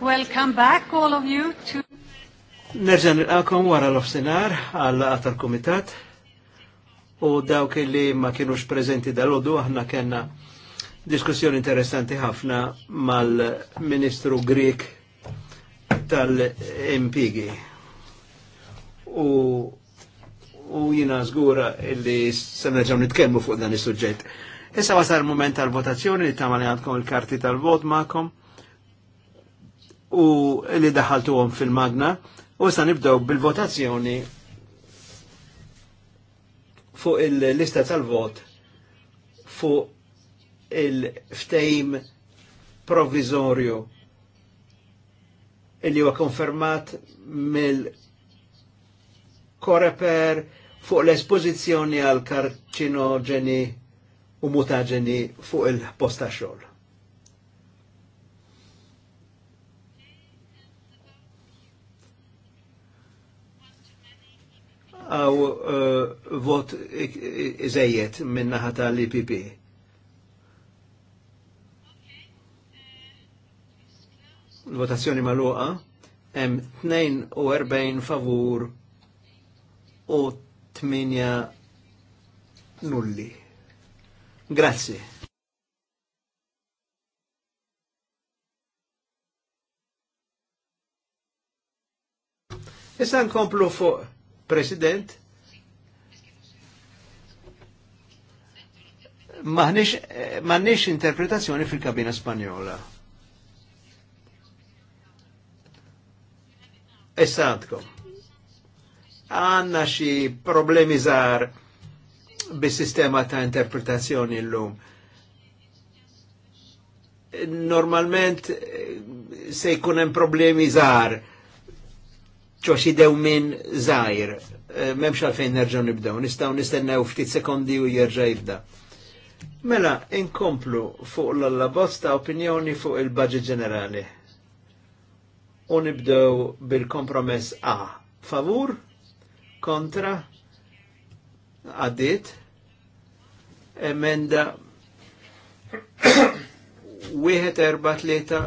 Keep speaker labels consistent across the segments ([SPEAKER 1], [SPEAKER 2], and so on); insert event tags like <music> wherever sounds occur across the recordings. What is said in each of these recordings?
[SPEAKER 1] Welcome back all of you to
[SPEAKER 2] Nerġan nilqakom wara l ofsenar għal għatar komitat u dawk li ma kienux prezenti dal-ħodu aħna kena diskussjoni interessanti ħafna mal-Ministru Grek tal-impigi. U, u jina zgura illi s-sanarġaw nitkellmu fuq dan is-suġġett. Issa wasar il-moment tal-votazzjoni li tamal għandkom il-karti tal-vot ma'kom u li daħaltuhom fil-magna u sa nibdew bil-votazzjoni fuq il-lista tal-vot fuq il-ftejm provvizorju illi huwa konfermat mill-koreper fuq l-espożizzjoni għal karċinoġeni u mutaġeni fuq il-posta xogħol. għaw e, vot iżejjed minna ħata l-IPP. L-votazzjoni maluqa hemm 42 favur u 8 nulli. Grazie. Issa nkomplu fuq President, eh, maħniex interpretazzjoni fil-kabina spanjola. Esatko. Għanna xi problemi zar bis-sistema ta' interpretazzjoni lum. Normalment eh, se jkun hemm problemi Eh, ċoċ dew minn zaħir, e, memx għalfejn nerġaw nibdew, nistaw nistennew ftit sekondi u jirġa jibda. Mela, inkomplu fuq l alla bosta opinjoni fuq il-budget ġenerali. U nibdew bil-kompromess A. Favur, kontra, għaddit, emenda <coughs> wieħed erba' tlieta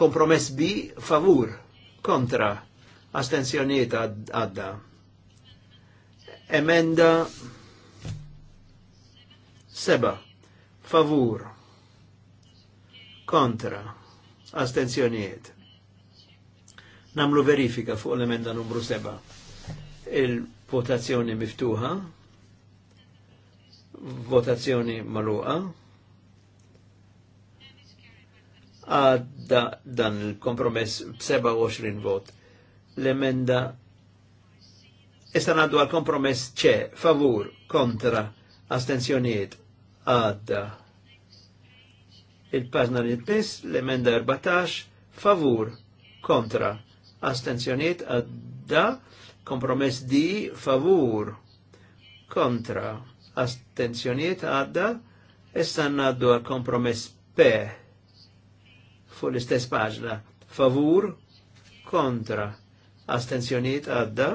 [SPEAKER 2] kompromess B favur kontra Astenzjoniet għadda. Emenda seba, favur, kontra, astenzjoniet. Namlu verifika fuq l-emenda numru seba. Il-votazzjoni miftuħa, votazzjoni maluqa, għadda dan il-kompromess b-27 vot l-emenda Issa għal kompromess ċe, favur, kontra, astenzjoniet, għadda. Il-pazna li tmiss, l-emenda 14, favur, kontra, astenzjoniet, għadda, kompromess di, favur, kontra, astenzjoniet, għadda, issa għal kompromess pe, fu l-istess paġna, favur, kontra, astenzjoniet għadda.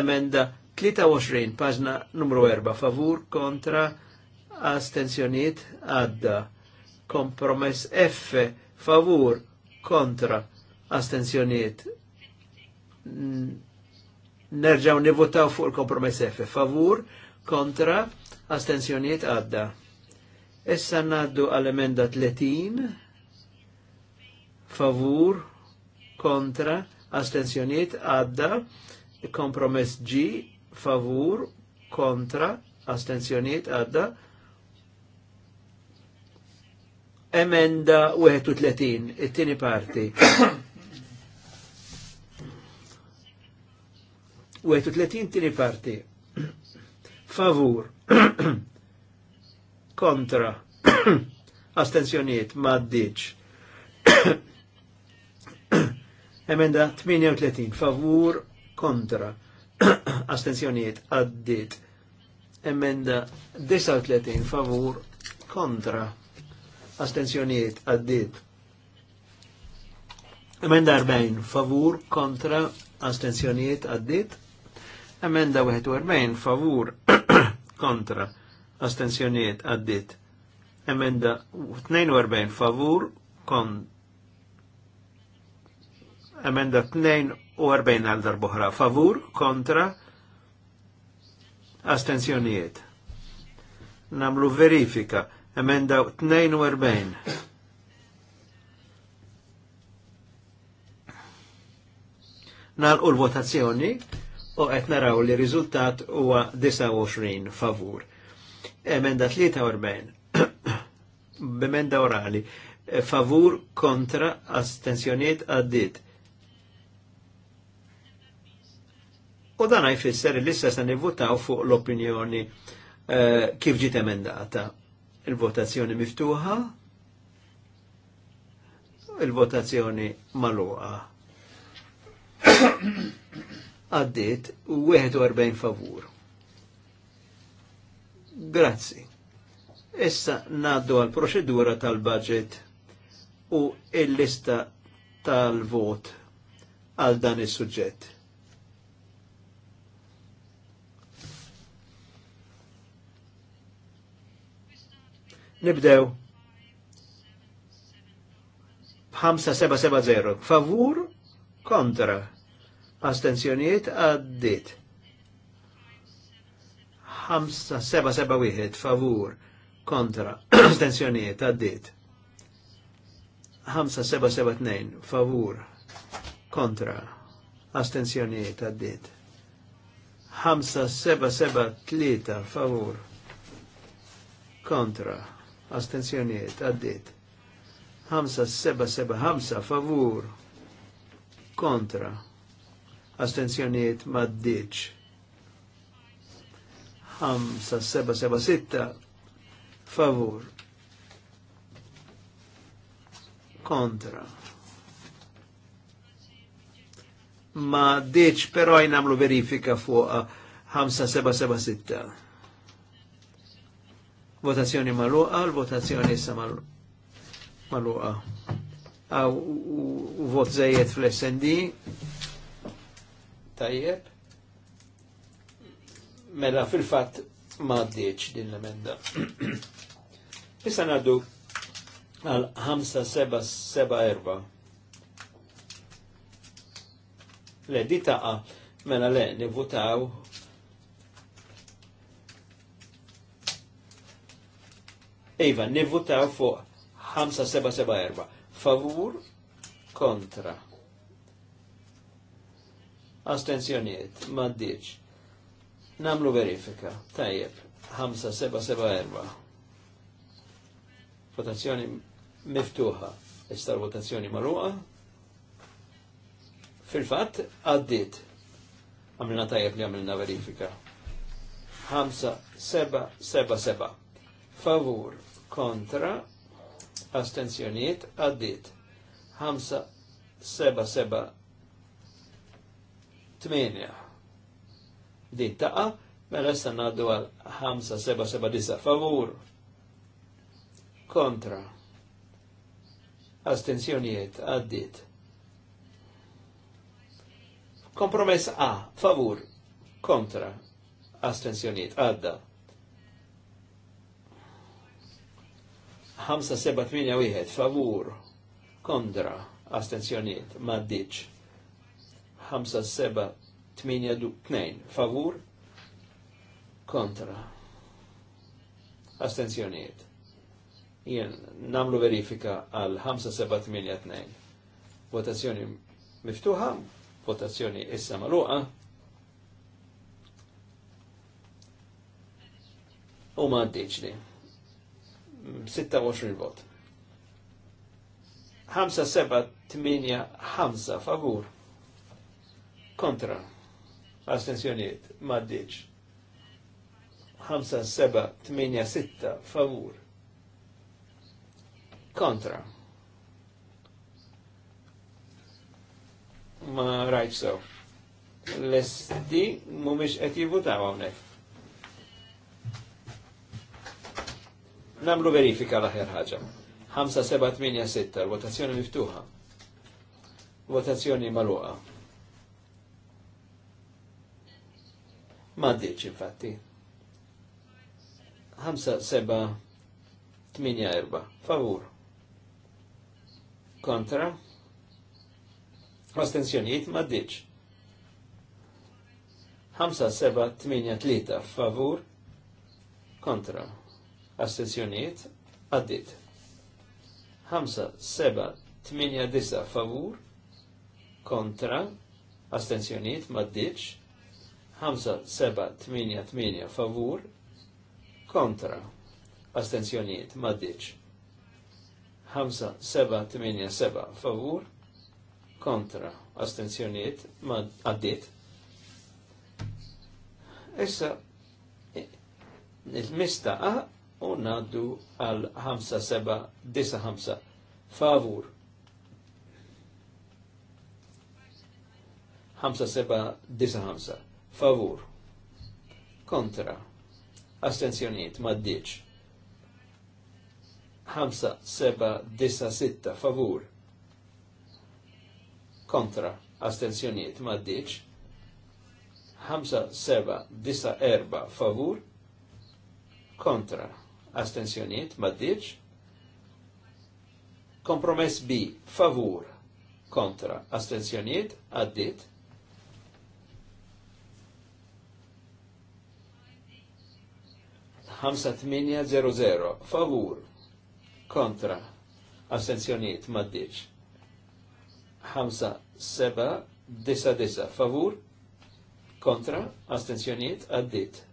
[SPEAKER 2] Emenda 23, paġna numru 4, favur kontra astenzjoniet għadda. Kompromess F, favur kontra astenzjoniet. Nerġaw nivotaw fuq il-kompromess F, favur kontra astenzjoniet għadda. Issa naddu għal-emenda 30, favur, kontra, astensjoniet għadda, kompromess G, favur, kontra, astensjoniet għadda, emenda 31, it-tini parti. 31 <coughs> tini parti. <coughs> Favur. <coughs> kontra. Astenzjoniet, maddiċ. Emenda 38 favur kontra <clears throat> Astenzjoniet, addit. Emenda 39 favur kontra Astenzjoniet, addit. Emenda 40 favur kontra Astenzjoniet, addit. Emenda 41 favur <clears throat> kontra Astenzjoniet, addit. Emenda 42 favur kontra Emenda 42 għal darbohra. Favur, kontra, astenzjonijiet. Namlu verifika. Emenda 42. nalqu l-votazzjoni
[SPEAKER 3] u qed naraw
[SPEAKER 2] li riżultat huwa 29 favur. Emenda 43 <coughs> b'emenda orali favur kontra astensjoniet għaddit. U dan jfisser li issa se nivvotaw fuq l-opinjoni eh, kif ġiet emendata. Il-votazzjoni miftuħa, il-votazzjoni maluqa. Għaddit 41 favur. Grazzi. Issa naddu għal proċedura tal-budget u il-lista tal-vot għal dan is-suġġett. Nibdew. 5770. Favur, kontra. Astenzjoniet għaddit. 5771. <clears throat> Favur, kontra. Astenzjoniet għaddit. 5772. Favur, kontra. Astenzjoniet għaddit. 5773. Favur, kontra astenzjoniet għaddit. 5-7-7-5 favur kontra astenzjoniet maddiċ. 5-7-7-6 favur kontra. Ma diċ, pero jnamlu verifika Seba Sitta. Votazzjoni maluqa, l-votazzjoni issa maluqa. Għaw u vot zejiet fl-SND. Tajjeb. Mela fil-fat maddieċ din l-emenda. <clears throat> Issa naddu għal 5-7-7-4. Le, di taqa, mela le, nivutaw Iva, nivvutaw fuq 5774. Favur, kontra. Astenzjoniet, maddiċ. Namlu verifika. Tajjeb, 5774. Votazzjoni miftuħa. Ista votazzjoni marruqa. Fil-fat, għaddit. Għamlina tajjeb li għamlina verifika. 5, 7, 7, 7 favur kontra astenzjoniet għaddit 5 seba seba 8 din taqa mela issa naddu għal 5 seba seba disa favur kontra astenzjoniet għaddit kompromess A favur kontra astenzjoniet għadda 5-7-8-1 favur kontra astenzjoniet maddiċ 5-7-8-2 favur kontra astenzjoniet jien namlu verifika għal 5-7-8-2 votazzjoni miftuħa votazzjoni issa maluqa u maddiċ li 26 vot. 5-7-8-5 favur. Kontra. Astensjoniet. Maddiċ. 5-7-8-6 favur. Kontra. Ma rajt so. L-esti mumiex etjivu ta' hawnhekk. Namlu verifika l-aħjar ħaġa. 6, votazzjoni miftuħa. Votazzjoni maluqa. Ma ddiċ infatti. 5784, favur. Kontra. Astenzjonijiet ma 8, 3, favur. Kontra astenzjoniet, għaddit. 5, 7, 8, 9 favur, kontra, astenzjoniet, maddiċ. 5, 7, 8, 8 favur, kontra, astenzjoniet, maddiċ. 5, 7, 8, 7 favur, kontra, astenzjoniet, għaddit. Issa, il mista ah, u naddu għal 5-7-9-5 favur 5-7-9-5 favur kontra astenzjoniet maddiċ 5-7-9-6 favur kontra astenzjoniet maddiċ 5-7-9-4 favur kontra astensjoniet maddiċ. Kompromess B, favur, kontra, astensjoniet, għaddit. ħamsa favur, kontra, astensjoniet, maddiċ. Hamsa seba' disa disa, favur, kontra, astensjoniet, għaddit.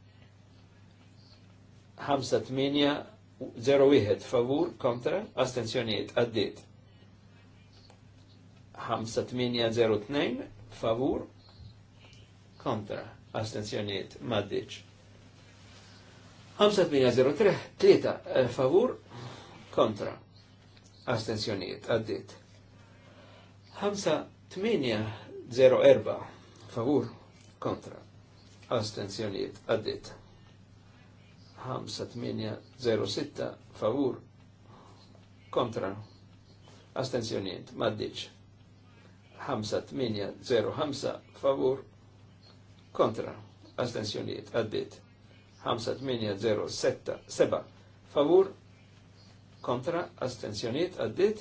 [SPEAKER 2] 5-8-0-1 favur kontra astenzjoniet għaddit 5-8-0-2 favur kontra astenzjoniet maddiċ 5-8-0-3 3 eh, favur kontra astenzjoniet għaddit 5-8-0-4 favur kontra astenzjoniet għaddit 5806 favur kontra astensjoniet maddiċ 5805 favur kontra astensjoniet għaddit 5807 favur kontra astensjoniet għaddit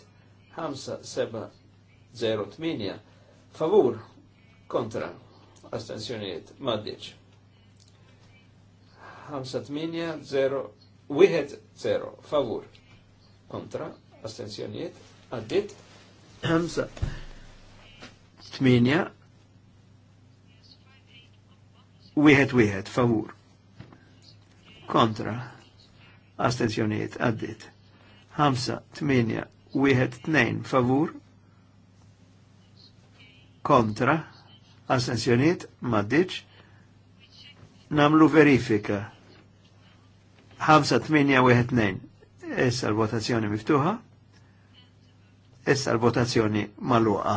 [SPEAKER 2] 5708 favur kontra astensjoniet maddiċ 5-8-0-1-0 favur kontra astenzjoniet għaddit 5-8-1-1 favur kontra astenzjoniet għaddit 5-8-1-2 favur kontra astenzjoniet 2 namlu verifika. 5-8-1-2. Issa l-votazzjoni miftuħa. Issa l-votazzjoni maluqa.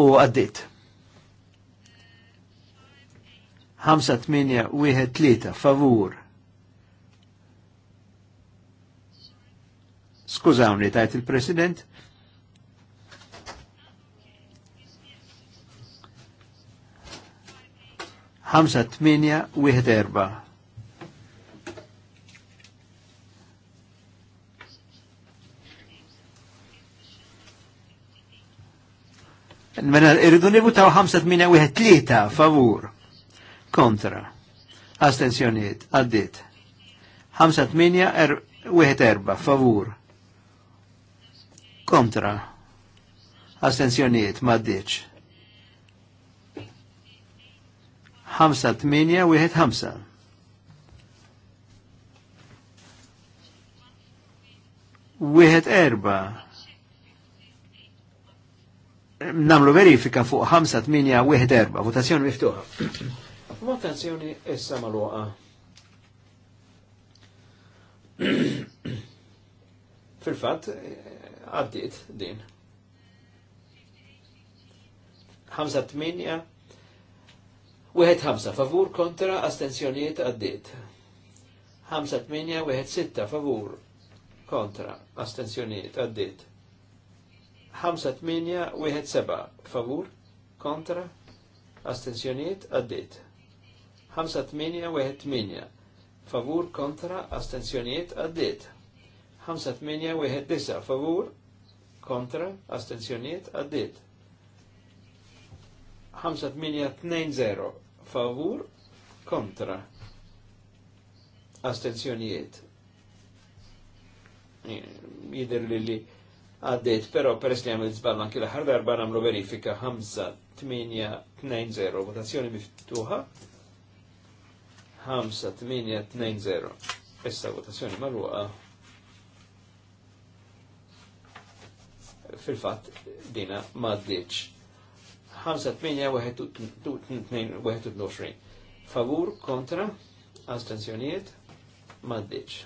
[SPEAKER 2] U għaddit. 5-8-1-3 favur. Skużawni tajt il-President, 5814. Mena irridu nivutaw 5813 favur kontra. Astenzjoniet, għaddit. 5814 favur kontra. Astensjoniet. maddiċ. 5-8-1-5. Wieħed erba. Namlu verifika fuq 5-8-1 erba. Votazzjoni miftuħa. Votazzjoni issa maluqa. <clears throat> Fil-fat, għaddit din. 5-8 Wieħed ħamsa favur kontra astensjonijiet għaddiet. Ħamsa tminja wieħed sitta favur kontra astensjonijiet għaddiet. Ħamsa tminja wieħed seba favur kontra astensjonijiet għaddiet. Ħamsa tminja wieħed tminja favur kontra astensjonijiet għaddiet. Ħamsa tminja wieħed disa favur kontra astensjonijiet għaddiet. 5820 favur kontra astenzjonijiet. Jider li li għaddejt, pero peress li għamil zballa anki l-ħar darba namlu verifika 5-8-2-0, votazzjoni miftuħa 5-8-2-0. essa votazzjoni marruqa. Fil-fat dina maddeċ. 5-8-21 favur kontra astenzjoniet maddiċ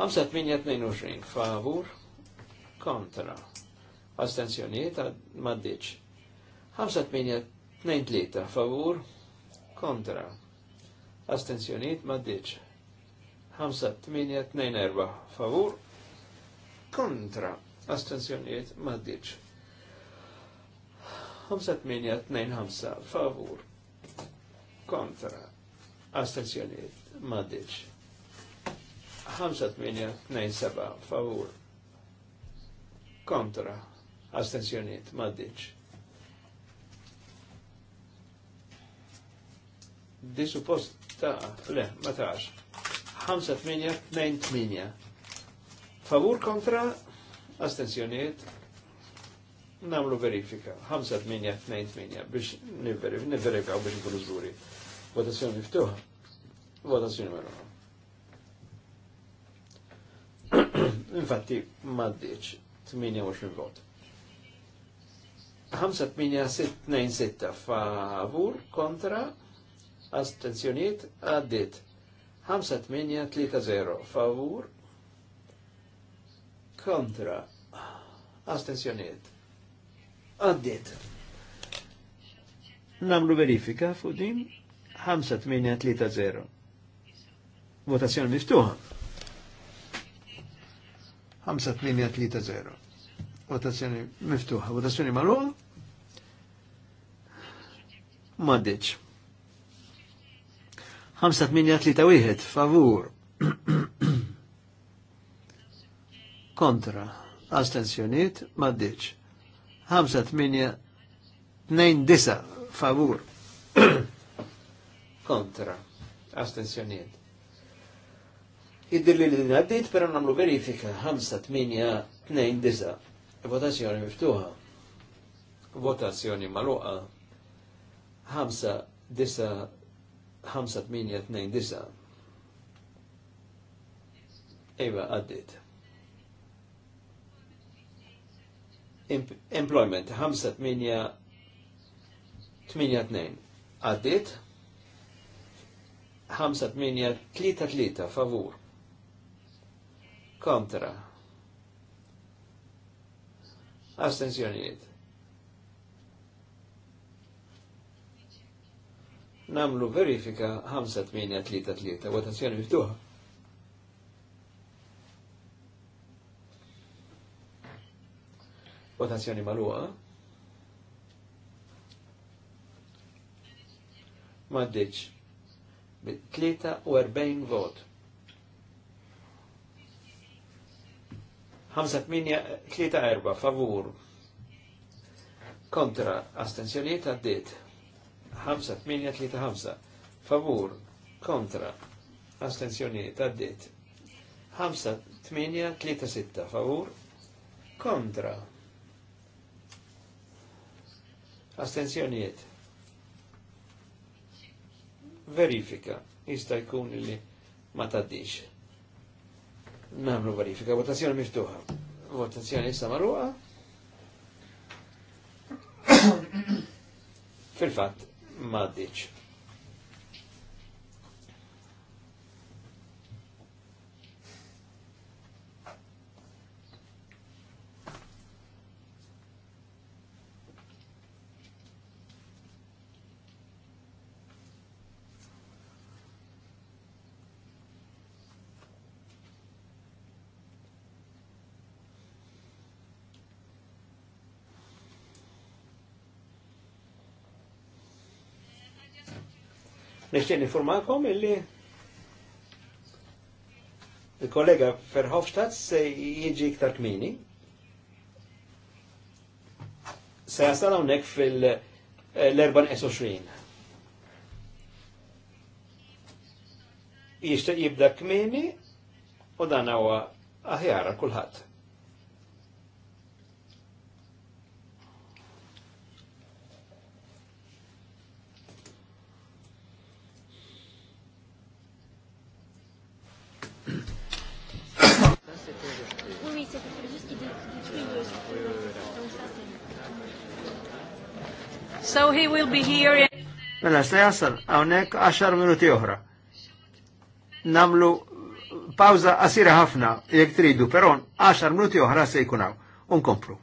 [SPEAKER 2] 5-8-22 favur kontra astenzjoniet maddiċ 5-8-23 favur kontra astenzjoniet maddiċ 5-8-24 favur kontra astenzjoniet maddiċ 5825 favur kontra astenzjoniet maddiċ 5827 favur kontra astenzjoniet maddiċ di suppost ta' le, ma tax 5828 favur kontra astenzjoniet namlu verifika, 5-8-2-8 biex niverifikaw biex nkunu zuri. Votazzjoni miftuħa, votazzjoni marruħa. <clears throat> Infatti, maddiċ, 28 vot. 5-8-6-2-6 favur kontra astenzjoniet għaddit. 5-8-3-0 favur kontra astenzjoniet għaddit. Namlu verifika fuq din 5830. Votazzjoni miftuħa. 5830. Votazzjoni miftuħa. Votazzjoni magħluqa. M'għaddiċ. 5831 favur. <clears throat> Kontra. Astensjoniet. M'għaddiċ. 5831 5-8-2-9 favur <clears throat> kontra astensjoniet. Iddir li din għaddit pero namlu verifika 5-8-2-9 votazzjoni miftuħa votazzjoni maluqa 5-9-5-8-2-9 Iva, għaddit. employment 5-8-2 għaddit 5-8-3-3 favur kontra astensjonijiet namlu verifika 5-8-3-3 votazzjoni miftuħa Votazzjoni maluqa. Maddiċ. 43 vot. 5-8-3-4 favur kontra astensjoniet għaddit 5-8-3-5 favur kontra astensjoniet għaddit 5-8-3-6 favur kontra astenzjonijiet. Verifika, jista jkun li ma taddix. Namlu verifika, votazzjoni miftuħa. Votazzjoni jista' marruqa. <coughs> Fil-fatt, ma taddix. Nishtiq informakom illi il-kollega Ferhofstadt se jieġi iktar kmini. Se jasala unnek fil S20. Jishtiq jibda kmini u dan huwa aħjar kulħadd.
[SPEAKER 1] So he will be here
[SPEAKER 2] in... Mela, se jasal, għawnek 10 minuti uħra. Namlu pauza asira ħafna, jek tridu, peron 10 minuti uħra se jkunaw. Unkomplu.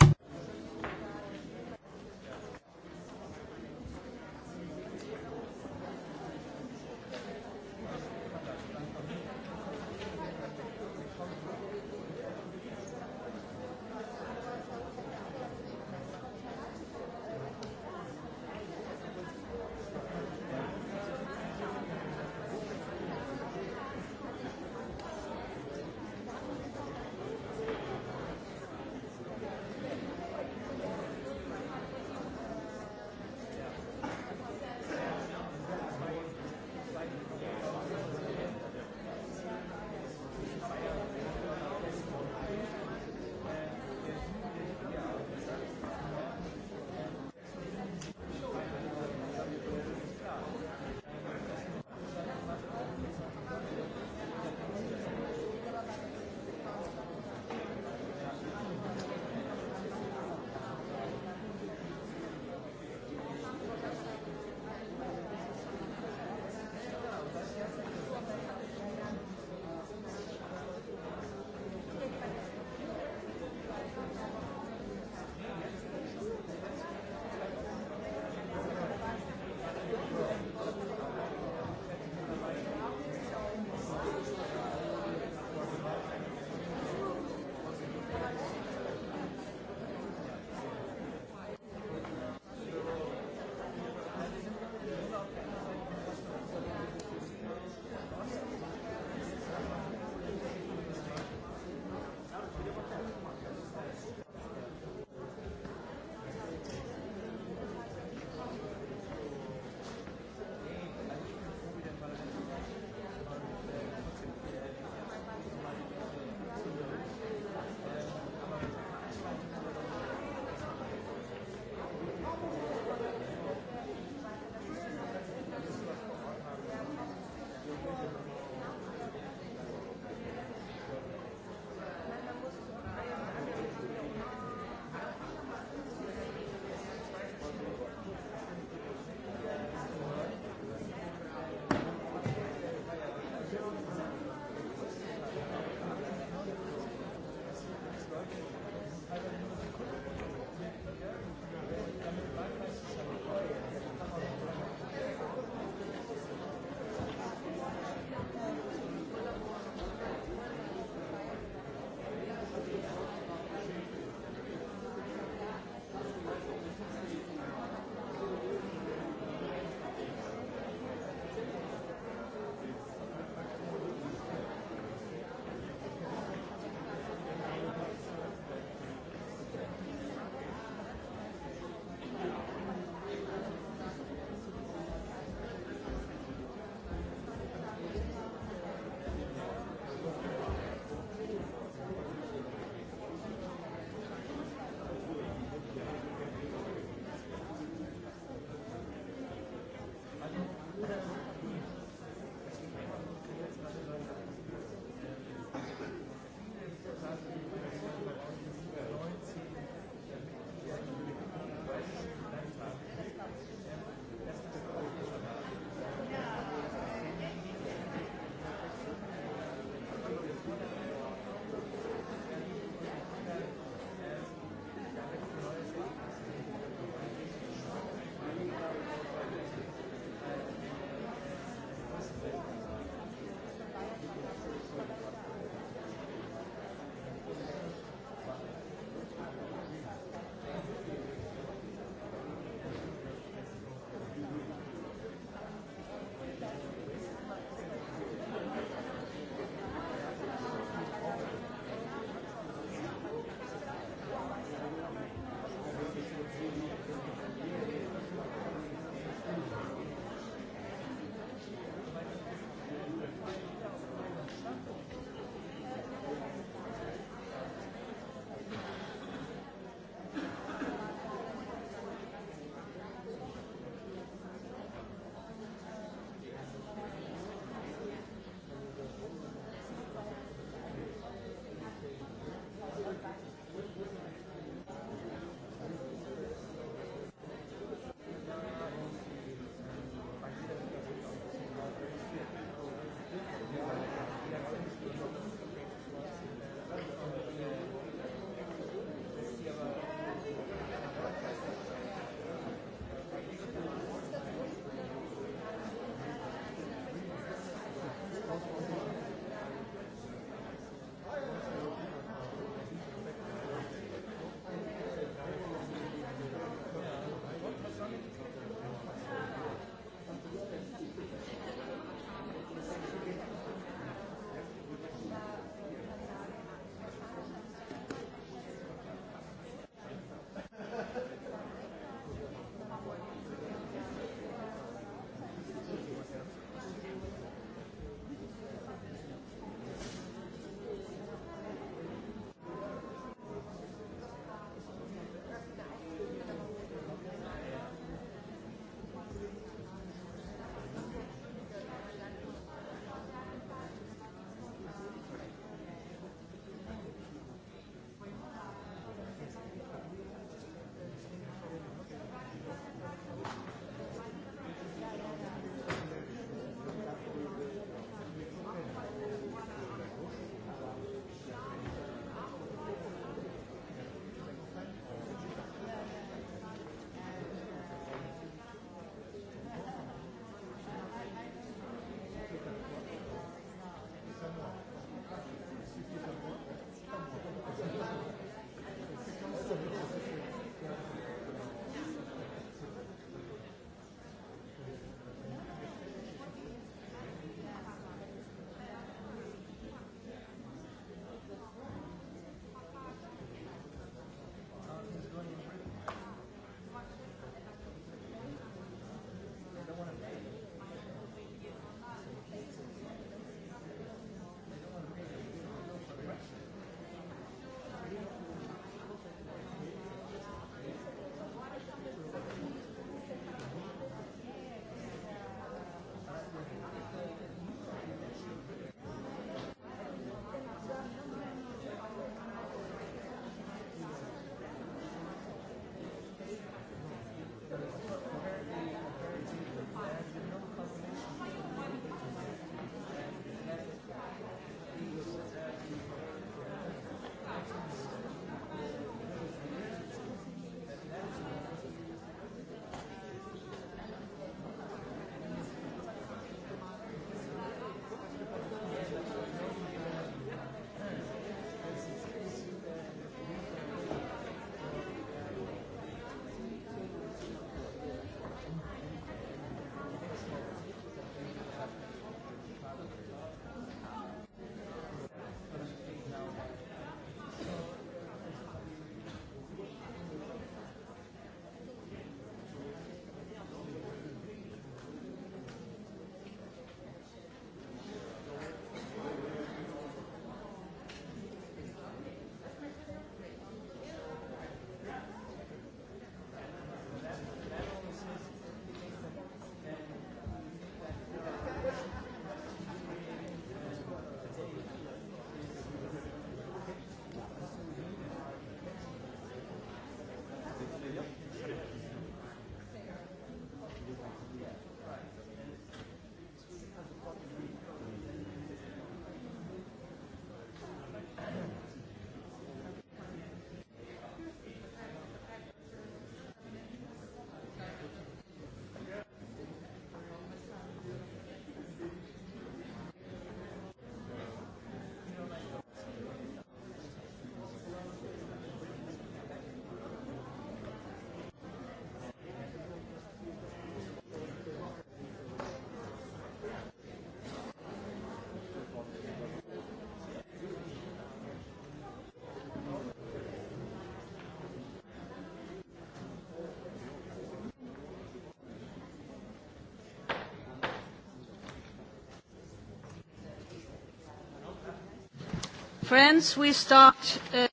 [SPEAKER 1] Friends, we start uh,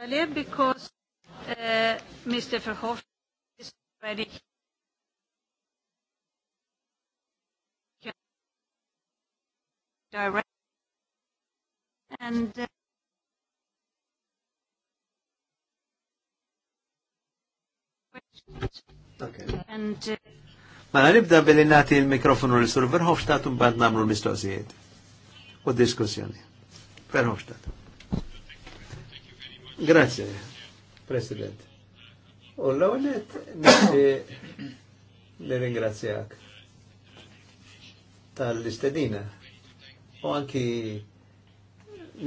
[SPEAKER 1] early because uh, Mr. Verhoff is ready.
[SPEAKER 3] Direct and uh, Okay. And, uh,
[SPEAKER 2] Mela nibda billi nati il mikrofonu l-Sur Verhoff xtatu bad nagħmlu l-mistoqsijiet u diskussjoni. Verhofstadt. Grazie, Presidente. U l-għonet nirringrazzjak tal-istedina u anki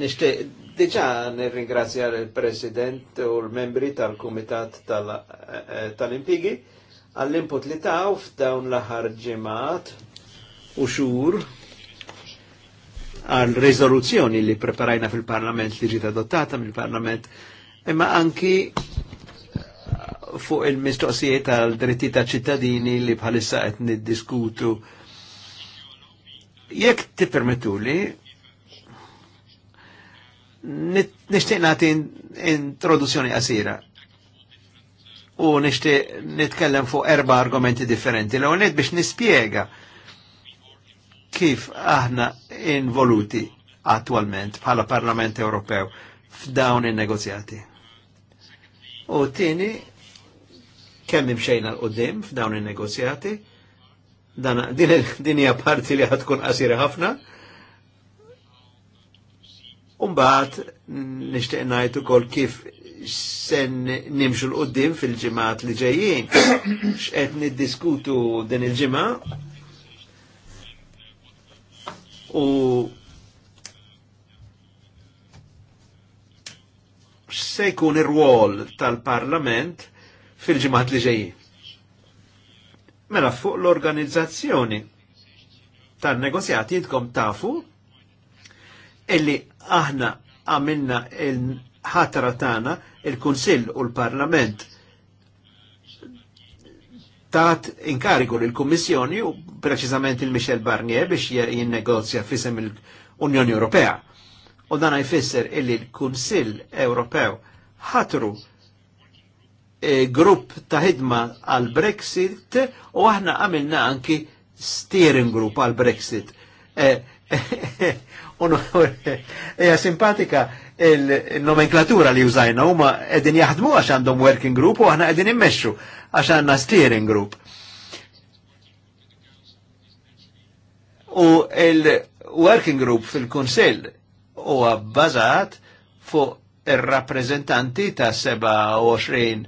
[SPEAKER 2] nishtiq Diċa nirringrazzja il-President u l-membri tal-Kumitat eh, tal-Impigi għall-input li taw f'dawn l-ħarġimat u xur għal rezoluzzjoni li preparajna fil-Parlament li ġiet adottata mill-Parlament, imma anki eh, fuq il-mistoqsijiet għal dritti ta' ċittadini li bħalissa qed niddiskutu. Jekk tippermettuli, nixtieq nagħti introduzzjoni qasira u nixtieq nitkellem fuq erba' argumenti differenti. L-ewwel biex nispjega kif aħna involuti attualment bħala Parlament Ewropew f'dawn in-negozjati. U tieni kemm imxejna l-qudiem f'dawn in-negozjati, din hija parti li ħatkun qasira ħafna. mbagħad nixtieq ngħid ukoll kif sen nimxu l-qoddim fil-ġimgħat li ġejjin. <coughs> X'qed niddiskutu din il-ġimgħa u se jkun ir-rwol tal-Parlament fil-ġimgħat li ġej? Mela fuq l-organizzazzjoni tan-negozjati jidkom tafu illi aħna għamilna il-ħatra tagħna il-Kunsill u l-Parlament tat inkariku l-Kommissjoni u preċizament il-Michel Barnier biex jinnegozja fisem l-Unjoni Ewropea. U dan jfisser illi l-Kunsill Ewropew ħatru grupp ta' ħidma għal Brexit u aħna għamilna anki steering group għal Brexit. Eja e, e, simpatika il-nomenklatura li użajna huma qegħdin jaħdmu għax għandhom working group u aħna qegħdin immexxu għax għandna steering group. U il-working group fil-Kunsill huwa bbażat fuq ir-rappreżentanti ta' 27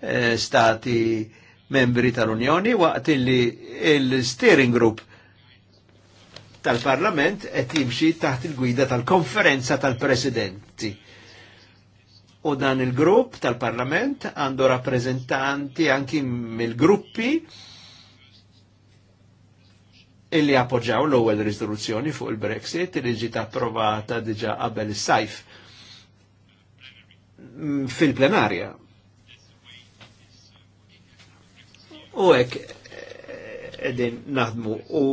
[SPEAKER 2] eh, stati membri tal-Unjoni waqt il-steering group tal-Parlament qed jimxi taħt il-gwida tal-Konferenza tal-Presidenti. U dan il-grupp tal-Parlament għandu rappreżentanti anki mill-gruppi illi appoġġaw l-ewwel riżoluzzjoni fuq il-Brexit li ġiet approvata diġà qabel is-sajf mm, fil-plenarja. U hekk eh, qegħdin naħdmu u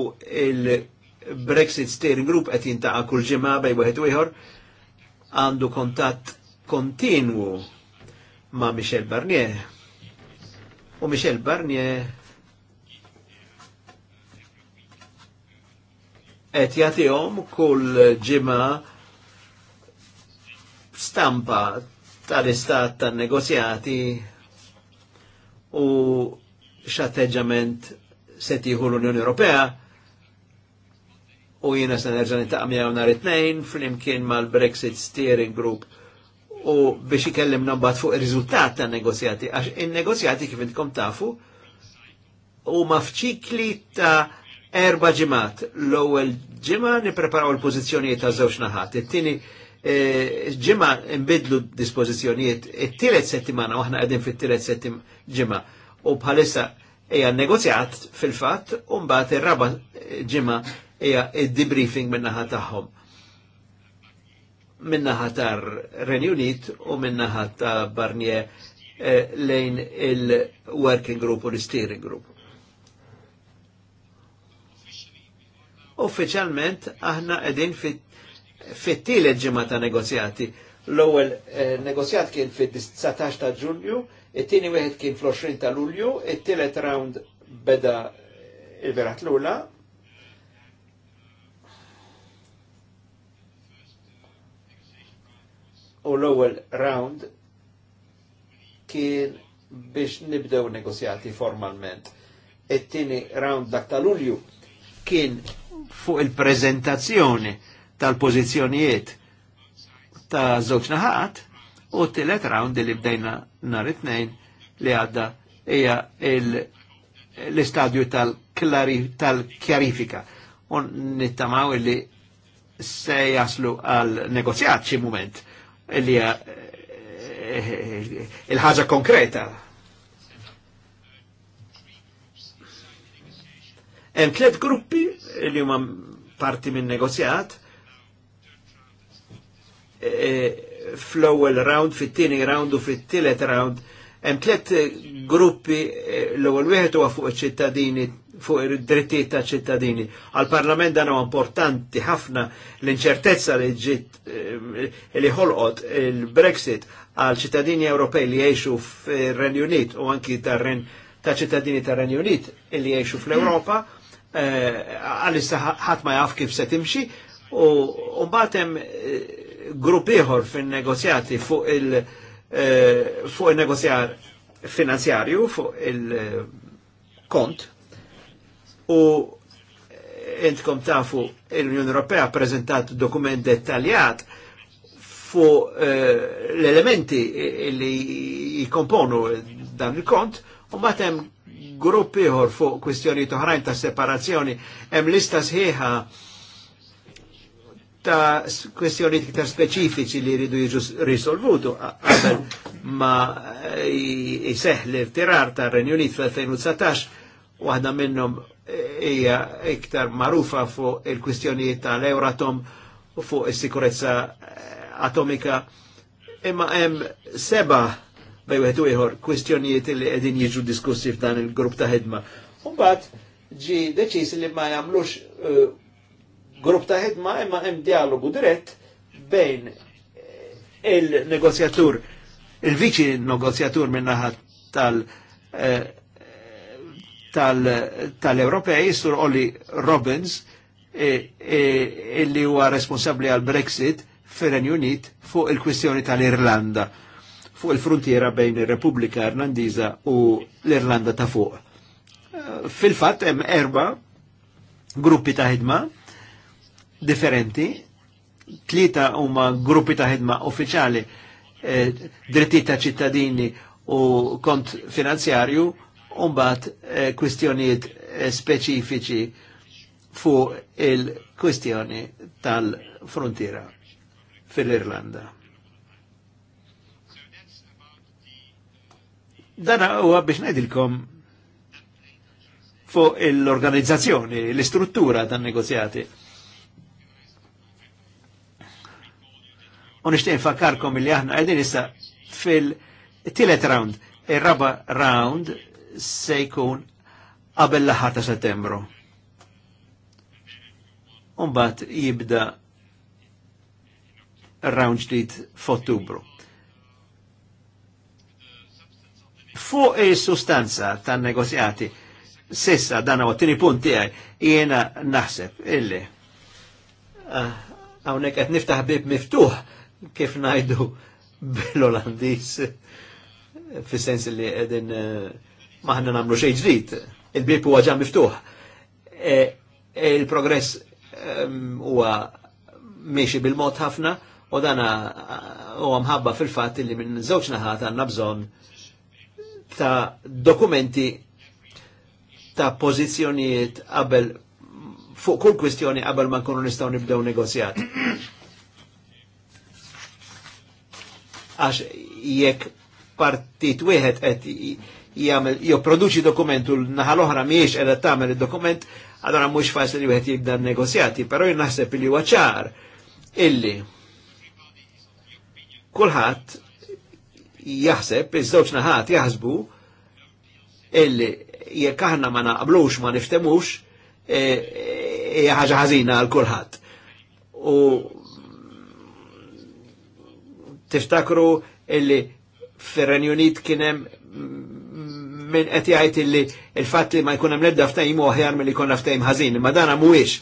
[SPEAKER 2] il- brexit Steering Group qed jintaqa' kull ġimgħa bej wieħed ieħor għandu kontatt kontinwu ma' Michel Barnier. U Michel Barnier qed jagħtihom kull ġimgħa stampa tal-istat tan-negozjati u x'atteġġament se tieħu l-Unjoni Ewropea u jiena se nerġa' nitaqmija nhar it-tnejn flimkien mal-Brexit Steering Group u biex ikellimna nabbat fuq ir-riżultat tan-negozjati għax in-negozjati kif intkom tafu u mafċikli ta' erba' ġimgħat. L-ewwel ġimma nipreparaw il-pożizzjonijiet ta' żewġ naħat, it tini eh, ġimgħa imbidlu dispożizzjonijiet, it-tielet settimana aħna qegħdin fit-tielet settim ġimgħa u bħalissa hija negozjat fil-fatt u mbagħad ir-raba' ġimgħa hija id-debriefing min-naħa tagħhom. Minnaħa tar Renjunit u u naħa ta' Barnier eh, lejn il-working group u l-steering group. Uffiċjalment aħna qegħdin fit-tielet ġimgħa ta' negozjati. L-ewwel eh, negozjat kien fit-19 ta' Ġunju, it-tieni wieħed kien fl-20 ta' Lulju, it-tielet round beda il-verat l-ula u l-ewwel round kien biex nibdew negozjati formalment. It-tieni round dak tal-Ulju kien fuq il-prezentazzjoni tal-pożizzjonijiet ta' żewġ naħat u t-tielet round li bdejna nhar it-tnejn li għadda hija l-istadju tal-kjarifika. Tal Un nittamaw li se jaslu għal negozjat xi moment li eh, il-ħaġa konkreta. Hemm tliet gruppi li huma parti minn negozjat e, fl-ewwel round, fit-tieni round u fit-tielet round hemm tliet gruppi eh, l-ewwel wieħed huwa fuq iċ-ċittadini fuq id-drittijiet ta' ċittadini. Għal-Parlament dan huwa importanti ħafna l-inċertezza li ġiet eh, li ħolqot il-Brexit għal ċittadini Ewropej li jgħixu fir-Renju Unit u anki tar-Ren ta' ċittadini tar-Renju Unit li jgħixu fl-Ewropa eh, għalissa ħadd ma jaf kif se timxi u mbagħad hemm eh, grupp ieħor fin-negozjati fuq il- fuq il-negozjar finanzjarju, fuq il-kont, u intkom tafu l-Unjoni Ewropea prezentat dokument dettaljat fu eh, l-elementi li jikomponu dan il-kont u matem gruppi ieħor fuq kwistjoni oħrajn ta' separazzjoni hemm lista sħiħa ta' kwestjoni iktar speċifiċi li jridu jiġu risolvutu qabel ma eh, jseħ l-irtirar ta' Renju Unit fl-2019 waħda minnhom hija iktar marufa fuq il-kwistjonijiet tal-Euratom u fuq is-sikurezza eh, atomika imma hemm seba bej wieħed ieħor kwistjonijiet li qegħdin jiġu diskussi f'dan il-grupp ta' ħidma. Mbagħad ġi deċiż li ma jagħmlux eh, grupp ta' ħidma imma hemm dialogu dirett bejn eh, il-negozjatur, il-viċi negozjatur minnaħat tal- eh, tal-Ewropej, sur Olli Robbins, e, e, illi huwa responsabli għal Brexit fir-Renju Unit fuq il-kwistjoni tal-Irlanda, fuq il-frontiera bejn il repubblika Irlandiza u l-Irlanda ta' fuq. E, fil-fatt hemm erba gruppi ta' ħidma differenti, Tlita huma gruppi ta' ħidma uffiċjali, drittijiet ta' ċittadini u kont finanzjarju, umbat eh, kwistjoniet eh, speċifiċi fu il-kwistjoni tal-frontiera fil-Irlanda. Dana u biex ngħidilkom fu l-organizzazzjoni, l-istruttura tan negozjati. U nixtieq nfakkarkom li aħna għedin issa fil-tielet round, il raba round se jkun qabel l ħar ta' settembru. Umbat jibda r round ġdid f'Ottubru. Fuq il-sustanza ta' negozjati sissa dan huwa tini punti għaj, jena naħseb illi Għawnek ah, għet niftaħ bib miftuħ kif najdu <laughs> bil olandis fi sens li għedin uh, eh, maħna namlu xej ġdid, il-bib huwa ġa miftuħ. E, il-progress huwa miexi bil-mod ħafna u dana e, huwa mħabba fil fat li minn żewġ naħat għandna bżonn ta' dokumenti ta' pożizzjonijiet qabel fuq kull kwistjoni qabel ma nkunu nistgħu nibdew negozjat. Għax jekk partit wieħed qed jagħmel jew produċi dokument u l naħal l-oħra mhijiex qiegħda tagħmel id-dokument, għadra mux faċli li wieħed jibda negozjati, però jien naħseb li għacħar ċar illi kulħadd jaħseb, iż-żewġ naħat jaħsbu illi jekk aħna ma naqblux ma niftemux e, e, hija ħażina għal kulħadd. U tiftakru illi fir-Renju kienem kien hemm minn qed illi il-fatt li ma jkun hemm l u ftehim u li milli jkun ftehim ħażin, ma dana mhuwiex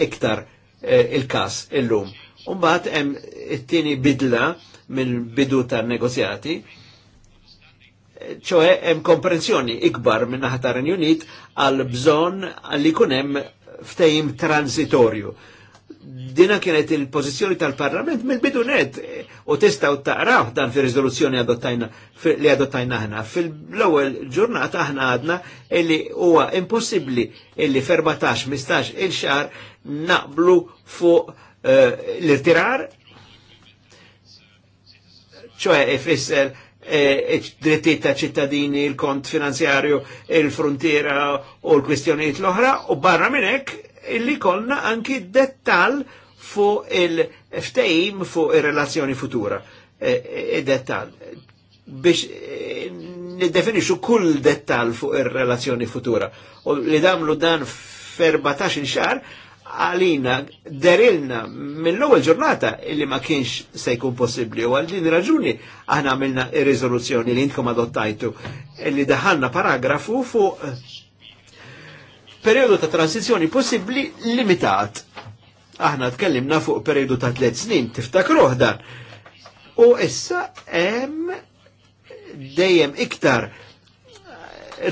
[SPEAKER 2] iktar eh, il-każ illum. Umbagħad hemm it-tieni bidla mill-bidu tan-negozjati, ċoħe hemm komprensjoni ikbar minn naħa Unit għal bżonn li jkun hemm ftajm transitorju. Dina kienet il-pożizzjoni tal-Parlament mill-bidu net u tistaw taqraw dan fi rizoluzzjoni li adottajna ħna. Fil-ewwel ġurnata aħna għadna illi huwa impossibbli illi f-14 15 il-xar naqblu fuq eh, l-irtirar ċoħe ifisser eh, id-drittijiet ta' ċittadini, il-kont finanzjarju, il-frontiera u l-kwistjonijiet l-oħra, u barra minn hekk illi kollna anki dettal fuq il- ftejim fuq ir-relazzjoni futura, id-dettal, e, e, e, biex niddefinixu kull dettal fuq ir-relazzjoni futura. U li damlu dan f-14 xar, għalina derilna mill-ewwel ġurnata illi ma kienx se jkun possibbli u għal din raġuni aħna għamilna ir-riżoluzzjoni li intkom adottajtu illi daħalna paragrafu fuq periodu ta' transizjoni possibbli limitat Aħna tkellimna fuq periodu ta' tliet snin, tiftakruh dan. U issa hemm dejjem iktar eh,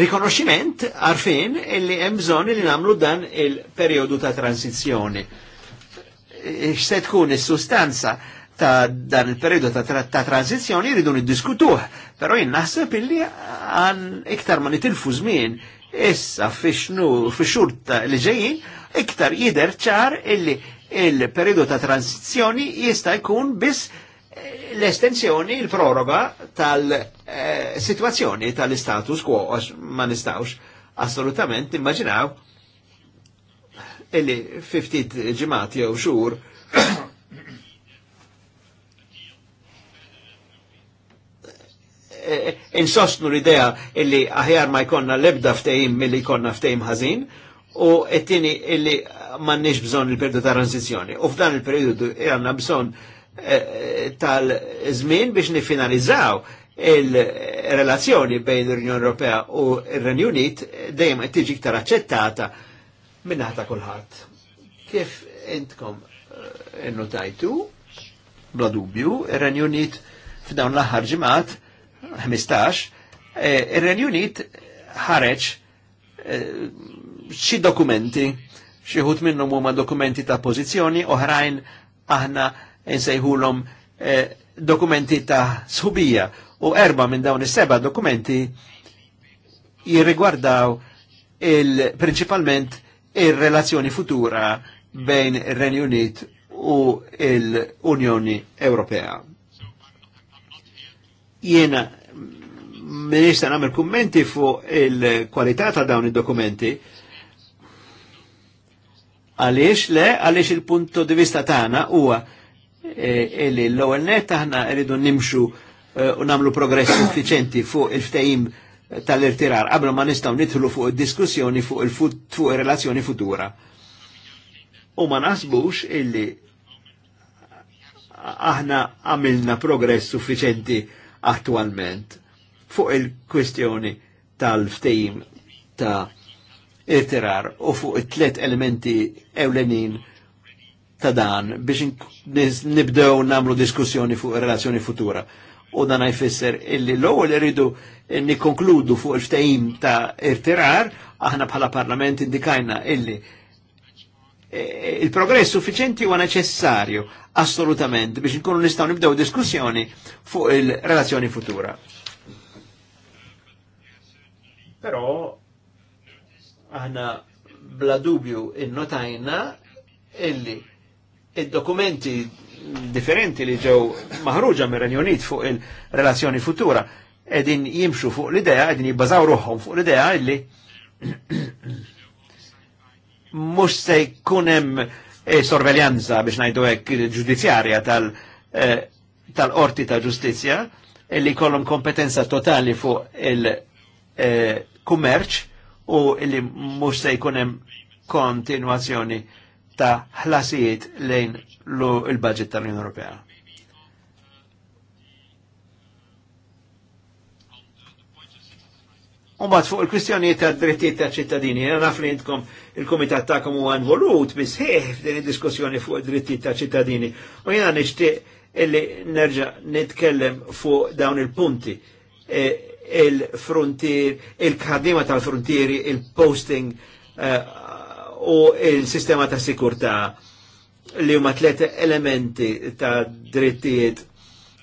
[SPEAKER 2] rikonoximent għarfin illi hemm bżonn li nagħmlu dan il periodu ta' transizzjoni. X'se eh, tkun is-sustanza ta' dan il periodu ta', tra ta transizjoni jridu niddiskutuh, però jien naħseb illi għan iktar ma nitilfu żmien issa fi xurta li ġejjin iktar jider ċar illi il-periodu ta' transizjoni jista' jkun biss eh, l-estensjoni, il-proroga tal-situazzjoni eh, tal-istatus quo, għax ma nistawx assolutament immaginaw illi 50 ġimati jew xur. <coughs> Eh, insostnu l-idea illi aħjar ma jkonna ftejim mill milli jkonna ftejim ħażin u ettini illi mannix bżon il-periodu ta' transizjoni. U f'dan il-periodu għanna bżon eh, eh, tal-żmien biex nifinalizzaw il-relazzjoni bejn l-Unjoni Ewropea u r-Renju Unit dejjem qed tiġi iktar aċċettata minn ta' kulħadd. Kif intkom eh, innotajtu, bla dubju, ir-Renju Unit f'dawn l-aħħar ġimgħat 15, ir-Renju Unit ħareġ xi dokumenti, xi ħut minnhom huma dokumenti ta' pożizzjoni, oħrajn aħna nsejħulhom eh, dokumenti ta' sħubija u erba minn dawn is-seba dokumenti jirrigwardaw il principalment il-relazzjoni futura bejn ir-Renju Unit u l-Unjoni Ewropea. Jiena minista nagħmel kummenti fuq il-kwalità ta' dawn id-dokumenti, Għaliex le, għaliex il-punto di vista tagħna huwa eh, li l-ewwel net aħna rridu nimxu eh, u nagħmlu progress suffiċenti fuq il-ftehim tal-irtirar qabel ma nistgħu nidħlu fuq id-diskussjoni fuq il-relazzjoni futura. U ma naħsbux illi aħna għamilna progress suffiċenti attualment fuq il-kwestjoni tal ftehim ta' it-tirar u fuq it-tlet elementi ewlenin ta' dan biex nibdew namlu diskussjoni fuq relazzjoni futura. U dan għajfisser illi l-ewwel irridu nikkonkludu fuq il ftajim ta' irtirar, aħna bħala parlament indikajna illi e, il-progress suffiċenti u neċessarju assolutament biex nkunu nistaw nibdew diskussjoni fuq il-relazzjoni futura. Però Aħna bla dubju innotajna illi id-dokumenti differenti li ġew maħruġa mir Unit fuq il-relazzjoni futura edin jimxu fuq l-idea, edin jibbazaw ruħom fuq l-idea illi <clears throat> mux se jkunem e eh, sorveljanza biex najdu hekk il-ġudizjarja tal-orti tal eh, ta' ġustizja illi kollum kompetenza totali fuq il-kummerċ eh, u illi mux se jkunem kontinuazzjoni ta' ħlasijiet lejn il-budget tal-Unjoni Ewropea. Umbat fuq il-kwistjonijiet ta' drittijiet ta' ċittadini, jena naf li jintkom il-komitat ta'kom u involut bisħieħ f'din id-diskussjoni fuq drittijiet ta' ċittadini. U jena nishtiq illi nerġa' nitkellem fuq dawn il-punti. E, il-frontier, il-ħaddima tal-frontieri, il-posting uh, u il-sistema ta' sikurta li huma tlet elementi ta' drittijiet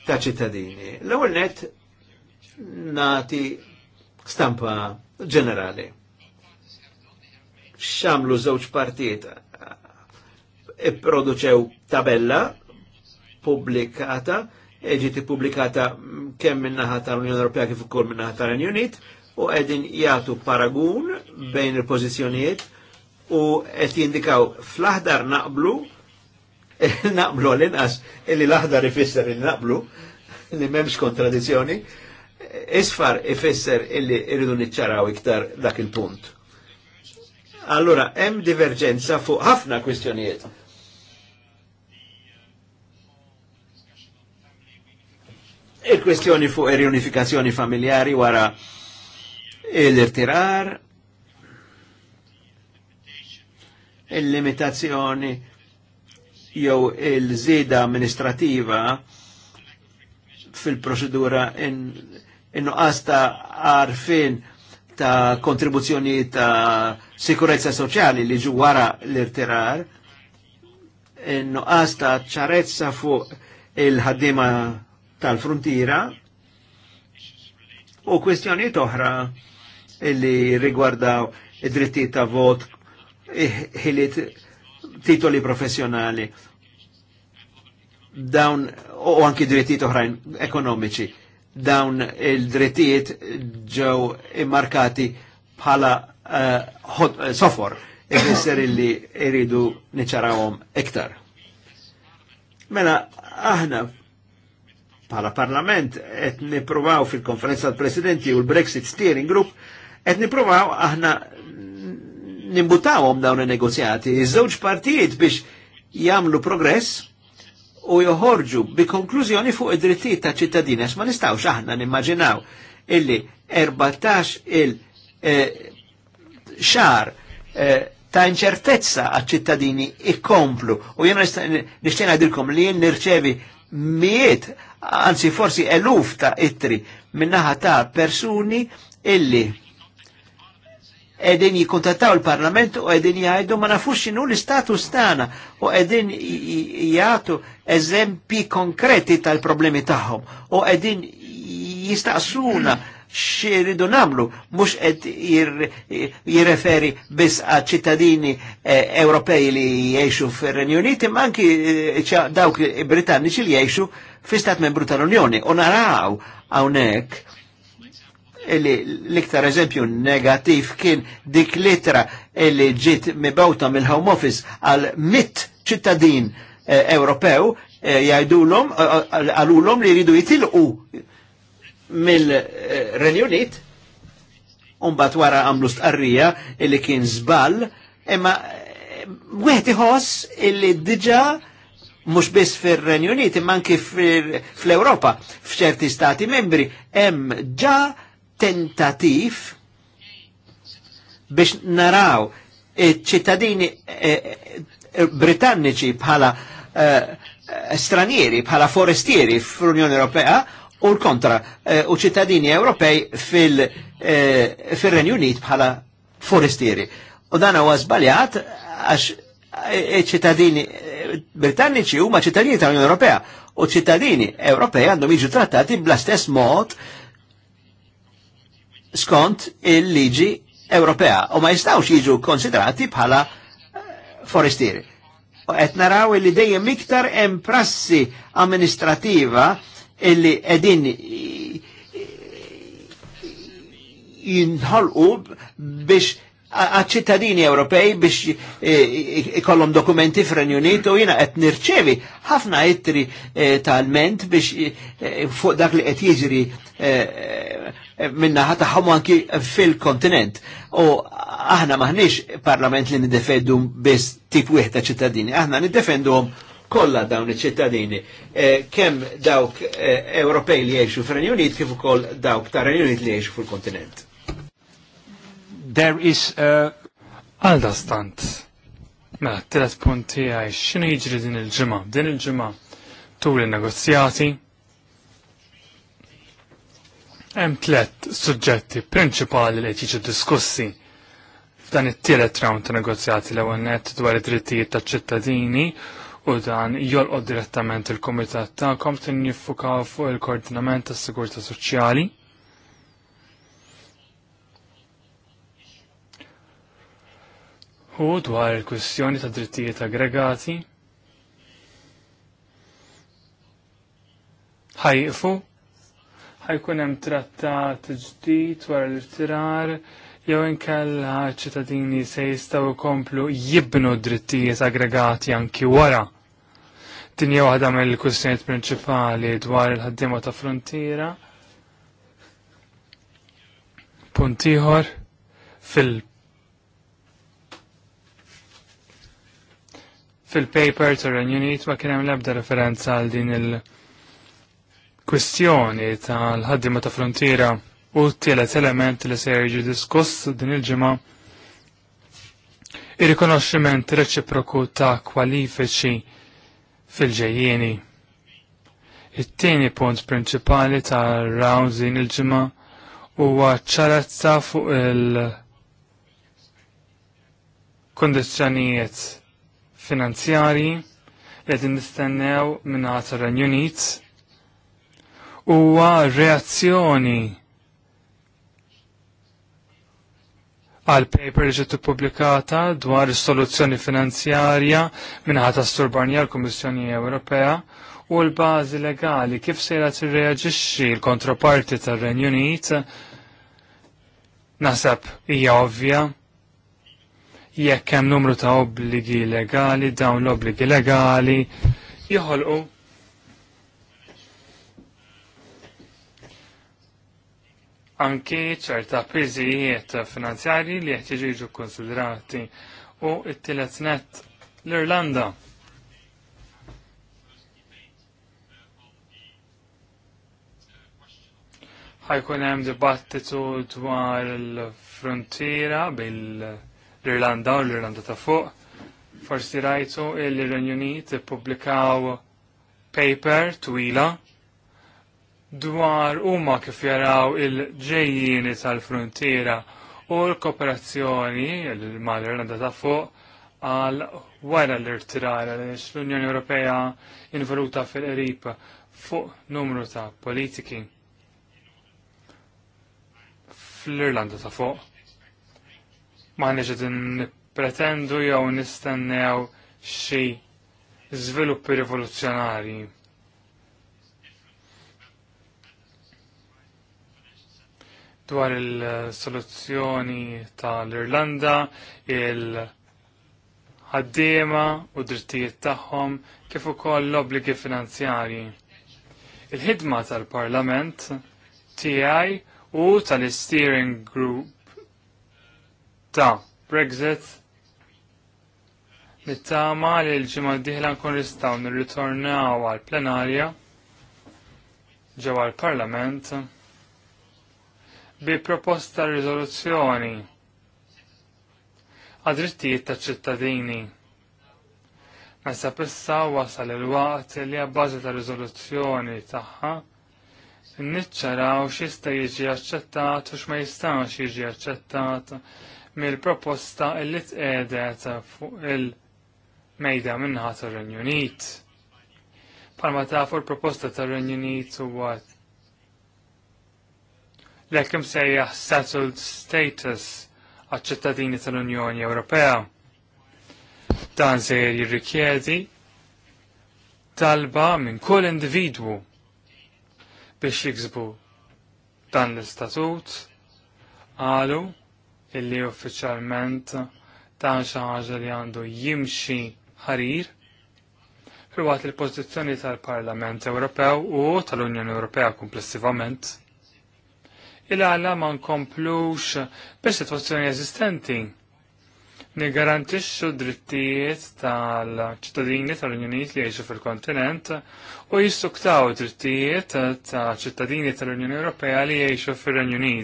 [SPEAKER 2] ta' ċittadini. L-ewwel net nati stampa ġenerali. Xamlu żewġ partijiet ipproduċew tabella pubblikata E ġiet ippubblikata kemm min-naħa tal-Unjoni Ewropea kif ukoll minn naħa tal-Renju Unit u qegħdin jagħtu paragun bejn il-pożizzjonijiet u qed jindikaw fl-aħdar naqblu <laughs> naqblu l-inqas illi l-aħdar ifisser il naqblu <laughs> li m'hemmx kontradizzjoni isfar ifisser illi irridu niċċaraw iktar dak il-punt. Allora, hemm diverġenza fuq ħafna kwistjonijiet il-kwestjoni fuq il-reunifikazzjoni familjari wara il irtirar il-limitazzjoni jew il-żieda amministrativa fil-proċedura in-nuqqas ta' għarfin ta' kontribuzzjoni ta' sikurezza soċjali li ġu wara l-irtirar, in-nuqqas ta' ċarezza fuq il-ħaddima tal frontira u kwestjoni toħra illi rigwardaw id dritti ta' vot, eh, ħiliet titoli professjonali dawn u anki drittijiet oħrajn ekonomiċi dawn il-drittijiet ġew immarkati bħala uh, uh, sofor il-messer illi iridu niċarawhom iktar. Mela aħna Pala parlament et niprovaw fil-konferenza tal-presidenti u l-Brexit Steering Group et niprovaw aħna nimbutawhom dawn il-negozjati. Iż-żewġ partijiet biex jagħmlu progress u joħorġu bi konklużjoni fuq id-drittijiet ta' ċittadini għax ma nistgħux aħna nimmaġinaw illi 14 il eh, xar eh, ta' inċertezza għal ċittadini ikomplu u jena nishtiena dirkom li jien nirċevi miet anzi forsi eluf ta' ittri minnaħa ta' persuni illi edin jikontattaw il-parlament u edin jajdu ma nafux xinu l-istatus tana u edin jgħatu eżempi konkreti tal-problemi tagħhom u edin jistaqsuna xiridu namlu, mux ed jirreferi bis għad ċittadini eh, Ewropej li jiexu fil renjuniti Uniti, ma anki eh, dawk Britanniċi li jiexu fi stat membru tal-Unjoni u naraw hawnhekk li l-iktar eżempju negativ kien dik litra illi ġiet mibawta mill-Home Office għal mit ċittadin eh, Ewropew eh, jgħidulhom eh, għalulhom li jridu jitilqu mill-Renju Unit Umbat wara għamlu stqarrija illi kien zbal, imma wieħed iħoss illi diġa mhux biss fir-Renju Unit imma anki fl europa f'ċerti stati membri hemm ġa tentativ biex naraw ċittadini eh, eh, britanniċi bħala eh, stranieri, bħala forestieri fl-Unjoni Ewropea u l-kontra u ċittadini Ewropej fil ren Unit bħala forestieri. U dan huwa żbaljat għax ċittadini e-, britanniċi huma ċittadini tal-Unjoni Ewropea u ċittadini Ewropej għandhom jiġu trattati bla stess mod skont il-liġi Ewropea u ma jistawx jiġu konsidrati bħala e, forestieri. U qed naraw li dejjem iktar hemm prassi amministrativa illi qegħdin jinħolqu biex għal-ċittadini Ewropej biex eh, ikollhom dokumenti f'Renju Unit u jina qed nirċevi ħafna ittri eh, tal-ment biex eh, fuq dak li qed jiġri minna tagħhom anki fil-kontinent. U aħna maħniex parlament li nindefendu biss tip wieħed ta' ċittadini, aħna niddefenduhom kollha dawn iċ-ċittadini, kemm dawk Ewropej li jgħixu f'Renju Unit kif ukoll dawk ta' Renju Unit li jgħixu fil-kontinent
[SPEAKER 3] there is a... Uh, Għalda stant. Mela, t-telet punti għaj, xinu jiġri din il-ġimma? Din il-ġimma tul il-negozjati. Hemm tliet suġġetti prinċipali li tiġu diskussi f'dan it-tielet round ta' negozjati l-ewwel nett dwar id-drittijiet taċ-ċittadini u dan jolqod direttament il-kumitat tagħkom tin jiffukaw fuq il-koordinament tas-sigurtà soċjali u dwar il-kwistjoni ta' drittijiet aggregati ħajqfu ħajkun hemm trattat ġdid wara l-ittirar jew inkella ċittadini se jistgħu jkomplu jibnu drittijiet aggregati anki wara. Din hija waħda mill-kwistjonijiet prinċipali dwar il-ħaddiema ta' frontiera. Punt ieħor fil fil-paper tar-Renju Unit ma kien hemm l-ebda referenza għal din il-kwistjoni tal-ħaddima ta' frontiera u t-tielet element li se jiġi diskuss din il-ġimgħa ir-rikonoxximent reċiproku ta' kwalifiċi fil-ġejjieni. It-tieni punt prinċipali ta' rawn din il-ġimgħa huwa ċarezza fuq il-kondizzjonijiet finanzjari li għedin nistennew mingħata Renju Unit huwa reazzjoni għal paper li ġiet ippubblikata dwar is-soluzzjoni finanzjarja mingħata Sur Sturbanja l-Kummissjoni Ewropea u l-bażi legali kif sejra tirreaġixxi l-kontraparti tar-Renju Unit naħseb hija ovvja jekk hemm numru ta' obbligi legali, dawn l-obbligi legali jħolqu anki ċerta piżijiet finanzjarji li qed jiġu konsidrati u t-tielet net l-Irlanda. ħajkun hemm dibattitu dwar il-frontiera bil- l-Irlanda u l-Irlanda ta' fuq. Forsi rajtu il Unit publikaw paper twila dwar huma kif jaraw il ġejjini tal-frontiera u l-kooperazzjoni mal-Irlanda ta' fuq għal wara l-irtirara l-Unjoni Ewropea involuta fil-qrib fuq numru ta' politiki fl-Irlanda ta' fuq ma nġedin pretendu jew nistennew xi żviluppi rivoluzzjonari. Dwar il-soluzzjoni tal-Irlanda, il-ħaddiema u drittijiet tagħhom kif ukoll l-obbligi finanzjarji. Il-ħidma tal-Parlament TI u tal-Steering Group ta' Brexit nittama li l-ġimma diħla nkun ristaw nirritornaw għal plenarja ġewwa l-Parlament bi proposta riżoluzzjoni għad-drittijiet ta' ċittadini. Mesa issa wasal il-waqt li għabbażi ta' riżoluzzjoni tagħha niċċaraw x'jista' jiġi aċċettat u x'ma jistax jiġi aċċettat mill-proposta illi tqedet fuq il-mejda minnaħa tar-Renju Unit. ta' fuq il proposta tar-Renju Unit huwa Lekkim sejja sejjaħ settled status għal-ċittadini tal-Unjoni Ewropea. Dan se jirrikjedi talba minn kull individwu biex jiksbu dan l-istatut għalu illi uffiċjalment dan xi ħaġa li għandu jimxi ħarir fil-waqt il-pożizzjoni tal-Parlament Ewropew u tal-Unjoni Ewropea komplessivament il-għala ma nkomplux biex situazzjoni eżistenti nigarantixxu drittijiet tal-ċittadini tal-Unjoni li jgħixu fil-kontinent u jissuktaw drittijiet ta' ċittadini tal-Unjoni Ewropea li jgħixu fil-Unjoni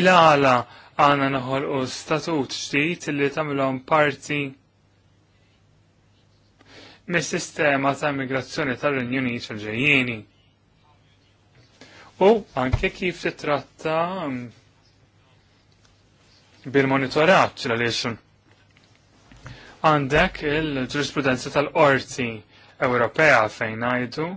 [SPEAKER 3] il-għala għana naħol u statut ġdijt li tamlom parti mis sistema ta' immigrazzjoni tal-Unjoni ċalġejjeni. U anke kif titratta um, bil-monitoraċ l-għalix. Għandek il-ġurisprudenza tal-Orti Ewropea fejn għajdu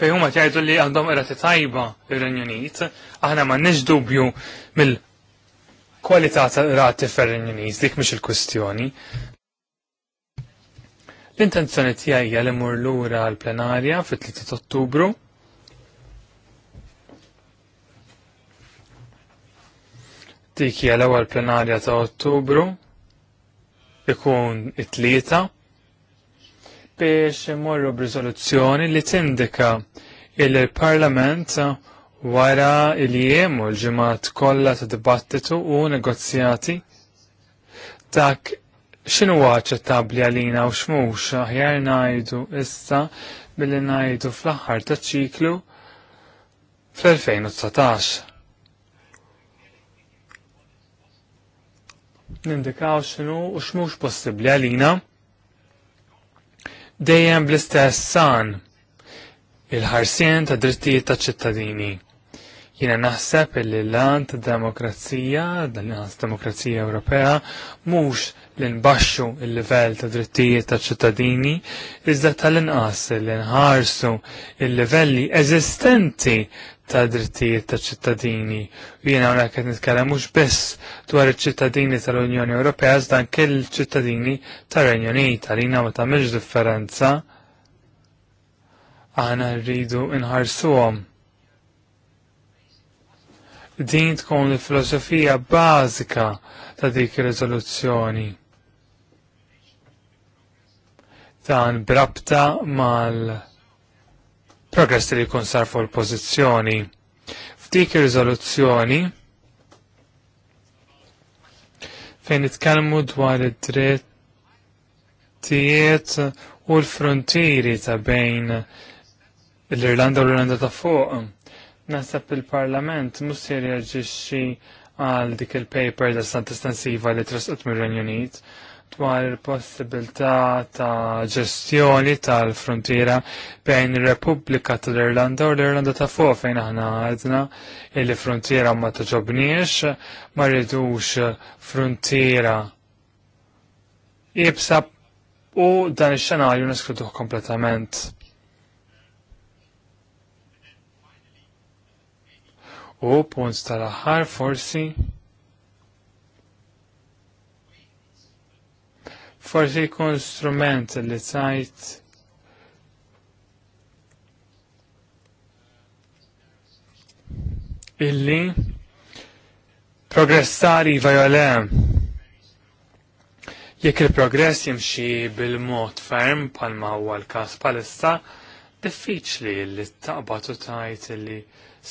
[SPEAKER 3] fejhuma huma jgħidu li għandhom irati tajba ir-Renju Unit, aħna ma nix dubju mill kwalità tal-rati fil renju dik mhix il kustjoni L-intenzjoni tiegħi li mur lura l-plenarja fit-3 Ottubru. Dik hija l-ewwel plenarja ta' Ottubru ikun it-tlieta biex imorru b'riżoluzzjoni li tindika il-Parlament wara il-jiem u l-ġimgħat kollha ta' dibattitu u negozjati dak x'inhu aċċettabbli għalina u x'mux aħjar ngħidu issa billi ngħidu fl-aħħar taċ-ċiklu fl-2019. Nindikaw x'inhu u xmux possibbli għalina dejjem bl-istess san il-ħarsien ta' drittijiet ta' ċittadini. Jiena naħseb il l-lan ta' demokrazija, dal-inqas demokrazija Ewropea, mhux li nbaxxu il-livell ta' drittijiet ta' ċittadini, iżda tal-inqas l nħarsu il-livelli eżistenti ta' drittijiet ta' ċittadini. Jiena hawnhekk qed nitkellem mhux biss dwar iċ-ċittadini tal-Unjoni Ewropea zdan kell ċittadini tar-Renju Unit għalina ma meġ differenza aħna rridu nħarsuhom. Din tkun il-filosofija bażika ta' dik ir-riżoluzzjoni. Dan brabta mal- progress li jkun sar fuq il-pożizzjoni. F'dik ir-riżoluzzjoni fejn nitkellmu dwar id-drittijiet u l-frontieri ta' bejn l-Irlanda u l-Irlanda ta' fuq. Nasab il-Parlament mhux se reaġixxi għal dik il-paper da' stant estensiva li trasqet mir-Renju Unit dwar il-possibilità ta' ġestjoni tal-frontiera bejn ir-Repubblika tal-Irlanda u l-Irlanda ta' fuq fejn aħna għadna il-frontiera ma ġobniex, ma rridux frontiera jibsa u dan ix-xenarju neskriduh kompletament. U punt tal-aħħar forsi forsi jkun strument li tajt illi progressari vajole jekk il-progress jimxi bil-mod ferm palma huwa l-kas palissa diffiċli li taqbad u tajt illi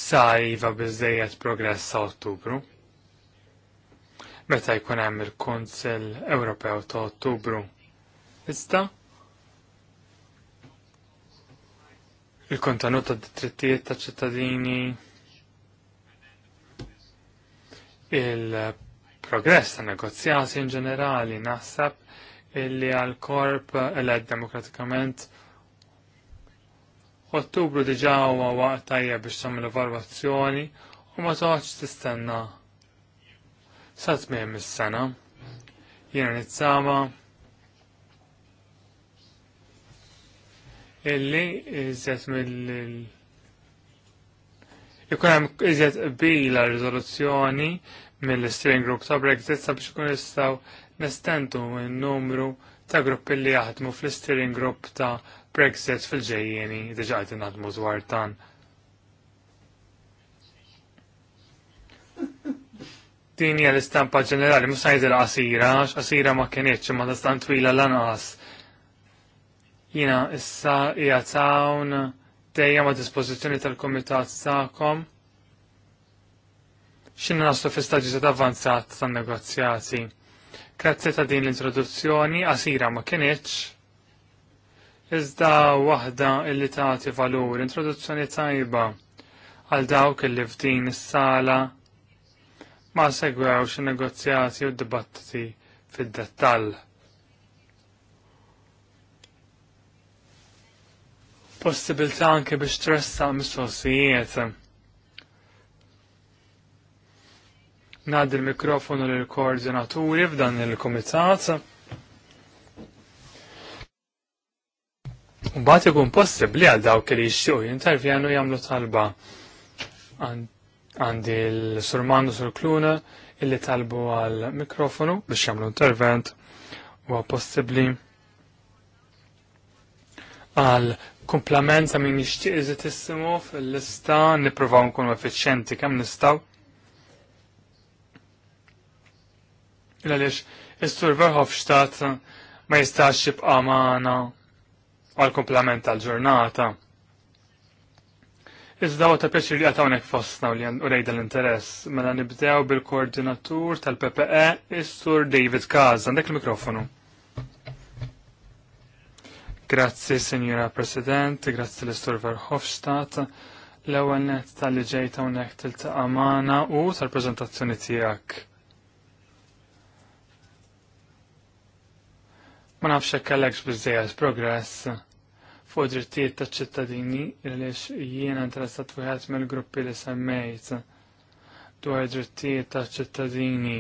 [SPEAKER 3] sa iva bizzejet progress sa' ottubru meta jkun hemm il-Kunsill Ewropew ta' Ottubru. Iżda il-kontenut ta' drittijiet ta' ċittadini il-progress ta' negozjati in ġenerali naħseb illi għal-korp eled demokratikament Ottubru diġa huwa waqt tajja biex tagħmel evalwazzjoni u ma toħodx tistenna sa tmiem is-sena. Jiena nittama illi iżjed mill Ikun hemm iżjed bila riżoluzzjoni mill-steering group ta' Brexit sabiex ikun jistgħu nestendu n-numru ta' gruppi li jaħdmu fl-steering group ta' Brexit fil ġejjieni diġa għedin għadmu dwar dan. Din hija l-istampa ġenerali, mhux l qasira, għax qasira ma kienitx imma tastan twila lanqas. Jiena issa hija hawn dejjem ma' dispożizzjoni tal-kumitat tagħkom. Xinna naslu fi staġġiet avvanzat tan-negozjati. Grazzi ta' din l-introduzzjoni, qasira ma kienieċ. Iżda waħda illi ti valur, introduzzjoni tajba għal dawk illi f'din is-sala ma segwewx negozjati u dibattiti fid-dettall. Possibilità anke biex tressa mistoqsijiet. Nad il-mikrofonu lil koordinaturi f'dan il-komitat. U bat ikun possibbli għal dawk li jxiu jintervjenu jagħmlu talba għandi l surmanu sur kluna illi talbu għal mikrofonu biex jagħmlu intervent u possibbli għal komplement ta' min jixtieq iżid issimu fil-lista nippruvaw nkunu effiċjenti kemm nistgħu. Għaliex is-sur Verhofstadt ma jistax jibqa' maħna għal komplement tal-ġurnata. Iżda u ta' pjaċir li għatawnek fostna u li għan urejda l-interess. Mela nibdew bil-koordinatur tal-PPE, is-sur David Kaz. Għandek il-mikrofonu. Grazzi, Signora President, grazzi l-Istur Verhofstadt l-ewwel net tal-li ta' hawnhekk tiltaqa' Amana u tal-preżentazzjoni tiegħek. Ma nafx hekk kellekx biżejjed progress fuq drittijiet ta' ċittadini għaliex jiena interessat wieħed mill-gruppi li semmejt dwar drittijiet ta' ċittadini.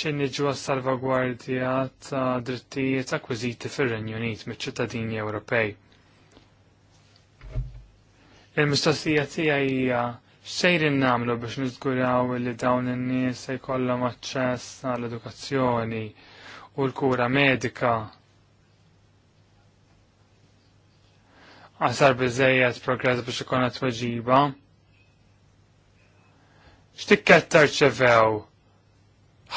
[SPEAKER 3] Xinni għas salvagwardja ta' drittijiet akkwiziti fir-Renju Unit miċ-ċittadini Ewropej. Il-mistoqsija tiegħi hija xejrin namlu biex nizguraw li dawn in-nies se jkollhom aċċess għall-edukazzjoni u l-kura medika. Għasar biżejjed progress biex ikun qed tweġiba. X'tikket tarċevew?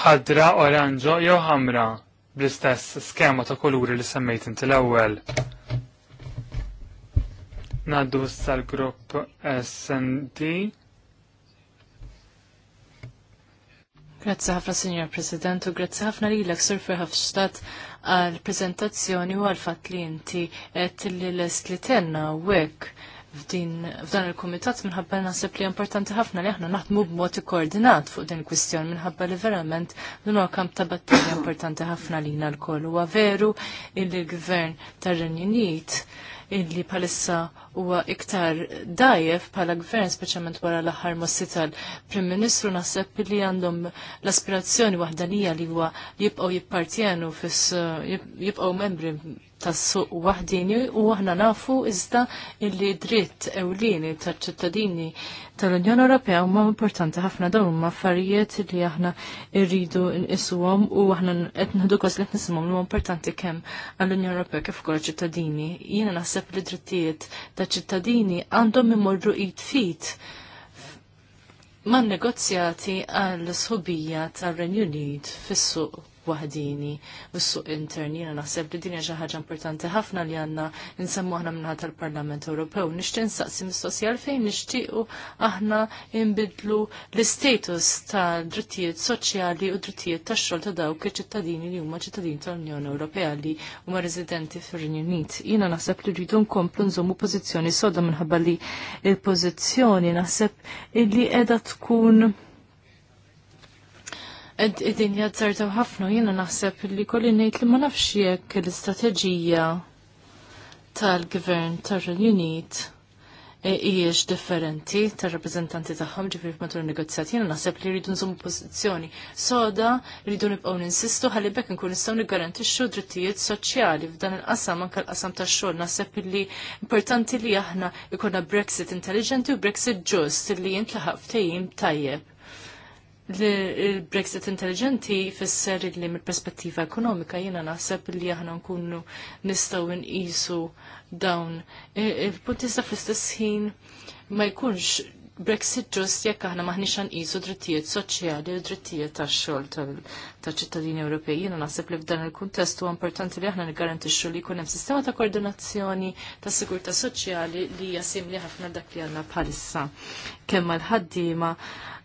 [SPEAKER 3] Ħadra, oranġo jew ħamra bl-istess skema ta' kuluri li semmejt inti l-ewwel. Naddu s sal grupp SND
[SPEAKER 1] Grazzi ħafna, Signor President, u grazzi ħafna li l-ek surfer ħafstat għal-prezentazzjoni u għal-fat li inti għet li l-est li tenna u għek f'dan il-komitat minħabba naħseb li importanti ħafna li aħna naħdmu b'mod koordinat fuq din il kwistjon minħabba li verament din huwa kamp ta' battalja importanti ħafna lina l-koll. Huwa veru il-gvern tar-Renju Unit illi bħalissa huwa iktar dajjef bħala gvern speċjalment wara l-aħħar mossi tal-Prim Ministru naħseb li għandhom l-aspirazzjoni waħdanija li huwa jibqgħu jippartjenu fis jibqgħu membri tas-suq waħdini u aħna nafu iżda illi dritt ewlieni tal-ċittadini tal-Unjoni Ewropea huma importanti ħafna dawn huma affarijiet li aħna rridu nqisuhom u aħna qed nħdu kos li nisimhom huma importanti kemm għall-Unjoni Ewropea kif ukoll ċittadini. Jiena naħseb li drittijiet tal-ċittadini għandhom imorru id fit man negozjati għall sħubija tal-Renju Unit fis-suq waħdini fis suq Interni. Jiena naħseb li din hija xi ħaġa importanti ħafna li għandna nsemmu aħna minħat tal-Parlament Ewropew. Nixtieq insaqsi mis-sosjal fejn nixtiequ aħna nbidlu l-istatus ta' drittijiet soċjali u drittijiet tax-xogħol ta' dawk iċ-ċittadini li huma ċittadini tal-Unjoni Ewropea li huma residenti fir-Renju Unit. Jiena naħseb li rridu nkomplu nżommu pożizzjoni soda minħabba li il-pożizzjoni naħseb illi qiegħda tkun id-din jazzartaw ħafna jina naħseb li kolli nejt li ma nafx jekk l-istrateġija tal-gvern tal-Unit e, hijiex differenti tal rappreżentanti tagħhom ġifir matul negozjat jiena naħseb li rridu nżommu pożizzjoni soda rridu nibqgħu ninsistu ħalli bekk nkun nistgħu niggarantixxu drittijiet soċjali f'dan il-qasam anke l-qasam tax-xogħol naħseb li importanti li aħna jkollna Brexit intelligenti u Brexit ġust li jintlaħaq ftehim tajjeb il-Brexit intelligenti fisser li mill perspettiva ekonomika jiena naħseb li aħna nkunu nistgħu nqisu dawn. il puntista fl-istess ħin ma jkunx Brexit ġust jekk aħna maħniex nqisu drittijiet soċjali u drittijiet tax-xogħol tal-ċittadini Ewropej. Jiena naħseb li f'dan il-kuntest huwa importanti li aħna niggarantixxu li jkun hemm sistema ta' koordinazzjoni tas sigurtà soċjali li hija simili ħafna dak li għandna bħalissa kemm mal-ħaddiema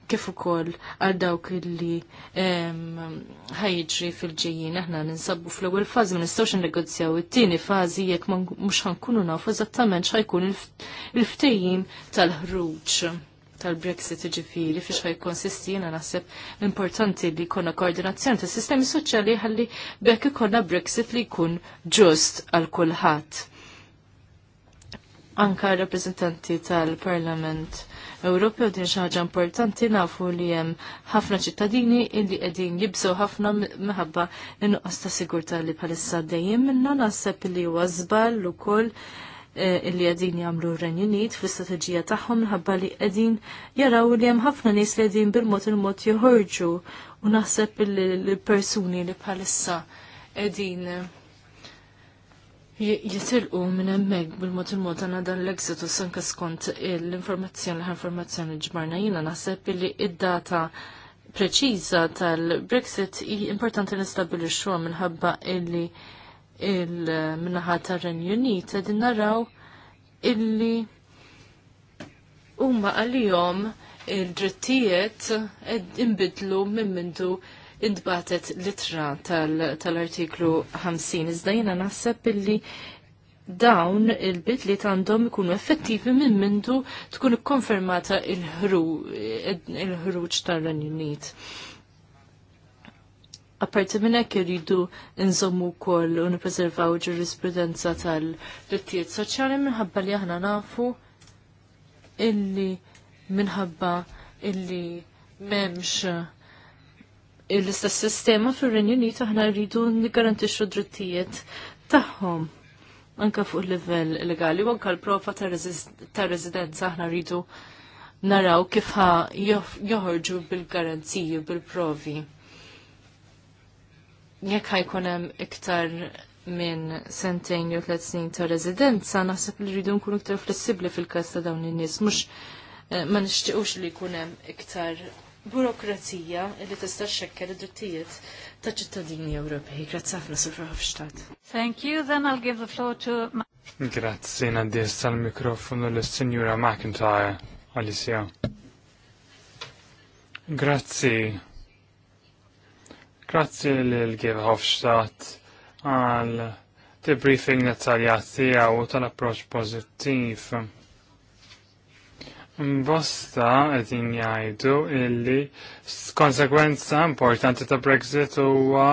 [SPEAKER 1] kif ukoll għal dawk li ħajġri fil-ġejjin aħna ninsabu fl-ewwel fażi ma nistgħux innegozjaw it-tieni fażi jekk mhux ħankunu nafu eżattament x'ħajkun il-ftejjim tal-ħruġ tal-Brexit ġifiri fiex ħajkonsisti jena naħseb l-importanti li jkollna koordinazzjoni tas sistemi soċjali ħalli bekk ikollna Brexit li jkun ġust għal kulħadd. Anka rappreżentanti tal-Parlament Ewropew din xi ħaġa importanti nafu li hemm ħafna ċittadini illi qegħdin jibsu ħafna minħabba inqas ta' sigurtà li bħalissa dejjem minna naħseb li huwa żball ukoll eh, illi għedin jamlu r-renjuniet fl-istrateġija tagħhom minħabba li qegħdin jaraw li hemm ħafna nies li qegħdin bil-mod il-mod joħorġu u naħseb il-persuni li bħalissa qegħdin jitilqu minn hemmhekk bil-mod il-mod għandna dan l-exitu sanka skont l-informazzjoni l-informazzjoni l ġbarna jiena naħseb li id-data preċiża tal-Brexit importanti nistabilixxuha minħabba illi il-minnaħa tar-Renju Unit qegħdin naraw illi huma għalihom il-drittijiet imbidlu minn mindu intbatet litra tal-artiklu tal 50. Iżda jena naħseb illi dawn il-bit li għandhom ikunu effettivi minn mindu tkun ikkonfermata il-ħruġ tal-Renju Unit. Apparti minn hekk iridu nżommu wkoll u nippreservaw ġurisprudenza tal-drittijiet soċjali minħabba li aħna nafu illi minħabba illi m'hemmx l-istess sistema fir-Renju Unit aħna rridu niggarantixxu drittijiet tagħhom anka fuq il-livell legali u anka l-prova ta' residenza aħna rridu naraw kif ħa joħorġu bil-garanziji bil-provi. Jekk ħajkun hemm iktar minn sentejn jew tliet snin ta' residenza, naħseb li rridu nkunu iktar flessibbli fil-każ ta' dawn in-nies, mhux eh, ma nixtiequx li jkun hemm iktar burokrazija li tista' xekker id-drittijiet ta' ċittadini Ewropej. Grazzi ħafna Sur Verhofstadt. Thank you, then I'll give the floor to
[SPEAKER 3] Grazzi Nadia sal-mikrofonu l-Sinjura McIntyre Alicia. Grazzi. Grazzi l gil Hofstadt għal debriefing dettaljat tiegħu u tal-approċ pożittiv Bosta qegħdin jgħidu illi konsekwenza importanti ta' Brexit huwa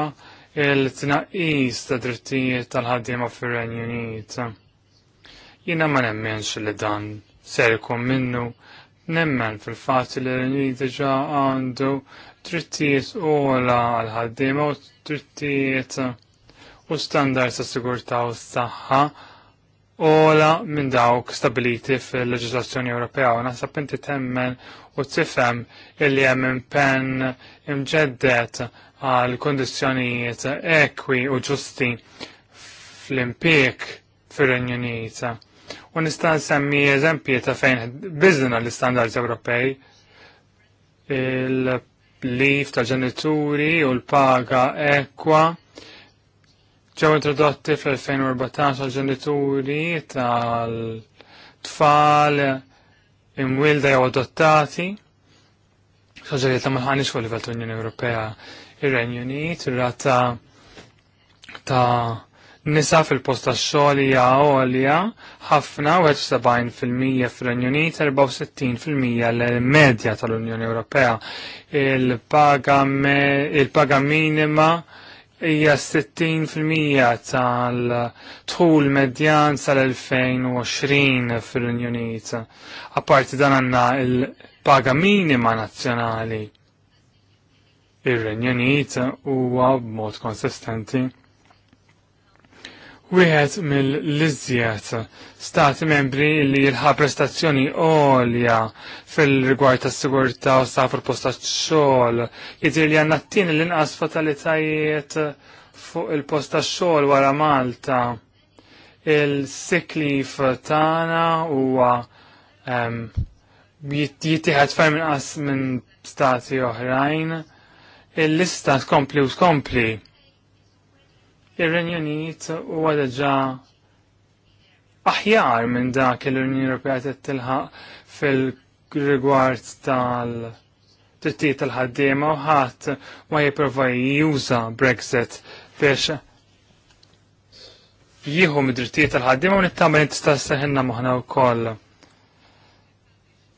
[SPEAKER 3] il-tnaqqis ta' drittijiet tal-ħaddiema fir-Renju Unit. Jiena ma nemmenx li dan ser ikun minnu nemmen fil-fatt li l-Renju diġà għandu drittijiet ola għal-ħaddiema u drittijiet u standard ta' sigurtà u s-saħħa ola minn dawk stabiliti fil-leġislazzjoni Ewropea u naħseb inti temmen u tifhem illi hemm impenn imġeddet għal kondizzjonijiet ekwi u ġusti fl impiek fir-Renju Unit. U nista' semmi eżempji ta' fejn biżna l-istandards Ewropej il-lif ta' ġenituri u l-paga ekwa ġew introdotti fl-2014 ġenituri tal-tfal imwilda jew adottati. Xaġġeri ta' maħanix fuq livell tal-Unjoni Ewropea ir-Renju Unit, rata ta' nisa fil-posta xolija għolja ħafna 71% fil-Renju Unit, 64% l-medja tal-Unjoni Ewropea. Il-paga minima hija 60% tal-tħul medjan sal-2020 fil-Unjoniet. Apparti dan għanna il-paga minima nazzjonali. Ir-Renjoniet huwa b'mod konsistenti wieħed mill liżjat stati membri li jilħa prestazzjoni għolja fil-rigward tas sigurtà u sa' posta xogħol jidhir jiġifieri li għandna t-tieni l-inqas fatalitajiet fuq il posta xogħol wara Malta il-sikli tagħna huwa ehm, jittieħed ferm inqas minn stati oħrajn il-lista tkompli u tkompli ir-Renju Unit huwa aħjar minn dak l-Unjoni Ewropea qed tilħaq fil-rigward tal- trittijiet tal-ħaddiema u ħadd ma jipprova juża Brexit biex jieħu mid-drittijiet tal-ħaddiema u nittama' tista' seħinna moħħna wkoll.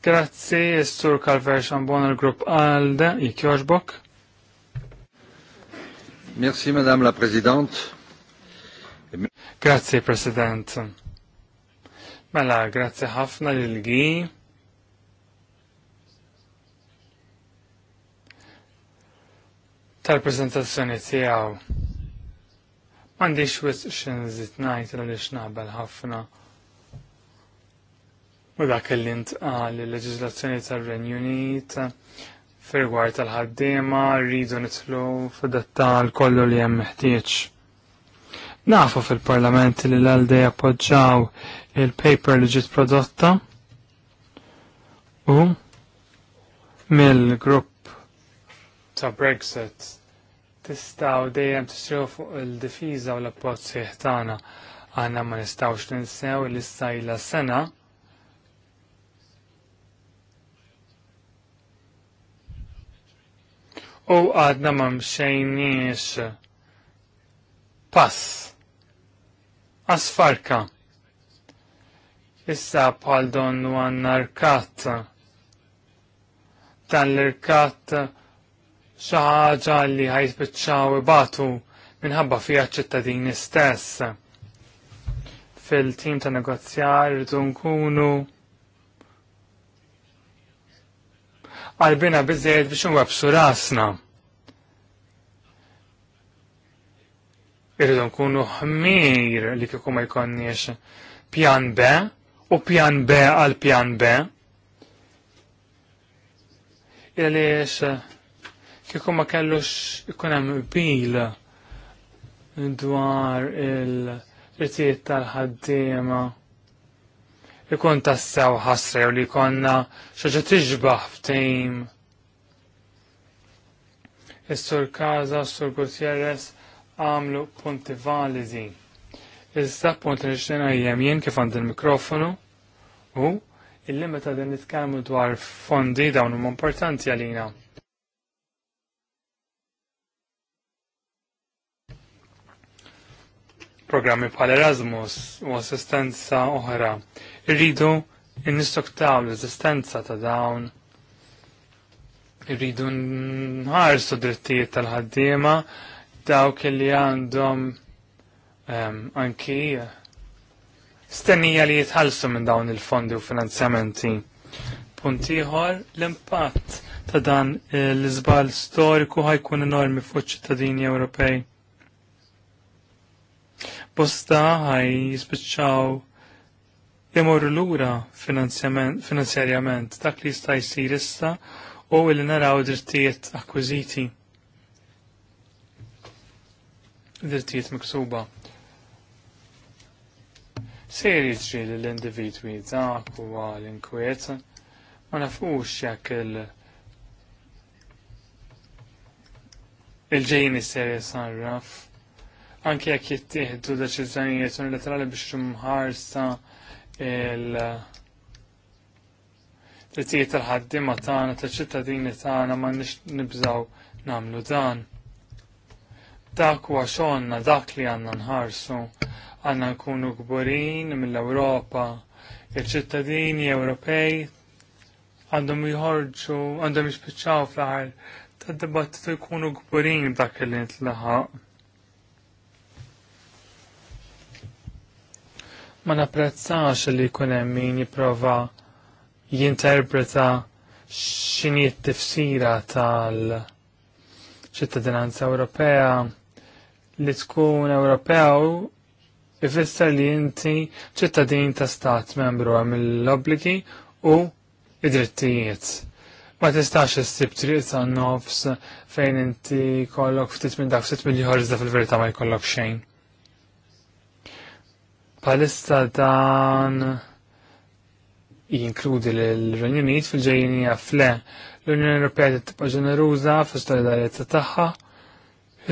[SPEAKER 3] Grazzi, Sur Calver Xambon, il-Grupp Alde, jikjoġbok. Merci, Madame la Presidente. Grazie, President. Mela, grazie ħafna lil-gi. Tal-prezentazzjoni tiegħu. M'għandix wisq x'inżid ngħid għaliex naqbel ħafna. U dak li ntqal il-leġiżlazzjoni tal renju Unit Firgwar tal-ħaddiema rridu nitlu f'dettal kollu li hemm meħtieġ. Nafu fil-Parlament li l għaldej appoġġaw il-paper li ġiet prodotta u mill-grupp ta' Brexit tistaw dejjem tisrew fuq il-difiża u l appoġġi tagħna. Għanna ma nistawx ninsew l-istajla sena u għadna ma mxejniex pass asfarka. Issa bħal donnu għanna rkat. Dan l-irkat xaħġa li ħajsbitċaw batu minħabba fija ċittadini stess. Fil-tim ta' negozjar dunkunu nkunu għalbina bizzejed biex nwebsu rasna. Irridu nkunu ħmir li kieku ma jkonniex pjan B u pjan B għal pjan B. Għaliex kieku ma kellux ikun hemm bil dwar il rizziet tal-ħaddiema ikun tassew ħasra jew li jkollna xaġa tiġbaħ f'tejm. Is-sur Kaza, s-sur Gutierrez għamlu punti valizi. Issa punti nixtena nixtieq jien kif għand il-mikrofonu u il limet għad din nitkellmu dwar fondi dawn huma importanti għalina. Programmi bħal Erasmus u assistenza oħra Irridu nistoktaw l-eżistenza ta' dawn irridu nħarsu drittijiet tal-ħaddiema dawk li għandhom anki stennija li jitħallsu minn dawn il-fondi u finanzjamenti. Punt ieħor l-impatt ta' dan l izbal storiku ħajkun enormi fuq ċittadini Ewropej. Bosta ħaj jispiċċaw l lura finanzjarjament dak li jista' jsir issa u li naraw drittijiet akkwiżiti. Drittijiet miksuba. Ser jiġri li l-individwi dak u l-inkwiet ma nafux jekk il- il ġejn isser jisarraf anke jekk jittieħdu deċiżjonijiet unilaterali biex imħarsa il trittijiet tal-ħaddima tagħna tal-ċittadini tagħna ma nix nibżaw nagħmlu dan. Dak huwa xogħolna dak li għandna nħarsu għandna nkunu kburin mill-Ewropa il-ċittadini Ewropej għandhom jħorġu għandhom jispiċċaw fl-aħħar tad-dibattitu jkunu kburin dak li ntlaħaq ma napprezzax li jkun hemm min jipprova jinterpreta xini t-tifsira tal-ċittadinanza Ewropea li tkun Ewropew ifisser li inti ċittadin ta' stat membru hemm l-obbligi u id-drittijiet. Ma tistax issib triq tan nofs fejn inti kollok ftit minn dak ftit mill-ħorżda fil-verità ma jkollok xejn palista dan jinkludi l-Renju fil-ġejjini għafle l-Unjoni Ewropea tibqa' ġeneruża fis-solidarjetà tagħha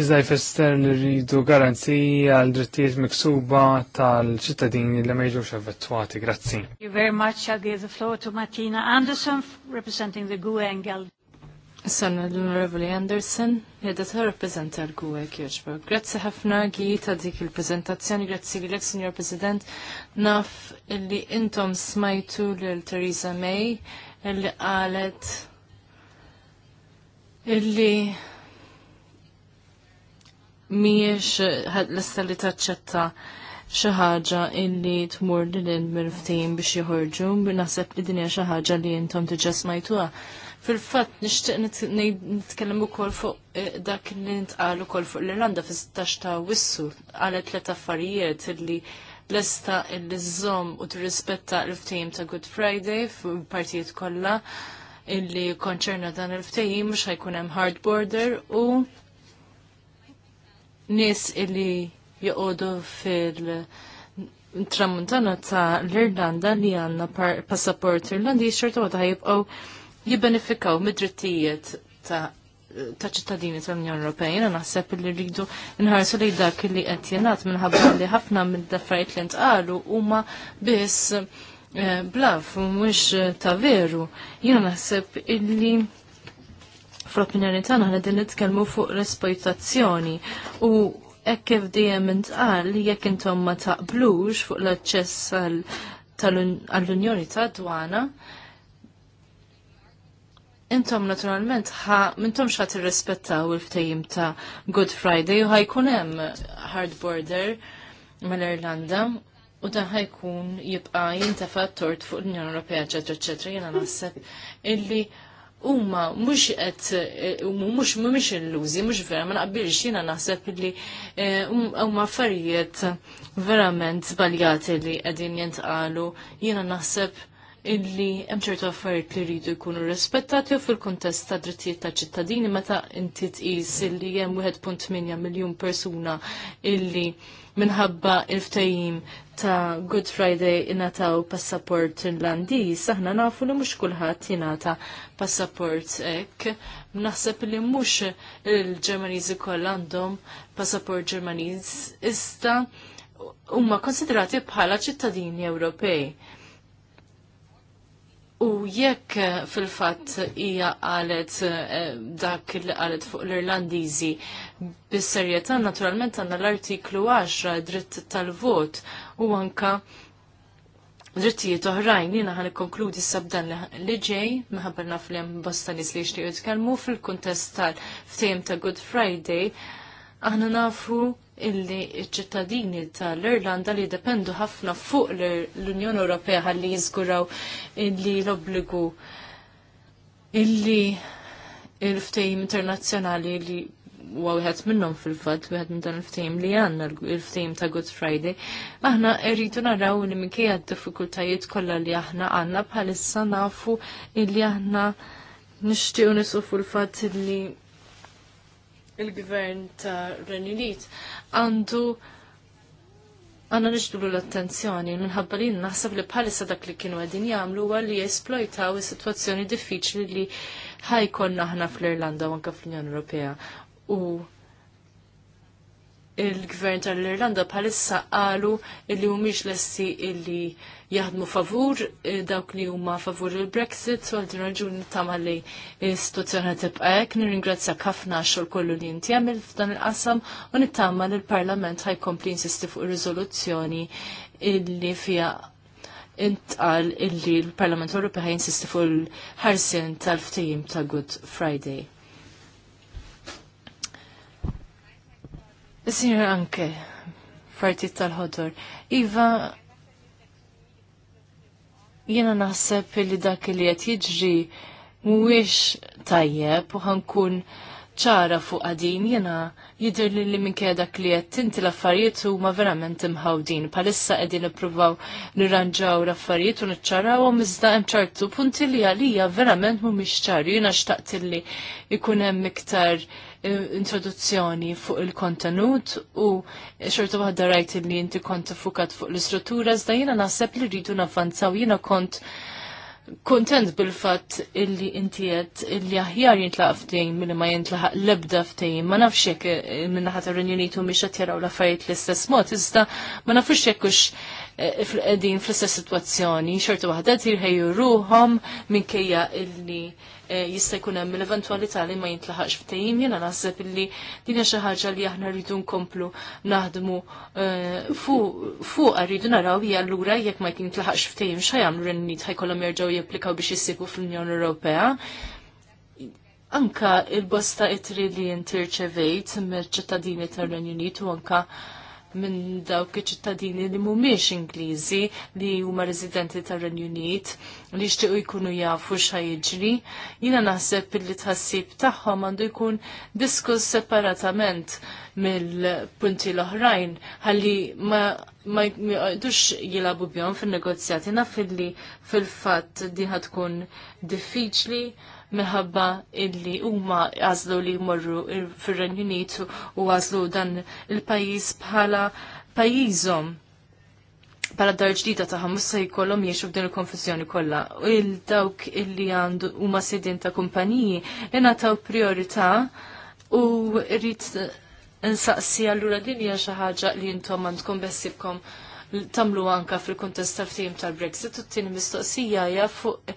[SPEAKER 3] Iżda jfisser li rridu garanzija għal drittijiet miksuba tal-ċittadini li ma jiġux effettuati. Grazzi. Thank you very much. I'll give the floor to Martina Anderson
[SPEAKER 1] representing the GUE Sanna l-Onorevoli Anderson, jedda ta' rappresenta l-Gwe Kirchberg. Grazzi ħafna għi ta' dik il-prezentazzjoni, grazzi li l Signor President, naf li intom smajtu l-Theresa May, illi qalet illi miex l-esta li taċċetta xi ħaġa illi tmur lil minn ftehim biex joħorġu, naħseb li dinja xi ħaġa li intom tiġa Fil-fatt nixtieq nitkellem ukoll fuq eh, dak li ntqal ukoll fuq l-Irlanda fi 16 ta' Wissu qalet tlet affarijiet illi esta illi żżomm u tirrispetta l ftejim ta' Good Friday f'partijiet kollha illi konċerna dan il ftejim mux ħajkun hemm hard border u nies illi joqogħdu fil- tramuntana ta' l-Irlanda li għanna passaport Irlandi xorta għada ħajibqaw jibbenefikaw mid-drittijiet ta' ta' ċittadini tal-Unjoni għana naħseb li rridu nħarsu li dak li qed jingħad minħabba li ħafna mid daffariet li ntqalu huma biss eh, blaf u ta' veru. Jiena naħseb illi fl-opinjoni tagħna qegħdin nitkellmu fuq l-esploitazzjoni u hekk kif dejjem intqal jekk intom ma taqblux fuq l-aċċess tal-Unjoni ta' dwana ta intom naturalment ħa mintom tirrespetta u il ftajim ta' Good Friday u ħajkun hemm hard border mal-Irlanda u ta' ħajkun jibqa jintafa tort fuq l-Unjoni Ewropea ċetra ċetra jena naħseb illi huma mhux qed eh, mux mhumiex illużi, mhux vera ma naqbilx jiena naħseb illi eh, huma affarijiet verament żbaljati li qegħdin jintqalu jiena naħseb illi hemm ċertu affarijiet li rridu jkunu rispettati u fil-kuntest ta' drittijiet ta' ċittadini meta inti tqis illi hemm 1.8 miljun persuna illi minħabba il-ftajim ta' Good Friday inataw passaport irlandiż, aħna nafu li mhux kulħadd jingħata passaport hekk. Naħseb li mhux il-Ġermaniżi kollha għandhom passaport Ġermaniż iżda huma konsiderati bħala ċittadini Ewropej. U jekk eh, fil-fatt hija qalet eh, dak li qalet fuq l-Irlandiżi bis-serjetà naturalment għandna l-artiklu 10 dritt tal-vot u anka drittijiet oħrajn jiena ħan ikkonkludi sabdan li ġej minħabba naf li hemm bosta nies li jixtiequ jitkellmu fil-kuntest tal-ftehim ta' Good Friday aħna nafu illi ċittadini tal-Irlanda li dependu ħafna fuq l-Unjoni Ewropea ħalli jiżguraw illi l-obbligu illi il-ftehim internazzjonali li huwa wieħed minnhom fil-fatt wieħed minn dan il-ftehim li għandna il-ftehim ta' Good Friday, aħna rridu naraw li minkejja d-diffikultajiet kollha li aħna għandna bħalissa nafu illi aħna nixtiequ nisufu l fatt illi il-gvern ta' Renilit għandu għanna nġdulu l-attenzjoni, minħabba li naħseb li bħalissa dak li kienu għedin jamlu għalli jesplojtaw il-situazzjoni diffiċli li ħajkon naħna fl-Irlanda u anka fl-Unjoni Ewropea. U il-gvern tal-Irlanda bħalissa qalu li mhumiex lesti illi jaħdmu favur e, dawk li huma favur il-Brexit u għaldin raġun tamalli tama li istituzzjoni tibqa' hekk nirringrazzjak ħafna xogħol kollu li inti għamil f'dan il-qasam u nittama li l-Parlament ħajkompli insisti fuq ir-riżoluzzjoni illi fija intqal illi l-Parlament Ewropew ħajinsisti fuq il-ħarsien tal-ftehim ta' Good Friday. Signor Anke, partit tal-ħodor. Iva, jena naħseb li dak li qed jiġri mhuwiex tajjeb u ħankun ċara fuq għadin jena jidr li li minn dak li qed tinti l-affarijiet huma verament imħawdin. Palissa qegħdin nippruvaw nirranġaw l-affarijiet u niċċarawhom iżda hemm ċartu punti li għalija verament mhumiex ċari. Jiena xtaqt li ikun hemm iktar introduzzjoni fuq il-kontenut u xorta waħda rajt li inti kont fukat fuq l-istruttura, zda jina naħseb li rridu navanzaw, jina kont kontent bil-fat illi jett illi aħjar jintlaq ftejn minn ma jintlaq lebda ftejn. Ma nafx jekk minn ħatar Renjunitu miex qed jaraw l-affarijiet l-istess mod, iżda ma nafxek kux hux Din fl-istess sitwazzjoni, xorta waħda tirħejju ruhom minkejja illi eh, jista' jkun hemm l-eventwalità li ma jintlaħaqx f'tejjim jiena naħseb illi din hija xi ħaġa li aħna rridu nkomplu naħdmu eh, fuq rridu naraw hija allura jekk ma jintlaħaqx f'tejjim x'ħajamlu rennit ħajkollhom jerġgħu japplikaw biex jissibu fl-Unjoni Ewropea. Anka il-bosta itri li jintirċevejt mill-ċittadini tal-Renju Unit u anka minn dawk iċ-ċittadini li mhumiex Ingliżi li huma residenti tar-Renju Unit li jixtiequ jkunu jafu x'ħajġri. Jiena naħseb li tħassib tagħhom għandu jkun diskuss separatament mill-punti l-oħrajn ħalli ma ma jgħidux jilabu bjom fil-negozjati naf li fil-fatt diħa tkun diffiċli minħabba illi huma għażlu li jmorru fir-Renju Unitu u għażlu dan il-pajjiż bħala pajjiżhom bħala dar ġdida taħħa se jkollhom jiexu f'din il-konfessjoni kollha. Il dawk illi għandu huma sidin ta' kumpaniji ingħataw priorità u rrid nsaqsi allura din hija xi ħaġa li intom għandkom bessibkom tamlu anka fil-kuntest tal-ftim tal-Brexit u t-tini mistoqsija hija fuq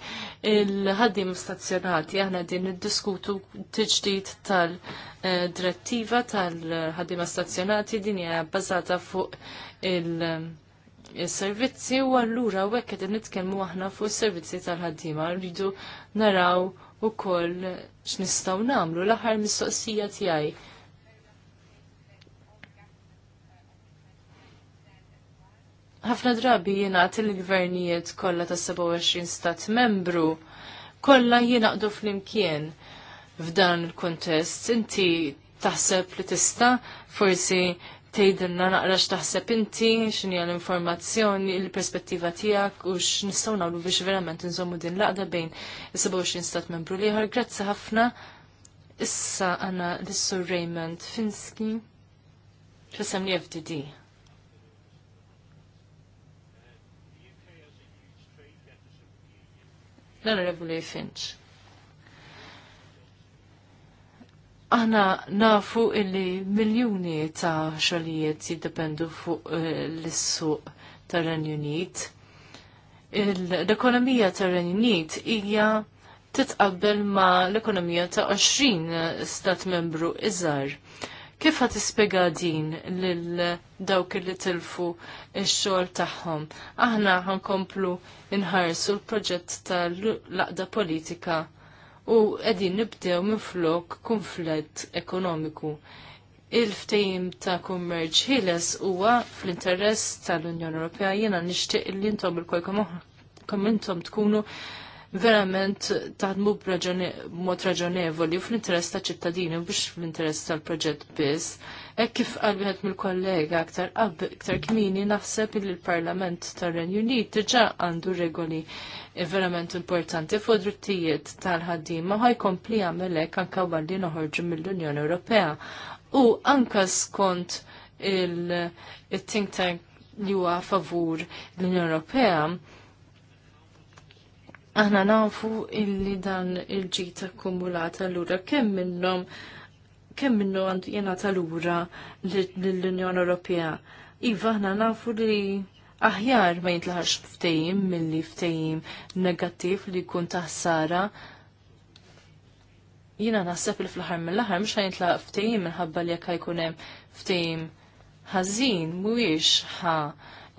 [SPEAKER 1] il-ħaddim stazzjonati aħna din id-diskutu t-ġdid tal-direttiva tal-ħaddim stazzjonati din hija bbażata fuq il- il-servizzi u għallura u għekket nitkelmu aħna fuq il-servizzi tal-ħaddima rridu naraw u koll x'nistgħu namlu l-aħħar mistoqsija tiegħi ħafna drabi jingħad il-gvernijiet kollha ta' 27 stat membru kollha fl flimkien f'dan il-kuntest. Inti taħseb li tista' forsi tgħidilna naqra x'taħseb inti x'inhi l-informazzjoni, il-perspettiva tiegħek u x'nistgħu nagħmlu biex verament inżommu din laqda bejn is-27 stat membru li ħar Grazzi ħafna. Issa għana l-Sur Raymond Finski. Fisem li FDD. l-Onorevoli Finch. Aħna nafu illi miljoni ta' xogħlijiet jiddependu fuq eh, l-issuq tar-Renju Unit. L-ekonomija tar-Renju Unit hija titqabbel ma' l-ekonomija ta' 20 stat membru iżgħar. Kif ħat ispjega din lil dawk li tilfu il xogħol tagħhom? Aħna komplu nħarsu l-proġett tal-laqda politika u qegħdin nibdew flok kunflett ekonomiku. Il-ftejim ta' kummerġ ħieles huwa fl-interess tal-Unjoni Ewropea jiena nixtieq li intom il-kol kommentom intom tkunu verament taħdmu b'mod raġonevoli u fl-interess ta' ċittadini u biex fl-interess tal-proġett biss. E kif għalbiħet mill-kollega aktar qab aktar kmini naħseb li l-Parlament tar-Renju Unit ġa għandu regoli verament importanti fuq drittijiet tal ma ħajkompli jagħmel hekk anke walli noħorġu mill-Unjoni Ewropea. U anka skont il-think tank li huwa favur l-Unjoni Ewropea Aħna nafu illi dan il-ġit akkumulata allura kemm minnhom kemm minnu għandu jena tal-ura l-Unjoni Ewropea. Iva aħna nafu li aħjar ma jintlaħarx ftejim mill-li ftejim negattiv li jkun taħsara jina naħseb li fl-ħar mill-ħar mux ħajintla ftejim minħabba li jekk jkun hemm ftejim ħażin mhuwiex ħa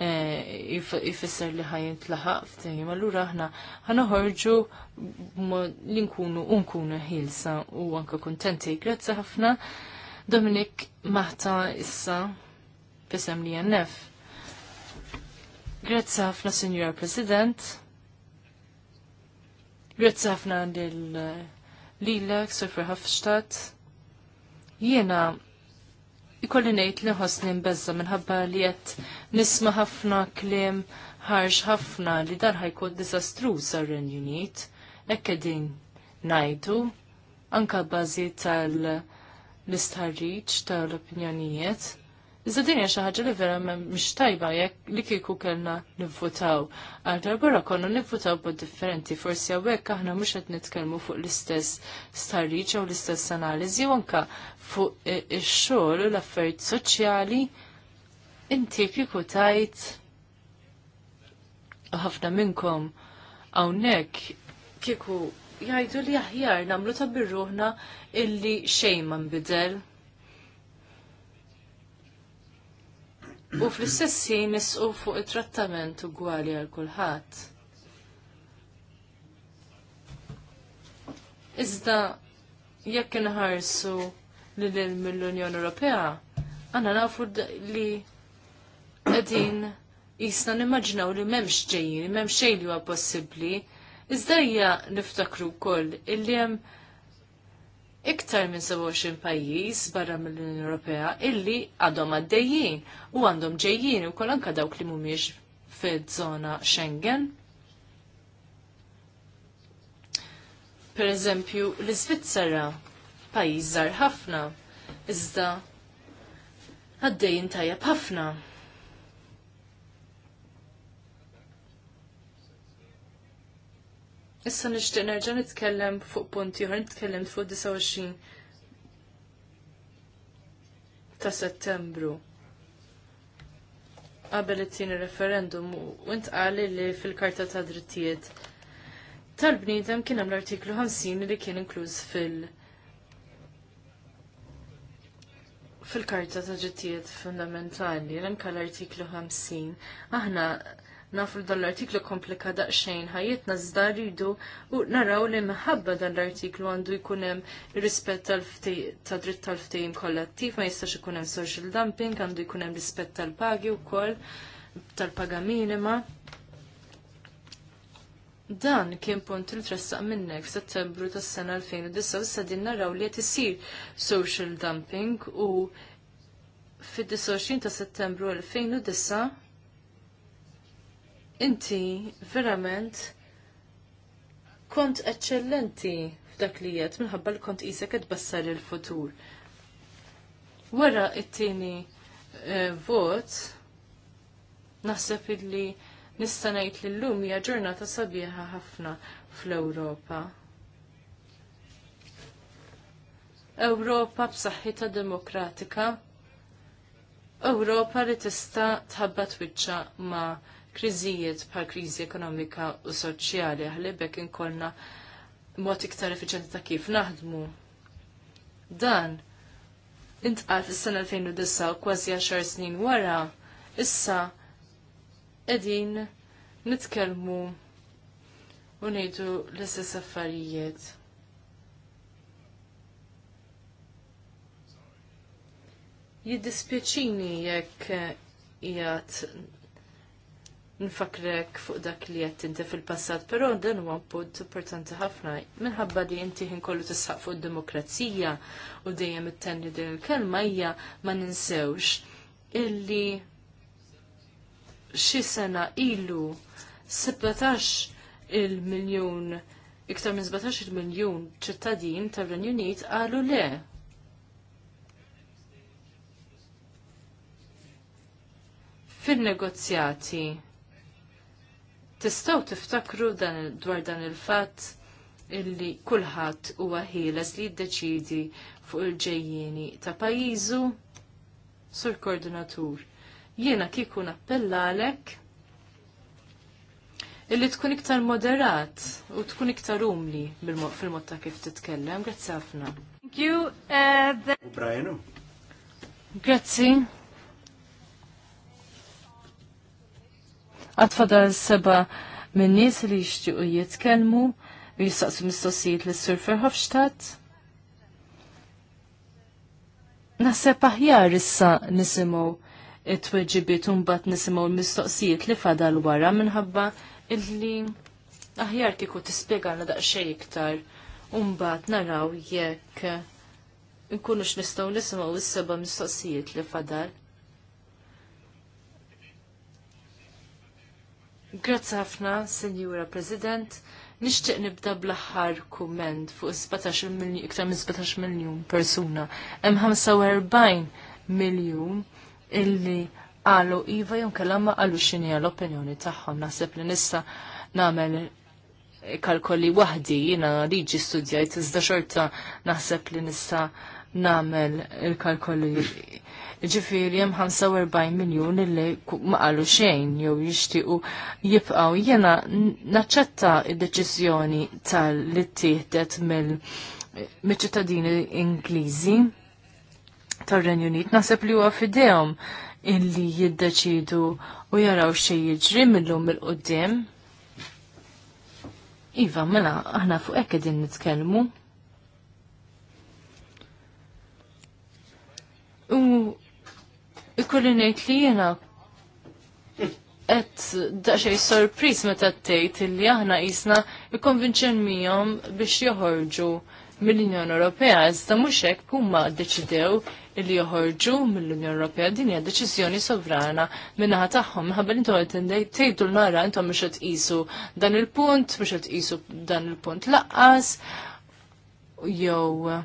[SPEAKER 1] jifisser eh, li ħajn tlaħaq ftehim. Allura aħna ħanoħorġu li nkunu unkunu ħilsa u anka kontenti. Grazzi ħafna Dominik Maħta issa fisem li jannef. Grazzi ħafna Signor President. Grazzi ħafna lil eh, lilek, Sofra Hafstadt. Jiena ikolli ngħid li ħosni mbeżza minħabba li jett nisma' ħafna kliem ħarġ ħafna li dar ħajkun diżastruż għar-Renju Unit, hekk qegħdin ngħidu anka bażi tal-istħarriġ tal-opinjonijiet Iżda din xi ħaġa li vera mhix tajba jekk li kieku kellna nivvutaw. Għal darbora konna nivvutaw bod differenti, forsi hawnhekk aħna mhux qed nitkellmu fuq l-istess starriċ u l-istess analiżi u anke fuq ix-xogħol u l-affarijiet soċjali inti kieku tajt ħafna minnkom hawnhekk kieku jgħidu li aħjar nagħmlu ta' birruħna illi xejn ma nbidel u fl-istessin nisqu fuq it-trattament ugwali għal kulħadd. Iżda jekk inħarsu lil mill-Unjoni Ewropea, għandna nafu li qegħdin jisna nimmaġinaw li m'hemmx ġejjin, m'hemm xejn li huwa possibbli, iżda hija niftakru wkoll illi hemm iktar minn 27 pajjiż barra mill-Unjoni Ewropea illi għadhom għaddejjin u għandhom ġejjin u kol anka dawk li mhumiex fiż-żona Schengen. Per eżempju, l-Iżvizzera pajjiż żgħar ħafna iżda għaddejjin tajjeb ħafna. Issa nixtieq nerġa' nitkellem fuq punti oħra nitkellem fuq 29 ta' Settembru qabel it-tieni referendum u ntqali li fil-Karta ta' Drittijiet tal-bniedem kien hemm l-artiklu 50 li kien inkluż fil- fil-Karta ta' Drittijiet Fundamentali, l-anka l-artiklu 50, aħna Naf dan l-artiklu komplika daqsxejn ħajjitna iżda rridu u naraw li minħabba dan l-artiklu għandu jkun hemm rispett ta' dritt tal-ftehim kollettiv, ma jistax ikun hemm social dumping, għandu jkun hemm rispett tal-pagi wkoll tal-paga minima. Dan kien punt li tressaq minnek f'Settembru tas-sena 2009 issa din naraw li qed isir social dumping u fid-29 ta' Settembru 2009 inti verament kont eccellenti f'dak li jgħet minħabba li kont qisek qed bassar il-futur. Wara it-tieni eh, vot, naħseb illi nista' ngħid li llum hija ġurnata sabiħa ħafna fl-Ewropa. Ewropa b'saħħitha demokratika, Ewropa li tista' tħabba twiċċa ma' kriżijiet bħal kriżi ekonomika u soċjali ħlibek inkolna mod iktar effiċenti ta' kif naħdmu. Dan intqal fis-sena 2009 kważi 10 snin wara, issa qegħdin nitkellmu u ngħidu l-istess affarijiet. Jiddispjaċini jekk jgħat nfakrek fuq dak li qed inti fil-passat, però dan huwa punt importanti ħafna minħabba li inti ħin kollu tisħaq fuq id-demokrazija u dejjem it-tenni din il-kelma hija ma ninsewx illi xi sena ilu 17 il-miljun iktar minn 17 il-miljun ċittadin tar-Renju Unit qalu le fin-negozjati Tistaw tiftakru dan dwar dan il-fatt illi kulħadd huwa ħieles li jiddeċidi fuq il-ġejjieni ta' pajjiżu sur koordinatur. Jiena kieku nappellalek illi tkun iktar moderat u tkun iktar umli fil-mod ta' kif titkellem. Grazzi ħafna. Thank you. Uh, Grazzi. Għatfadal seba minn nies li jixtiequ jitkellmu u jistaqsu mistoqsijiet lis sur Verhofstadt. Naħseb aħjar issa nisimgħu it-tweġibiet u mbagħad nisimgħu l-mistoqsijiet li fadal wara minħabba illi aħjar kieku tispjegana daqsxejn iktar u mbagħad naraw jekk nkunux nistgħu nisimgħu is-seba' mistoqsijiet li fadal. Grazzi ħafna, Senjura President. Nixtieq nibda bl-aħħar kumment fuq 17 miljun iktar minn 17 miljun persuna. Hemm 45 miljun illi qalu iva jew kellha ma qalu x'inhi l-opinjoni tagħhom. Naħseb li nista' nagħmel kalkoli waħdi jiena liġi studjajt iżda xorta naħseb li nista' namel il-kalkoli. Ġifiri jem 45 miljon illi maqalu xejn jew jixtiqu jibqaw. Jena naċċetta id-deċizjoni tal-li tieħdet mill-ċittadini Ingliżi tar-Renju Unit. naħseb li huwa fidejhom illi jiddeċidu u jaraw xej jiġri mill-lum il-qudiem. Iva, mela, aħna fuq hekk qegħdin nitkellmu. U ikolli ngħid li jiena qed daċċej sorpriz meta tgħid li aħna jisna ikkonvinċen mijom biex joħorġu mill-Unjoni Ewropea, iżda mhux hekk huma ddeċidew li joħorġu mill-Unjoni Ewropea din hija deċiżjoni sovrana minnaħa tagħhom minħabba li intom tgħidu l-nara intom mhux qed dan il-punt, mhux qed dan il-punt laqqas jew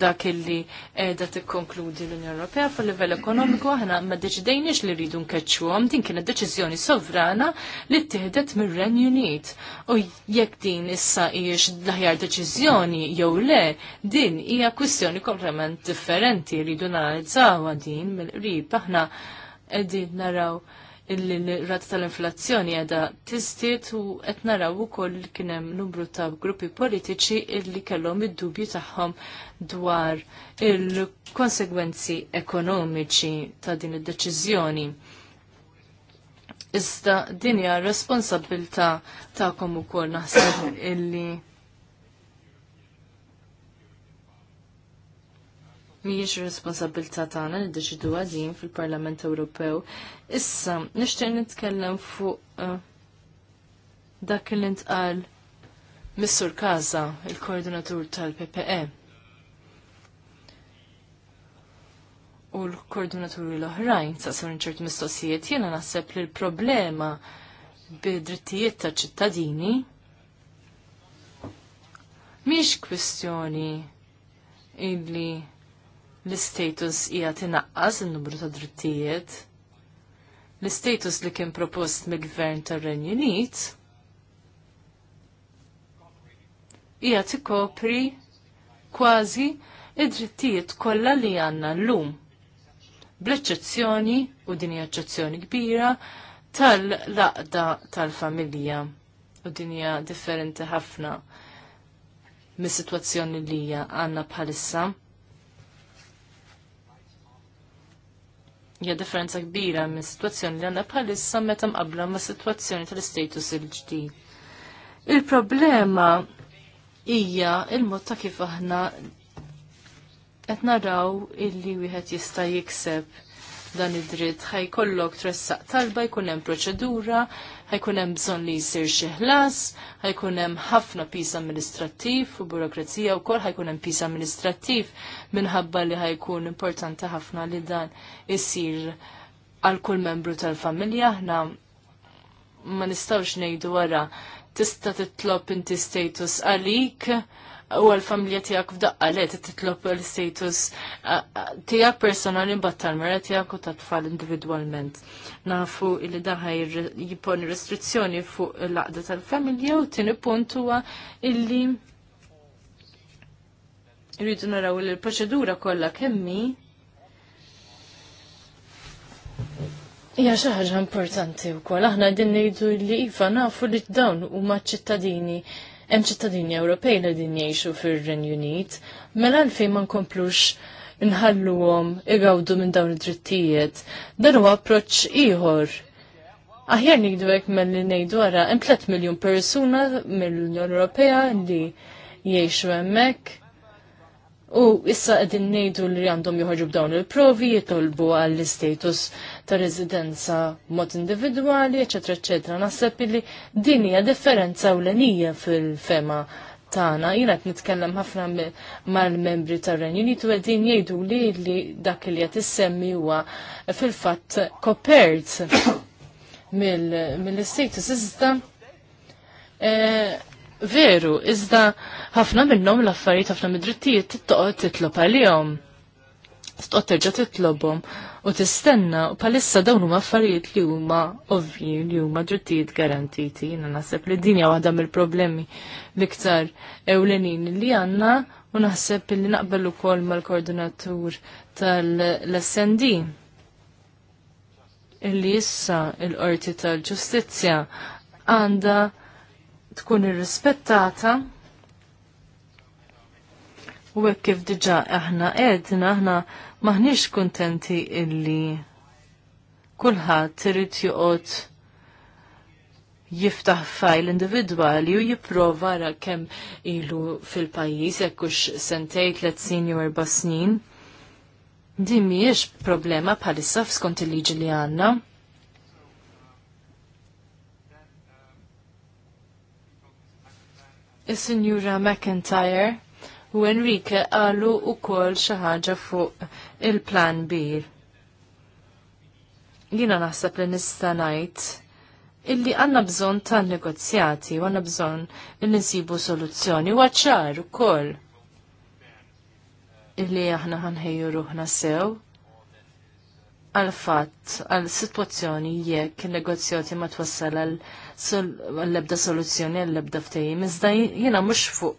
[SPEAKER 1] dak illi edha tikkonkludi l-Unjoni Ewropea fuq livell ekonomiku aħna ma deċidejniex li rridu nkeċċuhom din kienet deċiżjoni sovrana li ttieħdet mir-Ren Unit. U jekk din issa hijiex l-aħjar deċiżjoni jew le, din hija kwistjoni komplement differenti rridu analizzawha din mill-qrib aħna qegħdin naraw illi l-rata tal-inflazzjoni għada tistiet u qed naraw ukoll kien hemm numru ta' gruppi politiċi illi kellhom id-dubju tagħhom dwar il-konsegwenzi ekonomiċi ta' din id-deċiżjoni. Iżda din hija responsabilità tagħkom ukoll naħseb illi mhijiex responsabilità tagħna li deċidu għadin fil-Parlament Ewropew. Issa, nixtieq nitkellem fuq eh, dak li ntqal Missur Kaza, il-koordinatur tal-PPE. U l-koordinaturi l-oħrajn, sa' sur ċert mistoqsijiet, jiena naħseb li l-problema bid-drittijiet ta' ċittadini miex kwestjoni illi l-status hija tinaqqas il-numru ta' drittijiet. L-status li kien propost mill-Gvern tar-Renju Unit hija tikopri kważi id-drittijiet kollha li għandna llum. Bl-eċċezzjoni u din hija eċċezzjoni kbira tal-laqda tal-familja u din hija differenti ħafna mis-sitwazzjoni li hija għandna bħalissa. hija differenza kbira minn situazzjoni li għandna bħalissa meta mqabbla ma' situazzjoni tal-istatus il-ġdid. Il-problema hija il-mod ta' kif aħna qed naraw illi wieħed jista' jikseb dan id-dritt ħajkollok tressaq talba, jkun hemm proċedura, ħajkun hemm bżonn li jsir xi ħlas, ħajkun hemm ħafna pis amministrattiv u burokrazija wkoll ħajkun hemm pis amministrattiv minħabba li ħajkun importanti ħafna li dan isir għal kull membru tal-familja aħna ma nistawx ngħidu wara tista' titlob inti status għalik u għal-familja tijak f'daqqa li titlob l-status tijak personali mbattal mara tijak u ta' tfal individualment. Nafu li daħaj jiponi restrizzjoni fuq l laqda tal-familja u tini puntu huwa illi rridu naraw li l-proċedura kollha kemmi Ja xi ħaġa importanti wkoll aħna din ngħidu li iva nafu li dawn huma ċittadini hemm ċittadini Ewropej li din jgħixu fir-Renju Unit, mela għalfejn ma nkomplux nħalluhom igawdu minn dawn id-drittijiet. Dan huwa approċċ ieħor. Aħjar nikdu hekk milli ngħidu wara hemm 3 miljun persuna mill-Unjoni Ewropea li jgħixu hemmhekk U issa qegħdin ngħidu li għandhom joħorġu b'dawn il-provi, jitolbu għall istatus ta' residenza mod individwali, eċetera, eċetera. Naħseb li din hija differenza l-enija fil-fema tagħna. Jiena qed nitkellem ħafna mal-membri tar-Renju Unitu qegħdin jgħidu li li dak li qed issemmi huwa fil-fatt kopert <coughs> mill-istatus iżda eh, veru, iżda ħafna minnhom l-affarijiet ħafna mid-drittijiet tittoqgħod titlob għalihom. Titqgħod terġa' titlobhom u tistenna u palissa dawn huma affarijiet li huma ovvji li huma drittijiet garantiti. Jiena naħseb li dinja waħda mill-problemi l-iktar ewlenin li għandna u naħseb li naqbel ukoll mal-koordinatur tal-SND illi issa il-qorti tal-ġustizzja għanda tkun irrispettata u hekk kif diġà aħna qegħdna aħna maħniex kuntenti illi kulħadd irid joqgħod jiftaħ fajl individwali u jipprova ra kemm ilu fil-pajjiż jekk hux sentej tliet snin jew erba' snin. Din mhijiex problema bħalissa f'skont il-liġi li għandna. is-Sinjura McIntyre u Enrique qalu wkoll xi ħaġa fuq il-plan B. Jiena naħseb li nista' ngħid illi għandna bżonn tan negozjati u għandna bżonn li nsibu soluzzjoni u għacċar ukoll illi aħna ħanħejju ruħna sew għal fatt għal sitwazzjoni jekk il-negozjati ma twassal għal l-ebda soluzzjoni l-ebda ftehim. Iżda jiena mhux fuq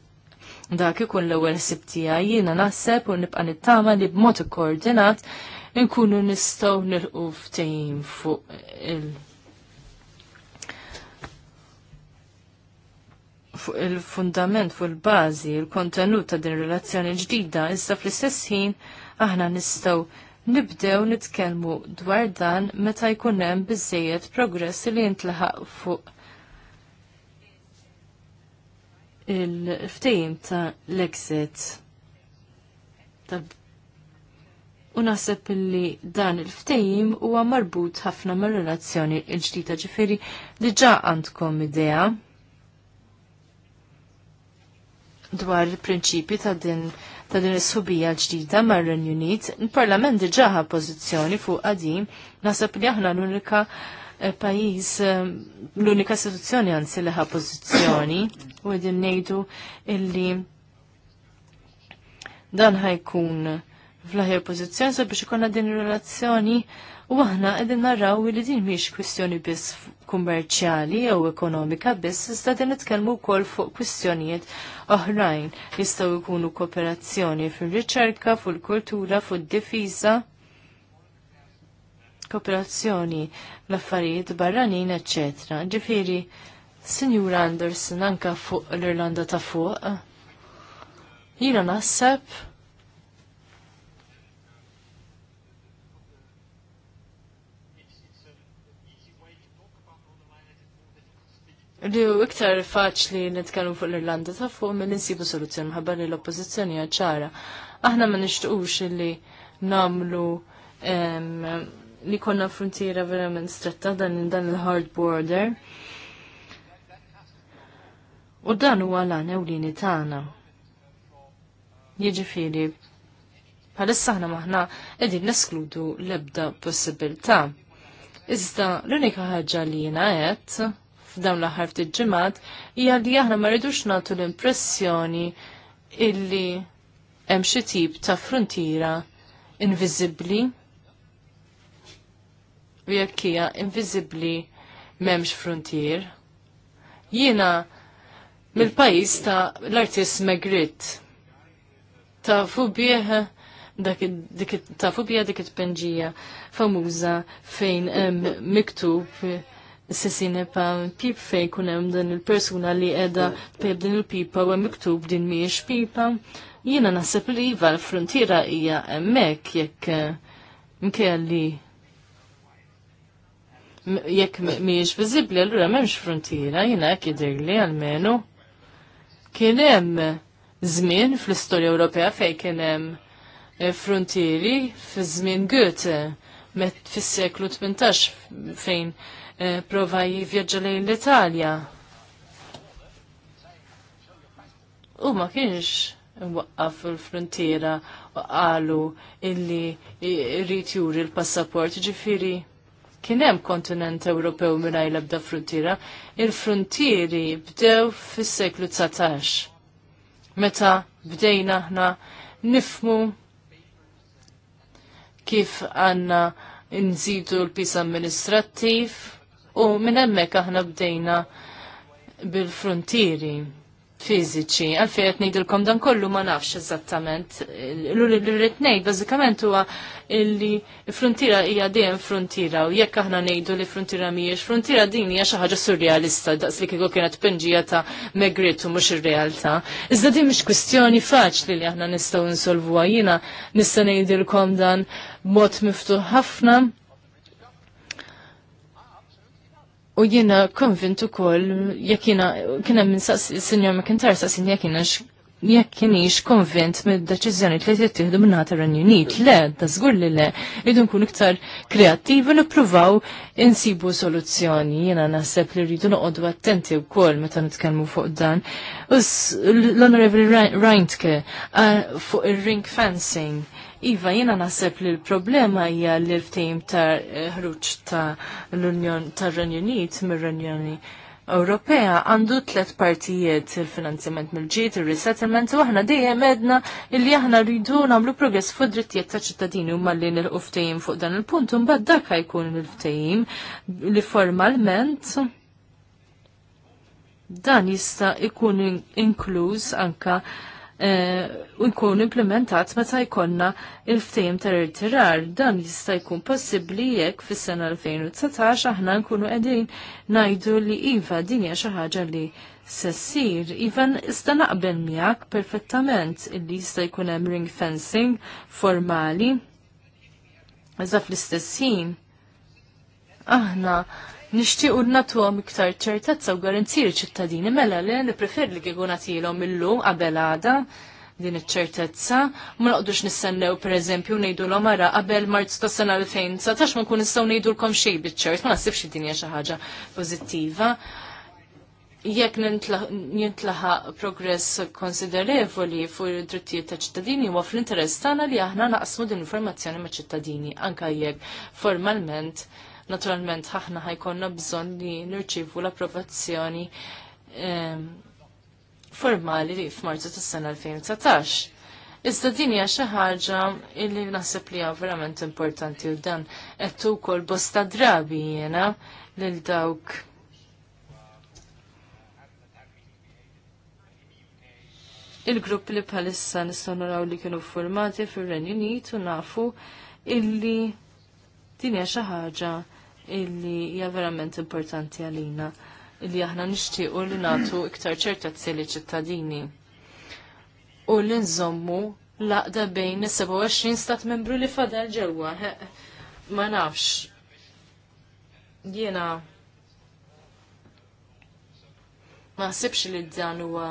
[SPEAKER 1] dak ikun l-ewwel sib tiegħi jiena naħseb u nibqa' nittama li b'mod ikkoordinat nkunu nistgħu nilqu ftehim fuq il- fuq il-fundament, fuq il-bazi, il-kontenut ta' din relazzjoni ġdida, issa fl-istess ħin aħna nistgħu nibdew nitkellmu dwar dan meta jkun hemm biżejjed progress li jintlaħaq fuq il-ftejim ta' l-exit. U naħseb li dan il-ftejim huwa marbut ħafna mar-relazzjoni l-ġdida ġifieri ġa għandkom idea dwar il-prinċipi ta' din ta' din is-subija l-ġdida mar-Renju Unit, il-Parlament diġà pożizzjoni fuq qadim naħseb li aħna l-unika pajis eh, l-unika istituzzjoni għansi liħa pozizjoni u għedin nejdu illi dan ħajkun fl ħajja pozizjoni sabiex ikonna din relazzjoni u aħna qegħdin narraw li din mhix kwistjoni biss kummerċjali jew ekonomika biss, iżda din nitkellmu wkoll fuq kwistjonijiet oħrajn jistgħu jkunu kooperazzjoni fir-riċerka, fil-kultura, fuq id-difiża kooperazzjoni, l-affarijiet barranin, ecc. Ġifiri, Signor Anderson, anka fuq l-Irlanda ta' fuq, jina nasseb Li iktar faċli nitkellmu fuq l-Irlanda ta' fuq minn insibu soluzzjoni mħabba li l-oppożizzjoni ċara. Aħna ma nixtuqux li namlu li konna frontiera verament stretta dan, dan il-hard border. U dan huwa lan ewlieni tagħna. Jiġifieri bħalissa aħna maħna qegħdin neskludu l-ebda possibilità. Iżda l-unika ħaġa li jiena għet, f'dawn l-aħħar ftit ġimgħat hija li aħna ma rridux nagħtu l-impressjoni illi hemm xi tip ta' frontiera inviżibbli u jekk hija invisibbli m'hemmx frontier. Jiena mill-pajjiż ta' l-artist Magritte. Ta' fubieħ dik ta' fubija dik it-penġija famuża fejn miktub Sessine pa' pip fej kunem dan il-persuna li edha peb din il-pipa u miktub din miex pipa. Jina nasib li iva l-frontiera hija emmek jekk eh, mkelli jekk miex vizibli, allura m'hemmx frontiera jiena hekk jidhirli għalmenu. Kien hemm żmien fl-istorja Ewropea fejn kien hemm eh, frontieri fi żmien Goethe fis-seklu 18 fejn eh, prova jivvjaġġa lejn l-Italja. U ma kienx waqqaf fil frontiera u qalu illi rrit juri l-passaport ġifiri kien hemm kontinent Ewropew mingħajr l-ebda frontiera, il-frontieri bdew fis-seklu 19. Meta bdejna aħna nifmu kif għandna nżidu l-pis amministrattiv u minn hemmhekk aħna bdejna bil-frontieri fiżiċi. Għalfej qed ngħidilkom dan kollu ma nafx eżattament. L-rid ngħid bażikament huwa li l-frontira hija dejjem frontiera u jekk aħna ngħidu li frontira mhijiex frontiera din hija xi ħaġa surrealista daqs li kieku kienet pinġija ta' megritu mhux ir-realtà. Iżda din mhix kwistjoni faċli li aħna nistgħu nsolvuha jiena nista' ngħidilkom dan b'mod miftuħ ħafna U jiena konvint kol, jek jiena, kiena minn Sinjor McIntyre saqsin jek jiena jekk kienix konvint mid-deċiżjoni li tittieħdu minn ħatar Unit, le, da zgur li le, rridu nkunu iktar kreattivi nippruvaw insibu soluzzjoni. Jiena naħseb li rridu noqogħdu attenti wkoll meta nitkellmu fuq dan. Us l-Honorable Reintke uh, fuq ir-ring fencing Iva, jena naħseb li l-problema hija li l-ftejm ta' ħruġ ta' l-Unjon ta' Renjonit mir-Renjoni Ewropea għandu tlet partijiet il-finanzjament mill-ġiet, il-resettlement, u aħna dejjem edna illi aħna rridu nagħmlu progress fuq drittijiet ta' ċittadini u malli nil-ftehim fuq dan il-punt, u mbagħad dak jkun il-ftehim li formalment dan jista' ikun inkluż anka Eh, u jkun implementat meta jkollna il ftejm ta' irtirar. Dan jista' jkun possibbli jekk fis-sena 2019 aħna nkunu qegħdin ngħidu li iva din hija xi ħaġa li sessir. iva nista' naqbel miegħek perfettament illi jista' jkun hemm ring fencing formali. Iżda fl-istess ħin aħna nixtiequ natuhom iktar ċertezza u garanzir ċittadini mela li nipreferi li kieku nagħtilhom illum qabel għada din iċ-ċertezza, ma noqdux per pereżempju nejdu l ara qabel marz ta' sena 2019 ma nkun nistgħu ngħidulkom xej biċ-ċert, ma nasibx din hija xi ħaġa pożittiva. Jekk jintlaħaq progress konsiderevoli fuq id-drittijiet ta' ċittadini huwa fl-interess tagħna li aħna naqsmu din informazzjoni ma' ċittadini anke jekk formalment Naturalment, ħahna ħajkonna bżon li nirċivu l-approvazzjoni ehm, formali li f-marzu tas-sena 2019. Iżda din hija xi ħaġa illi naħseb li hija verament importanti u dan qed ukoll bosta drabi jiena lil dawk il-grupp li bħalissa nistgħu naraw li kienu formati fir-Renju Unit u nafu illi Din hija xi ħaġa illi hija verament importanti għalina illi aħna nixtiequ li nagħtu iktar ċertezzi li ċittadini. U li nżommu laqda bejn is 27 stat membru li fadal ġewwa. Ma nafx. Jiena ma ħsibx li dan huwa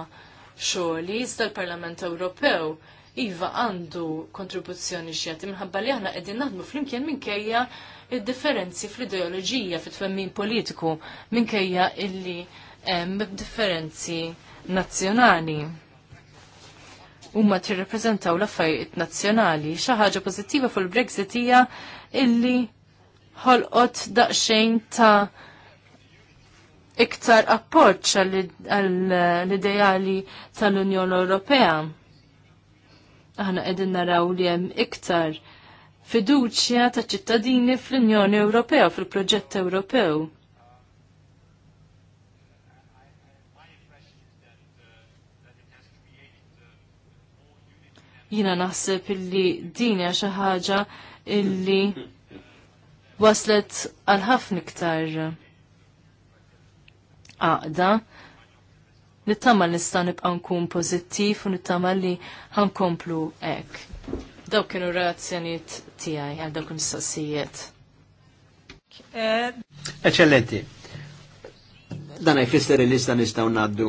[SPEAKER 1] xogħli iżda l-Parlament Ewropew iva għandu kontribuzzjoni xiet minħabba li aħna qegħdin naħdmu flimkien minkejja id-differenzi fl-ideoloġija fit-twemmin politiku minkejja illi hemm differenzi nazzjonali huma tirrepreżentaw l-affarijiet nazzjonali. Xi ħaġa pożittiva fuq il-Brexit hija illi ħolqot daqsxejn ta' iktar appoġġ għall-ideali tal-Unjoni Ewropea aħna qegħdin naraw li hemm iktar fiduċja ta' ċittadini fl-Unjoni Ewropea, fil-proġett Ewropew. Jina naħseb illi din hija xi ħaġa illi waslet għal ħafna iktar għaqda nittama nista' nibqa' nkun pożittiv u nittama li ħankomplu hekk. Daw kienu reazzjoniet tiegħi għal dawk il-mistoqsijiet. Eh,
[SPEAKER 2] eccellenti, Dan jfisser il-lista nistgħu ngħaddu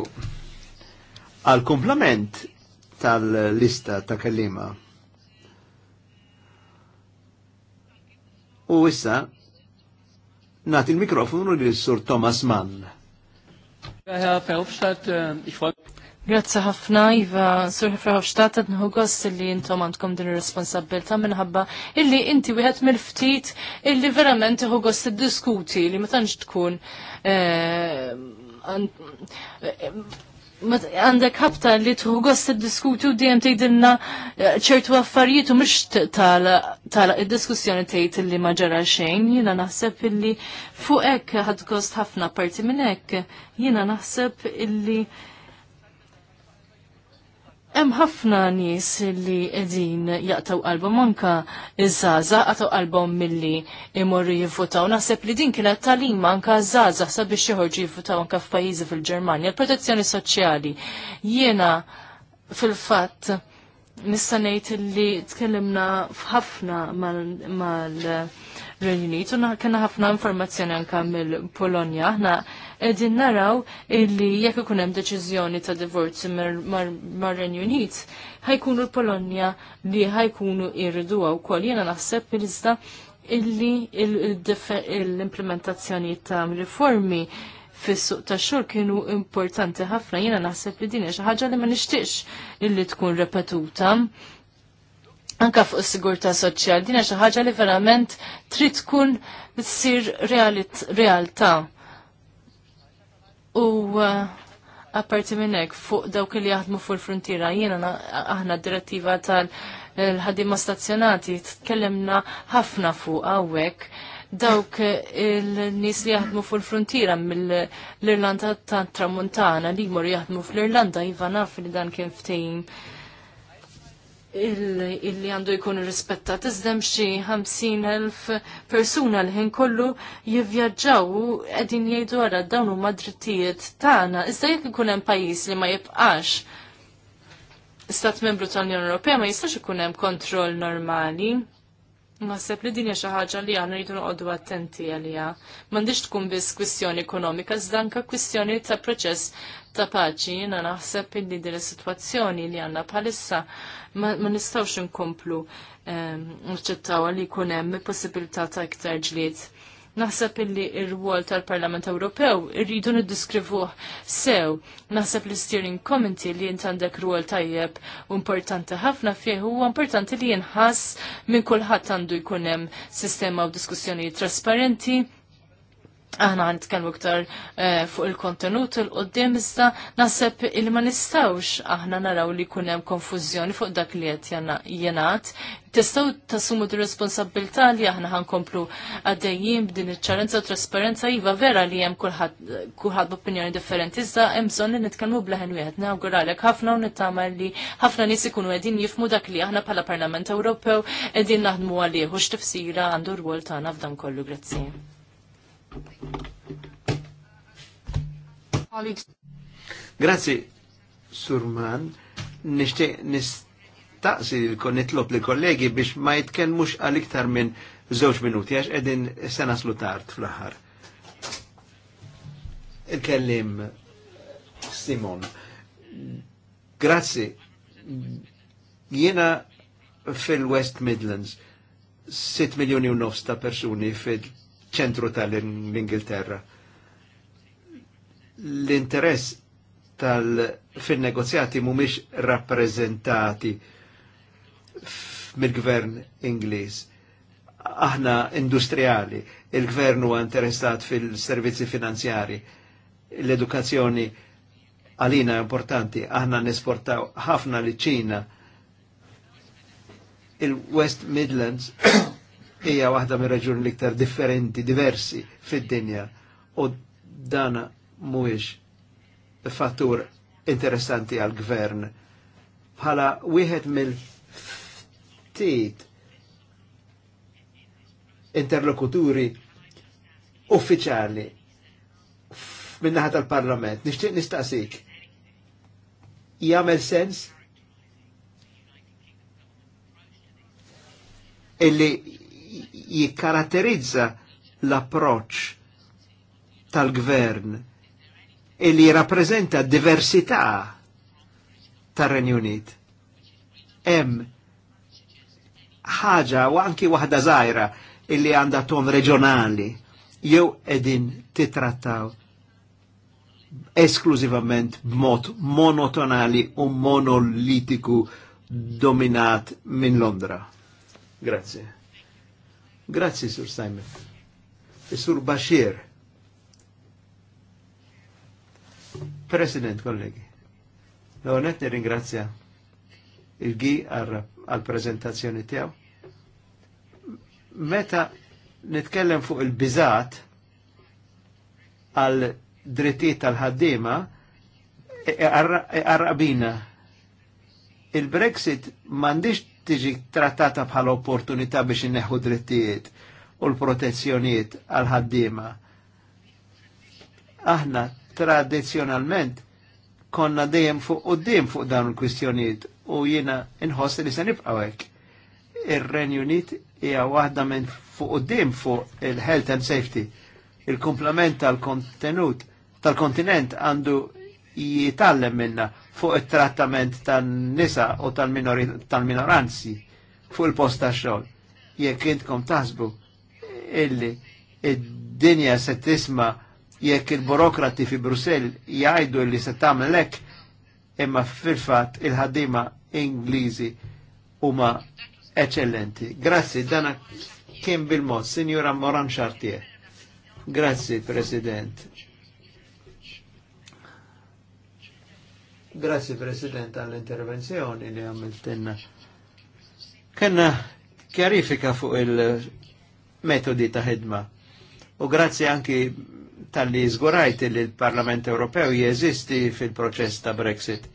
[SPEAKER 2] għal komplement tal-lista ta' kellima. U issa nati il-mikrofonu lil Sur Thomas Mann.
[SPEAKER 1] Äh, Grazzi ħafna, Iva, Sur Verhofstadt, għad nħu gost intom għandkom din responsabilta minħabba illi inti wieħed mill-ftit illi verament nħu gost diskuti li ma tantx tkun eh, għandek ħabta li tħugost gost diskutu di għem tejdilna eh, ċertu affarijiet u mux tala id-diskussjoni tejt li maġara xejn, jina naħseb illi fuqek ħad gost ħafna parti minn minnek, jina naħseb illi Hemm ħafna nies li qegħdin jaqtaw qalbhom anka iż żaża qataw qalbhom milli imorru jivvutaw. Naħseb li din kienet talima anka żaża sabiex joħorġu jivvutaw anka f'pajjiżi fil-Ġermanja. Il-protezzjoni soċjali jiena fil-fatt nista' ngħid li tkellimna f'ħafna mal-, mal Unit u kena ħafna informazzjoni anka mill-Polonja. Aħna qegħdin naraw illi jekk ikun hemm deċiżjoni ta' divorzju mar-Renju Unit, ħajkunu l-Polonja li ħajkunu irriduha wkoll. Jiena naħseb iżda illi l-implementazzjoni ta' riformi fis-suq ta' xogħol kienu importanti ħafna. Jiena naħseb li din hija xi ħaġa li ma nixtieqx illi tkun repetuta anka fuq is-sigurtà soċjali. Din xi ħaġa li verament trid tkun ssir realtà. U uh, apparti minn hekk fuq dawk li jaħdmu fuq il-frontiera jiena aħna d-direttiva tal-ħadima stazzjonati tkellimna ħafna fuq hawnhekk dawk il-nis li jaħdmu fuq il-frontiera mill-Irlanda ta' Tramuntana li jmur jaħdmu fl-Irlanda jiva naf li dan kien ftejn illi għandu jkun rispettat. Iżdem xi 50.000 persuna li ħin kollu jivvjaġġaw qegħdin jgħidu ara dawn huma drittijiet tagħna. Iżda jekk ikun hemm pajjiż li ma jibqax stat membru tal-Unjoni Ewropea ma jistax ikun hemm kontroll normali. Naħseb li din hija xi ħaġa li għandna jridu noqogħdu attenti għaliha. M'għandix tkun biss kwistjoni ekonomika, iżda anke kwistjoni ta' proċess ta' paċi. Jiena naħseb illi din is-sitwazzjoni li għandna bħalissa ma nistawx nkomplu ehm, nċettaw li jkun hemm il-possibilità ta' iktar ġlied. Naħseb illi ir-rwol tal-Parlament Ewropew irridu niddiskrivuh sew. Naħseb li steering committee li jintandek għandek rwol tajjeb importanti ħafna fih huwa importanti li jinħass minn kulħadd għandu jkun hemm sistema u diskussjoni trasparenti aħna għan nitkellmu iktar eh, fuq il-kontenut il-qoddim iżda naħseb il ma nistawx aħna naraw li kun hemm konfużjoni fuq dak li qed jingħad. Tistgħu tassumu di responsabilità li aħna ħankomplu għaddejjin b'din iċ-ċarenza u trasparenza iva vera li hemm kulħadd opinjoni differenti iżda hemm bżonn li nitkellmu bleħen wieħed nawguralek ħafna u nittama' li ħafna nies ikunu qegħdin jifmu dak li aħna bħala Parlament Ewropew qegħdin naħdmu għalih u x'tifsira għandu rwol tagħna f'dan kollu grazzi.
[SPEAKER 2] Grazzi, Surman. Nishti nistaqsi nitlob li kollegi biex ma jitkellmux għal iktar minn żewġ minuti għax qegħdin sena slutart tard fl-aħħar. Il-kellim Simon. Grazie. Jiena fil-West Midlands 6 miljoni u nofs ta' persuni fil- ċentru tal-Ingilterra. L-interess tal-fin-negozjati mumiex rappresentati mill-gvern Ingliż. Aħna industrijali, il-gvern huwa interessat fil-servizzi finanzjari, l-edukazzjoni għalina importanti, aħna nesportaw ħafna li ċina il-West Midlands hija waħda mir raġuni l-iktar differenti, diversi fid-dinja u dana mhuwiex fattur interessanti għal gvern bħala wieħed mill-ftit interlokuturi uffiċjali minnaħa tal-parlament. Nixtieq nistaqsik. Jagħmel sens illi jikkaratterizza l-approċ tal-gvern e li rappresenta diversità tal renju Unit. Hemm ħaġa u anki wahda zaħira illi għandha tom reġjonali jew edin titrattaw esklusivament b'mod monotonali u monolitiku dominat minn Londra. Grazie. Grazzi, Sur Simon. E sur Bashir. President, kollegi. L-għonet ringrazzja il-gi għal-prezentazzjoni tijaw. Meta nitkellem fuq il-bizat għal drittijiet tal-ħaddima, għarrabina. E- e- e- Il-Brexit mandiġ tiġi trattata bħala opportunità biex inneħu drittijiet u l-protezzjoniet għal ħaddiema Aħna tradizjonalment konna dejjem fuq qudiem fuq dawn il-kwistjonijiet u jiena inħoss li se nibqgħu hekk. Ir-Renju Unit hija waħda minn fuq qudiem fuq il-health and safety. Il-komplement tal-kontenut tal-kontinent għandu jitallem minna fuq it-trattament tan-nisa u tal-minoranzi fuq il-post ta' xogħol. Jekk intkom taħsbu illi id-dinja se tisma' jekk il-burokrati fi Brussell jgħidu li se tagħmel hekk imma fil-fatt il-ħaddiema Ingliżi huma eccellenti. Grazzi, dana kien bil-mod, Signora Moran Chartier. Grazzi, President Grazie President għall-intervenzjoni li għamiltinna. Kenna kjarifika fuq il-metodi ta' ħidma. U grazie anki tal-li zgurajt li l-Parlament Ewropew jeżisti fil-proċess ta' Brexit.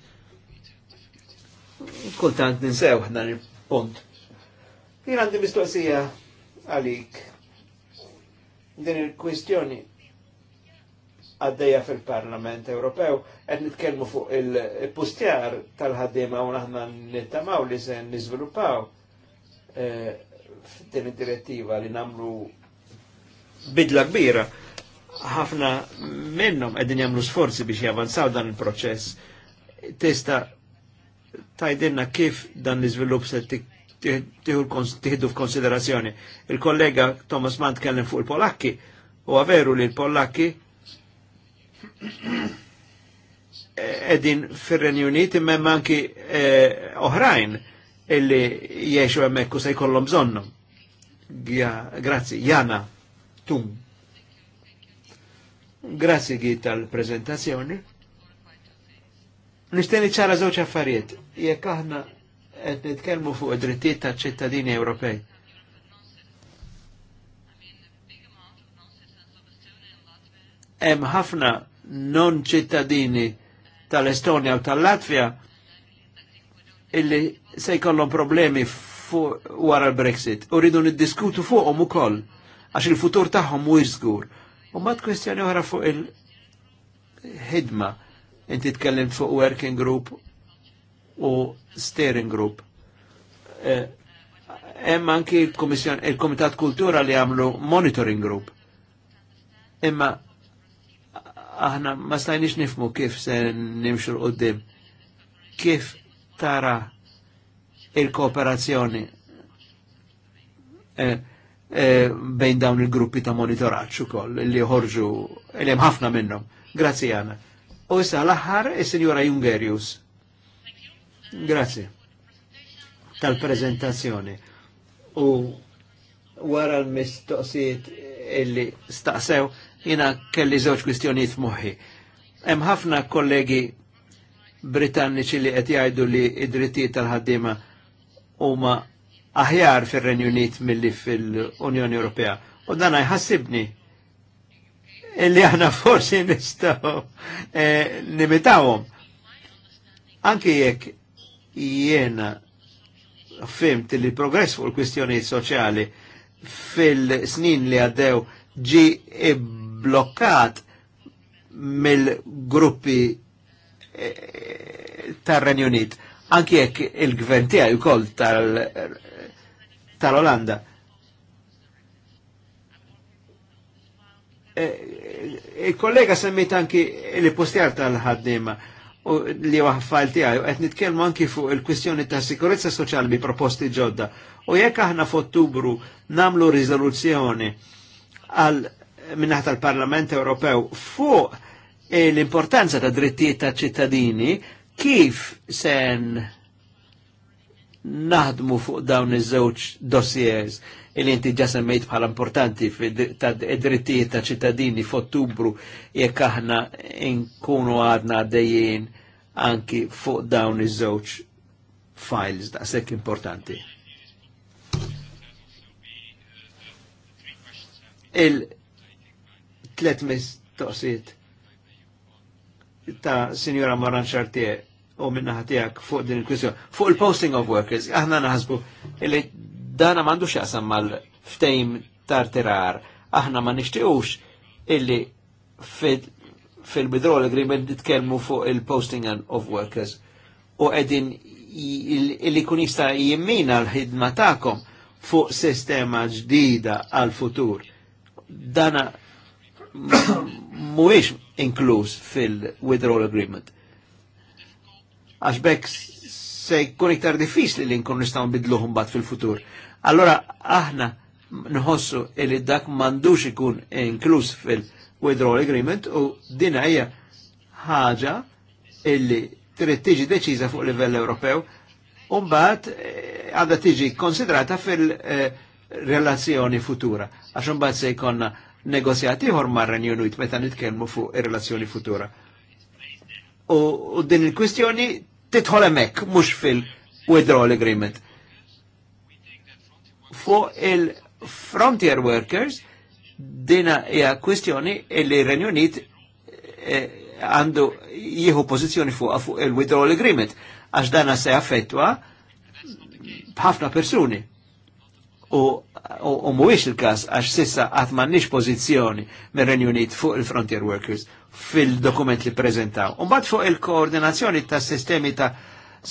[SPEAKER 2] Kultant ninsew dan il-punt. Jien għandi mistoqsija għalik din il-kwistjoni għaddeja fil-Parlament Ewropew, għed nitkelmu fuq il-pustjar tal-ħaddima u naħna nittamaw li se nizvilupaw eh, f'din id-direttiva li namlu bidla kbira. ħafna minnhom qegħdin jagħmlu sforzi biex javanzaw dan il-proċess. Tista tajdinna kif dan l-iżvilupp se tieħdu f'konsiderazzjoni. Il-kollega Thomas Mant tkellem fuq il-Polakki, u għaveru li l-Polakki edin fir-Renju Unit imma anki eh, oħrajn illi jiexu hemmhekk u se jkollhom bżonnhom. Grazzi, Jana Tum. Grazzi gi tal-prezentazzjoni. Nisteni ċara żewġ affarijiet. Jekk aħna qed nitkellmu fuq id-drittijiet tal-ċittadini Ewropej. Hemm ħafna non ċittadini tal estonia u tal latvia illi se jkollhom problemi wara l-Brexit u rridu niddiskutu fuqhom ukoll għax il-futur tagħhom mhuwiex żgur. U mat kwestjoni oħra fuq il-ħidma. Inti tkellimt fuq working group u steering group. E, hemm anki il-Kumitat Kultura li għamlu monitoring group. Imma aħna ma stajniex nifmu kif se nimxu l-qoddim. Kif tara il-kooperazzjoni eh, eh, bejn dawn il-gruppi ta' monitoraċċu koll li ħorġu li hemm ħafna minnhom. Grazzi Anna. U issa l-aħħar is-Sinjora Jungerius. Grazzi tal-prezentazzjoni. U wara l-mistoqsijiet illi staqsew, Jina kelli żewġ kwistjonijiet moħħi. Hemm ħafna kollegi Britanniċi li qed jgħidu li id-drittijiet tal-ħaddiema huma aħjar fir-Renju Unit milli fil-Unjoni Ewropea. U dan jħassibni illi aħna forsi nistgħu eh, nimitawhom. Anki jekk jiena fimt li progress fuq il-kwistjonijiet soċjali fil-snin li għaddew ġi blokkat mill-gruppi eh, tar-Renju Unit. Anki jekk il-gvern tiegħi wkoll tal-Olanda. Eh, eh, il-kollega semmit anki l postjar tal ħaddiema u li waħfal tiegħu qed nitkellmu anki fuq il-kwistjoni ta' sikurezza soċjali bi proposti ġodda. U jekk aħna f'Ottubru nagħmlu riżoluzzjoni għal minnaħ tal-Parlament Ewropew fuq eh, l-importanza ta' drittijiet ta' ċittadini kif sen naħdmu fuq dawn iż-żewġ dossiers il inti ġa semmejt bħala importanti id-drittijiet ta' ċittadini f'Ottubru jekk aħna nkunu għadna għaddejjin anki fuq dawn iż-żewġ files daqshekk importanti. il tlet mis mistoqsijiet ta' Sinjora Moran Chartier u minna ħatijak fuq din il-kwistjoni. Fuq il-posting of workers, aħna naħsbu illi dana mandu xaqsam mal-ftejm tar-tirar. Aħna ma nishtiqux illi fil-withdrawal agreement nitkellmu fuq il-posting of workers u għedin illi kun jista jimmina l-ħidma ta'kom fuq sistema ġdida għal-futur. Dana muwix inkluż fil-withdrawal agreement. Għax bekk se jkun iktar diffiċli li nkun nistgħu nbidluhom bat fil-futur. Allora aħna nħossu li dak m'għandux ikun inkluż fil-withdrawal agreement u din hija ħaġa illi trid tiġi deċiża fuq livell Ewropew u mbagħad eh, għandha tiġi konsidrata fil- eh, relazzjoni futura. Għax mbagħad se jkollna negozjati ieħor mar-Renju Unit meta nitkellmu fuq ir-relazzjoni futura. U din il-kwistjoni titħol hemmhekk mhux fil-withdrawal agreement. Fuq il-frontier workers dina hija kwistjoni li r eh, għandu e, jieħu pozizjoni fuq fuq il-withdrawal agreement għax dana se affettwa b'ħafna persuni u mhuwiex il-każ għax sissa qatt m'għandniex pożizzjoni mir-Renju Unit fuq il-Frontier Workers fil-dokument li preżentaw. U mbagħad fuq il-koordinazzjoni tas-sistemi ta'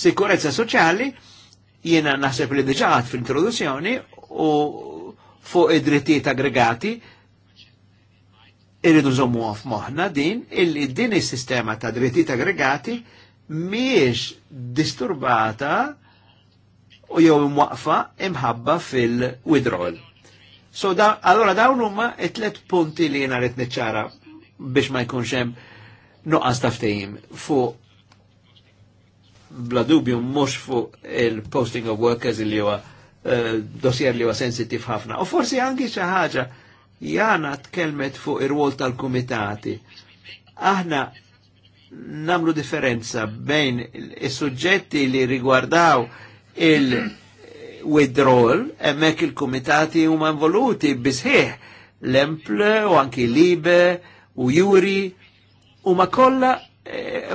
[SPEAKER 2] sikurezza soċjali jiena naħseb li diġà fil-introduzzjoni u fuq id-drittijiet aggregati irridu żommu f'moħħna din illi din is-sistema ta' drittijiet aggregati miex disturbata u jew imwaqfa imħabba fil-withdrawal. So da, allora dawn huma it tlet punti li jiena rrid niċċara biex ma jkunx hemm nuqqas taftejjim fuq bla dubju mhux fuq il-posting of workers li huwa eh, dossier li huwa sensitiv ħafna. U forsi anki xi ħaġa jana tkellmet fuq ir-rwol tal-kumitati. Aħna namlu differenza bejn is-suġġetti li rigwardaw il-withdrawal, emmek il-komitati huma involuti bisħieħ l-empl u anki libe u juri huma kollha eh,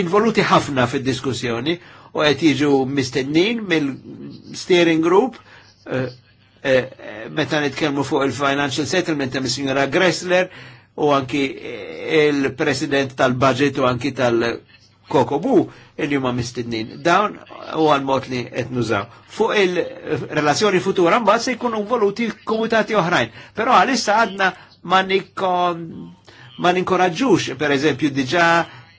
[SPEAKER 2] involuti ħafna fid-diskussjoni u qed jiġu mistennin mill-steering group eh, eh, meta nitkellmu fuq il-financial settlement ta' signora Gressler u anki il-president tal-budget u anki tal- kokobu illi ma mistednin. Dawn u għal Motni li Nuzaw. Fuq il-relazzjoni futura mbaħt se jkunu voluti komitati oħrajn. Però għalissa għadna ma nikon ma ninkoraġġux, per eżempju, diġa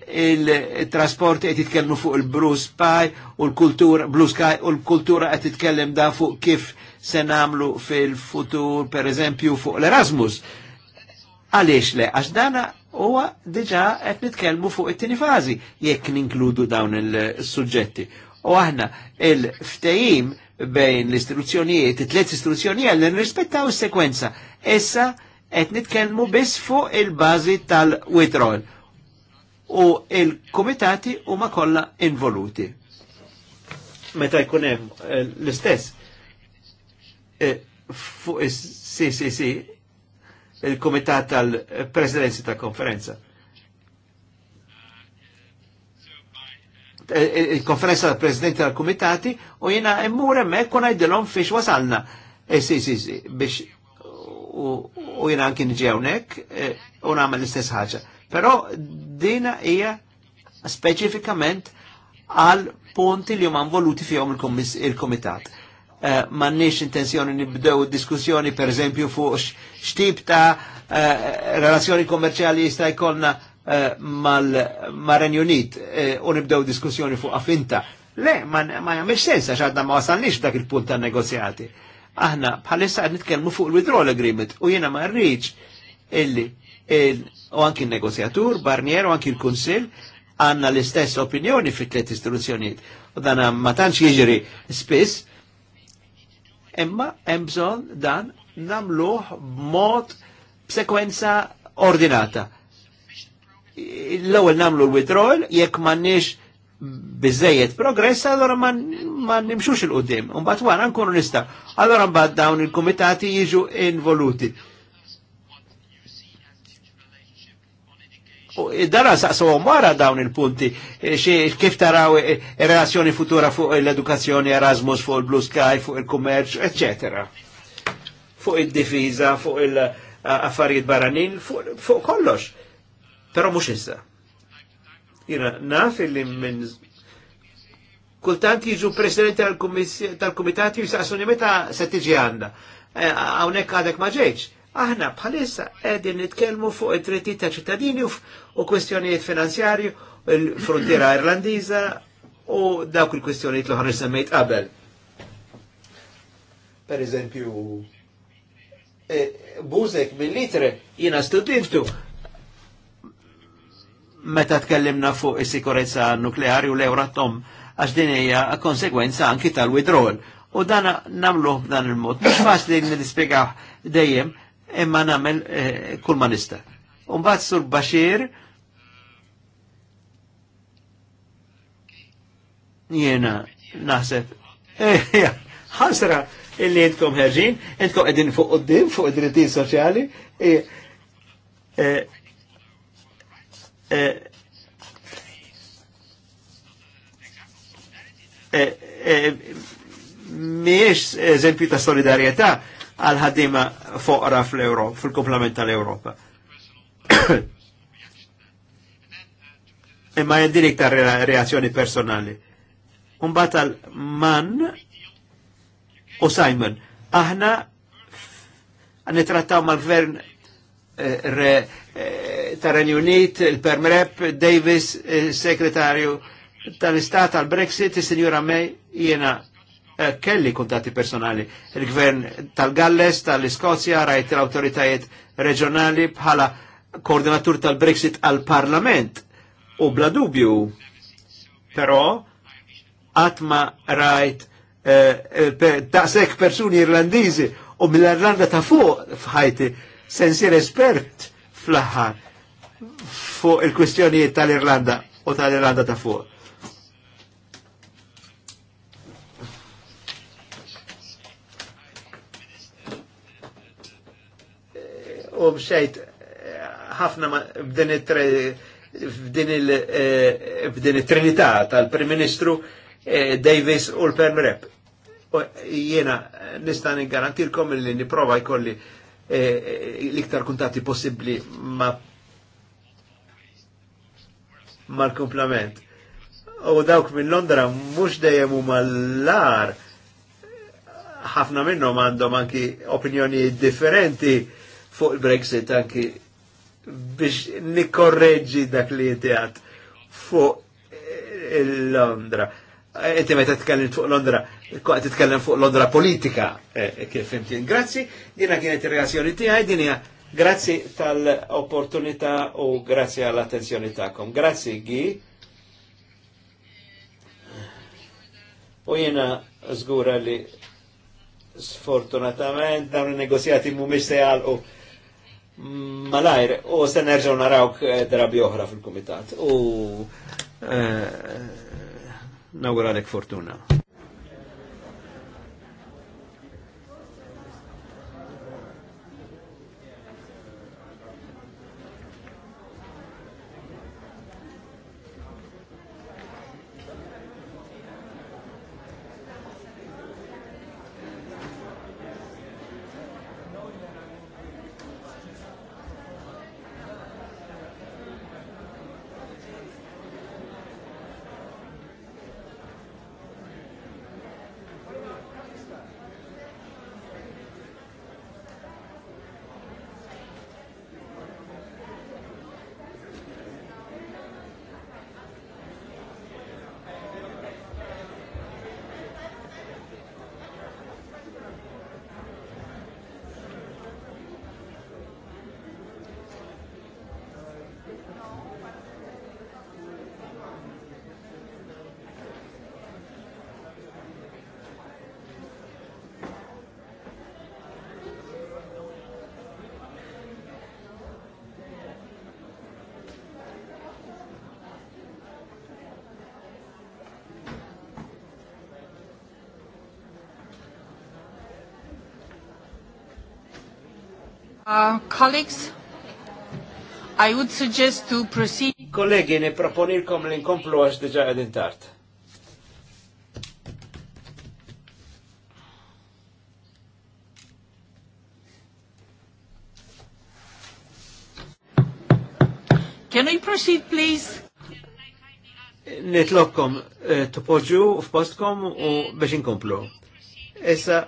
[SPEAKER 2] il trasporti qed jitkellmu fuq il-Blue Sky u l-kultura Blue Sky u l-kultura qed titkellem da fuq kif se namlu fil-futur, per eżempju, fuq l-Erasmus. Għaliex le, għax dana huwa diġa qed nitkellmu fuq it-tieni fażi jekk ninkludu dawn il-suġġetti. U aħna il-ftehim bejn l-istituzzjonijiet, it-tliet istituzzjonijiet għal nirrispettaw is-sekwenza. Issa qed nitkellmu biss fuq il-bażi tal-withdrawal u il-komitati huma kollha involuti. Meta jkun hemm eh, l-istess eh, fuq is-CCC il-Komitat tal-Presidenzi ta' Konferenza. Eh, eh, Il-Konferenza tal-Presidenti tal-Komitati u jina immur emmek kun għajdilom fiex wasalna. E eh, si, si, si, biex u jina anki nġewnek u namel l-istess ħagġa. Pero dina hija specifikament għal punti li huma involuti fihom il-Komitat. il komitat Ma eh, mannix intenzjoni nibdew diskussjoni per eżempju fuq xtib ta' eh, relazzjoni kommerċjali jista' jkollna eh, mal-Maren Unit u nibdew diskussjoni fuq afinta. Le, ma jagħmilx sens għax għadna ma wasalniex dak il-punt ta' negozjati. Aħna bħalissa qed nitkellmu fuq il-withdrawal agreement u jiena ma rridx illi u anki il-negozjatur, Barnier u anki il-Kunsill għanna l-istess opinjoni fit tliet istituzzjonijiet. U dan ma tantx jiġri spiss, Imma hemm bżonn dan namluh b'mod b'sekwenza ordinata. L-ewwel namlu l-withdrawal jekk m'għandniex biżejjed progress, allora ma nimxux il-qoddim. Mbagħad wara nkunu nista. Allora mbagħad dawn il-kumitati jiġu involuti. id Dara saqsaw mara dawn il-punti e, kif taraw il e, e, relazzjoni futura fuq l-edukazzjoni Erasmus, fuq il-Blue Sky, fuq il kommerċ eccetera. Fuq il difiza fuq il-affarijiet baranin, fuq kollox. Pero mux issa. Jina naf illi minn kultant jiġu presidenti tal-komitati jisaqsuni meta settiġi għanda. Għawnek għadek maġeċ. Aħna bħalissa qegħdin nitkellmu fuq it-trittijiet ta' ċittadini u kwestjonijiet finanzjarju, il-frontiera Irlandiża u dawk il-kwestjonijiet l ħarri semmejt qabel. Per eżempju, e, Buzek mill-litre jiena studiftu meta tkellimna fuq is-sikurezza nukleari u l-Euratom għax din hija konsegwenza anki tal-withdrawal. U dan namluħ b'dan il-mod. Mhux faċli nispjegaw dejjem imma namel eh, kull ma nista. Umbat sur Bashir, jena naħseb, eh, <laughs> ħasra illi jentkom ħerġin, jentkom edin fuq qoddim, fuq id dritin soċjali, eh, eh, miex eżempju ta' solidarieta, għal ħadima foqra fl-Europa, fil-komplement tal-Europa. Imma jendir iktar reazzjoni personali. Umbat tal-man u Simon, aħna nitrattaw mal-gvern eh, eh, ta' Unit, il-Permrep, Davis, il-Sekretarju tal-Istat tal-Brexit, il signora May, jena Eh, kelli kuntatti personali. Il-gvern tal-Galles, tal-Iskozja, rajt l-autoritajiet reġjonali bħala koordinatur tal-Brexit għal-Parlament. U bla dubju, però, għatma rajt eh, eh, daqsek persuni irlandizi u mill-Irlanda ta' fuq fħajti sensir espert fl-ħar fuq il-kwistjonijiet tal-Irlanda u tal-Irlanda ta' fuq. u mxejt ħafna b'din il-b'din eh, il-trinità tal-Prim Ministru eh, Davis u l-Perm Rep. Jena nista' garantilkom li niprova jkolli eh, l-iktar kuntati possibbli ma mal-komplament. U dawk minn Londra mhux dejjem huma l-lar ħafna minnhom għandhom anki opinjoni differenti fuq il-Brexit anki biex nikorreġi dak li jtijat fuq il-Londra. Inti meta tkellim fuq Londra, kwa titkellem fuq Londra politika, e, e, kif fimtin. Grazzi, dina kienet il reazzjoni tiegħi, din hija grazzi tal-opportunità u grazzi għall-attenzjoni tagħkom. Grazzi Gi. U jiena zgura li sfortunatament dawn il negozjati mhumiex se jgħalqu malajr u se nerġaw narawk eh, drabi oħra fil-komitat u uh, nawguralek fortuna.
[SPEAKER 1] Uh, colleagues,
[SPEAKER 2] I would suggest to proceed. Kollegi, ne proponilkom l-inkomplu għax diġa għedin tart.
[SPEAKER 1] Can we proceed,
[SPEAKER 2] please? Nitlokkom eh, tupoġu f'postkom u biex inkomplu. Issa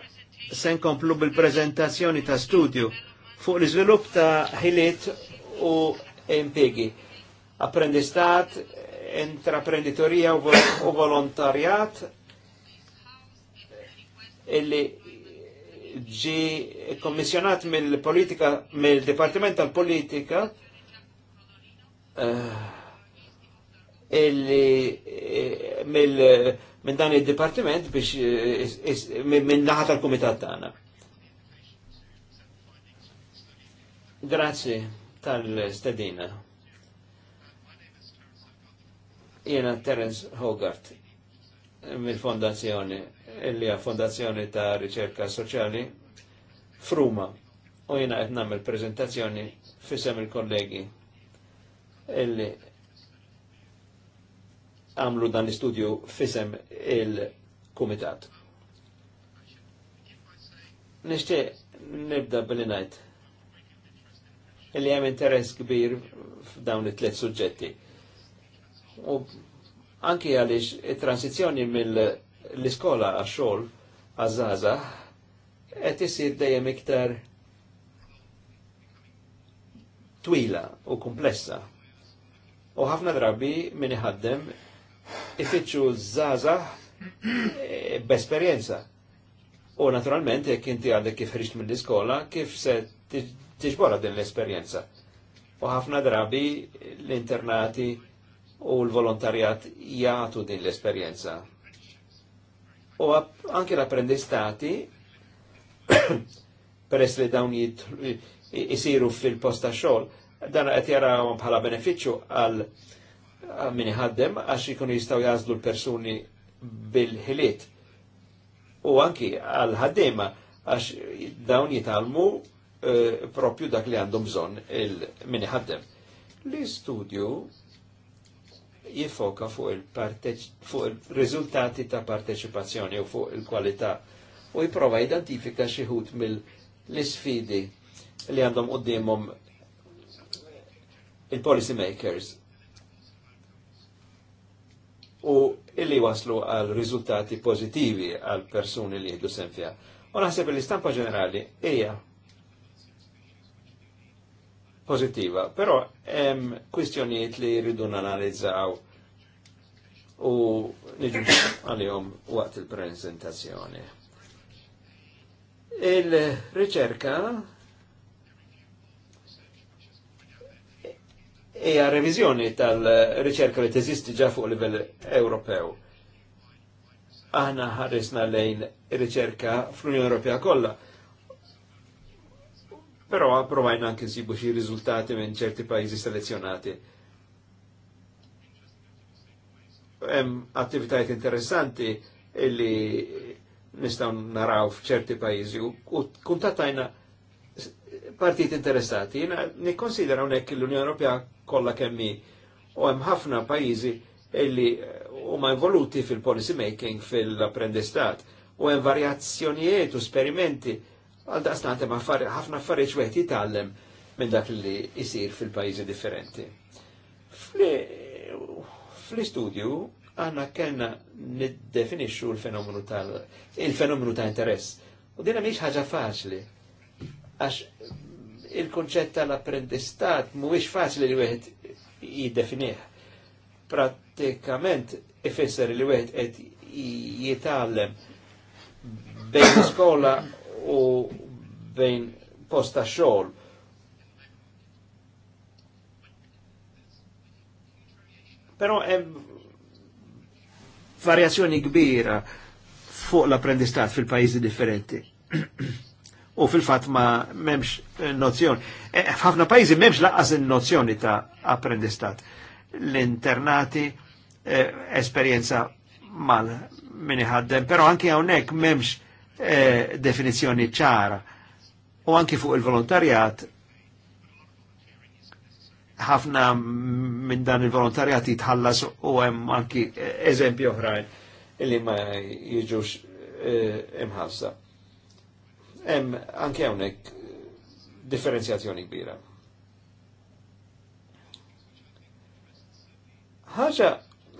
[SPEAKER 2] sen komplu bil-prezentazzjoni ta' studio fuq l izvilup ta' ħiliet u impiegi. Apprendistat, intraprenditorija u volontarjat illi ġi kommissjonat mill-politika, mill-Departiment tal-Politika eh, illi eh, mill minn dan il-Departiment biex eh, minn naħat tal komitat tagħna. Grazie tal-stedina. Jena Terence Hogarth mill-fondazzjoni, illi fondazzjoni ta' ricerca soċjali Fruma. U jena qed nagħmel preżentazzjoni fisem il-kollegi illi għamlu dan l-istudju fisem il-kumitat. Nishtiq nibda billi ngħid li hemm interess kbir f'dawn it-tliet suġġetti. U anki għaliex it-transizjoni mill-iskola għax-xogħol għaż-żaża qed isir dejjem iktar twila u komplessa. U ħafna drabi min iħaddem ifittxu żaża eh, b'esperjenza. U naturalment jekk inti għadek kif ħriġt mill-iskola, kif se tiġbora din l-esperienza. U ħafna drabi l-internati u l-volontarjat jgħatu din l-esperienza. U anke l-apprendistati, <coughs> peress li dawn jisiru fil-posta xol, dan qed jaraw bħala beneficju għal min ħaddem għax ikunu jistaw jazlu l-persuni bil-ħiliet. U anki għal ħaddema għax dawn jitalmu Eh, propju dak li għandhom bżonn il-mini ħaddem. L-istudju jifoka fuq il il-rizultati ta' parteċipazzjoni u fuq il-kwalità u jiprofa identifika xi mill-isfidi li għandhom qudiemhom il-policy makers u illi waslu għal rizultati pozitivi għal persuni li jihdu senfija. U naħseb l-istampa ġenerali hija pozittiva, però hemm kwistjonijiet li jridu nanalizzaw u niġu għalihom waqt il-prezentazzjoni. Il-riċerka hija e reviżjoni tal-riċerka li teżisti ġa fuq livell Ewropew. Aħna ħarisna lejn riċerka fl-Unjoni Ewropea kollha Però provajna anche si xi riżultati in certi paesi selezionati. Hemm Attività interessanti ne nistgħu naraw f'ċerti certi u kuntattajna partiti interessati. Jina Europea hawnhekk l-Unjoni Ewropea kollha kemmi u hemm ħafna pajjiżi illi e mai involuti fil-policy making fil-apprendistat u hemm varjazzjonijiet u sperimenti għal ma ma ħafna affarijiet wieħed jitgħallem minn dak li jsir fil-pajjiżi differenti. Fl-istudju għanna kellna niddefinixxu l-fenomenu tal il-fenomenu ta' interess. U dinha mhix ħaġa faċli. Għax il-konċett tal-apprendistat mhuwiex faċli li wieħed jiddefinih. Pratikament ifisser li wieħed qed jitgħallem bejn skola u bejn posta xogħol. Però hemm varjazzjoni kbira fuq l-apprendistat fil-pajjiżi differenti. u fil-fatt ma memx eh, nozzjoni. Eh, f'ħafna pajjiżi memx laqas nozzjoni ta' apprendistat. L-internati eh, esperjenza mal miniħaddem, pero anki hawnhekk memx eh, definizjoni ċara. U anki fuq il-volontarjat, ħafna minn dan il-volontarjat jitħallas u hemm anki eżempju oħrajn illi ma jiġux eh, imħassa. Hemm anke hawnhekk differenzjazzjoni kbira. ħaġa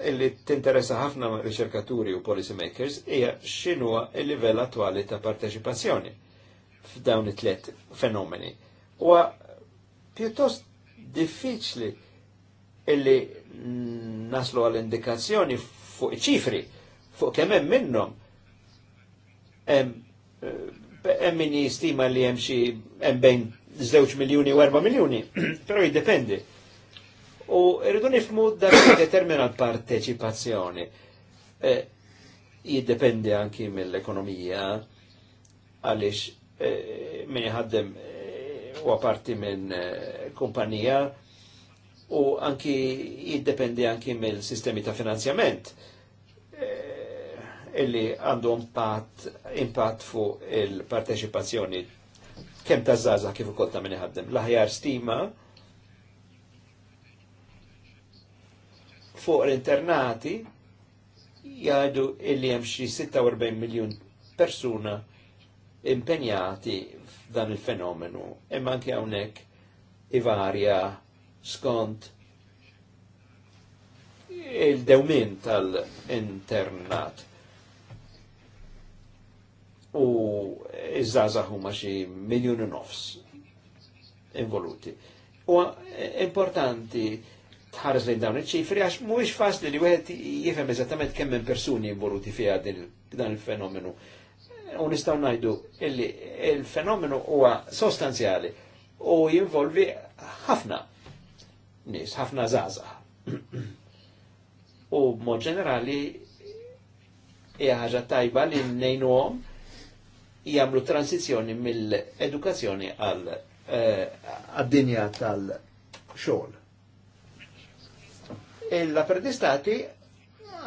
[SPEAKER 2] illi tinteressa ħafna riċerkaturi u policymakers hija x'inhuwa il-livell attwali ta' parteċipazzjoni f'dawn it-tliet fenomeni. Huwa pjuttost diffiċli illi naslu għall-indikazzjoni fuq ċifri, fuq kemm hemm minnhom eh, hemm min jistima li hemm xi hemm bejn 2 miljuni u 4 miljuni, <clears throat> però jiddependi U rridu nifmu dak determinat parteċipazzjoni eh, jiddependi anki mill-ekonomija għaliex eh, min jħaddem eh, huwa parti minn kumpanija u anki jiddependi anki mill-sistemi ta' finanzjament illi għandhom impatt fuq il-parteċipazzjoni kemm ta' zaza kif ukoll ta' min iħaddem. L-aħjar stima fuq l-internati jgħadu illi hemm xi 46 miljun persuna impenjati f'dan il-fenomenu, imma anke hawnhekk ivarja skont il-dewmin tal-internat. U iż żaza huma xi miljun u nofs involuti. U importanti tħares lejn dawn iċ-ċifri għax mhuwiex faċli li wieħed jifhem eżattament kemm hemm persuni involuti fiha dan il-fenomenu. U nistgħu ngħidu li il-fenomenu huwa sostanzjali u jinvolvi ħafna nies, ħafna żgħażagħ. u mod ġenerali hija ħaġa tajba li ngħinuhom jagħmlu transizjoni mill-edukazzjoni għal eh, għad-dinja tal-xogħol l-apprendistati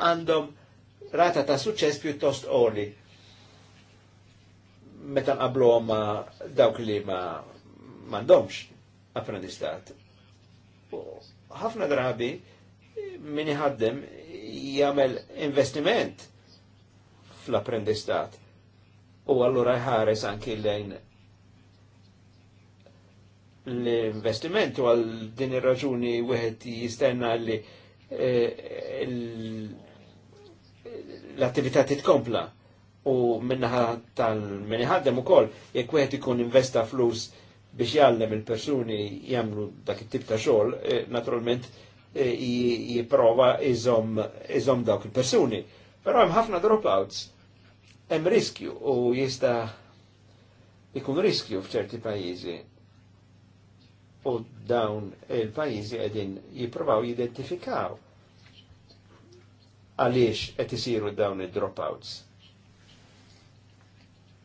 [SPEAKER 2] għandhom rata ta' suċċess pjuttost għoli meta qablu ma dawk li ma mandomx apprendistat. Ħafna drabi min ħaddem jagħmel investiment fl-apprendistat u allura jħares anki lejn l-investiment u għal din ir-raġuni wieħed jistenna li E, l-attività titkompla u minnaħa tal meniħaddem u koll, jek wieħed ikun investa flus biex jallem il-persuni jamlu dak it-tip ta' xogħol, e, naturalment e, jipprova iżom dawk il-persuni. Però hemm ħafna dropouts, hemm riskju u jista' ikun riskju f'ċerti pajjiżi u dawn il-pajizi għedin jiprovaw jidentifikaw għaliex qed isiru dawn id-dropouts.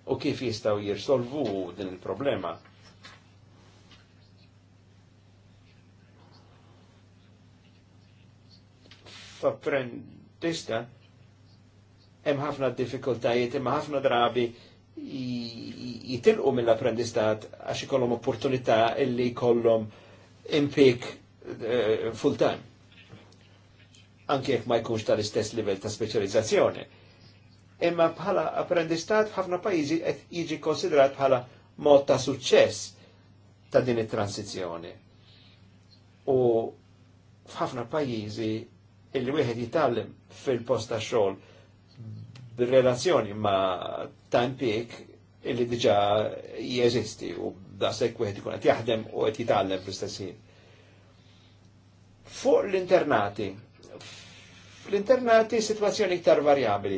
[SPEAKER 2] U kif jistaw jirsolvu din il-problema. F'apprendista hemm ħafna diffikultajiet imma ħafna drabi jitilqu mill-apprendistat għax ikollhom opportunità illi jkollhom impik uh, eh, full-time. Anke jekk ma jkunx tal-istess livell ta' speċjalizzazzjoni. Imma bħala apprendistat ħafna pajjiżi qed jiġi konsidrat bħala mod ta' suċċess ta' din it-transizzjoni. U f'ħafna pajjiżi illi wieħed jitgħallem fil-post ta' xogħol relazzjoni ma time peak illi diġa jeżisti u da sekk wieħed ikun qed jaħdem u qed jitgħallem fl-istess Fuq l-internati, l internati situazzjoni iktar varjabili.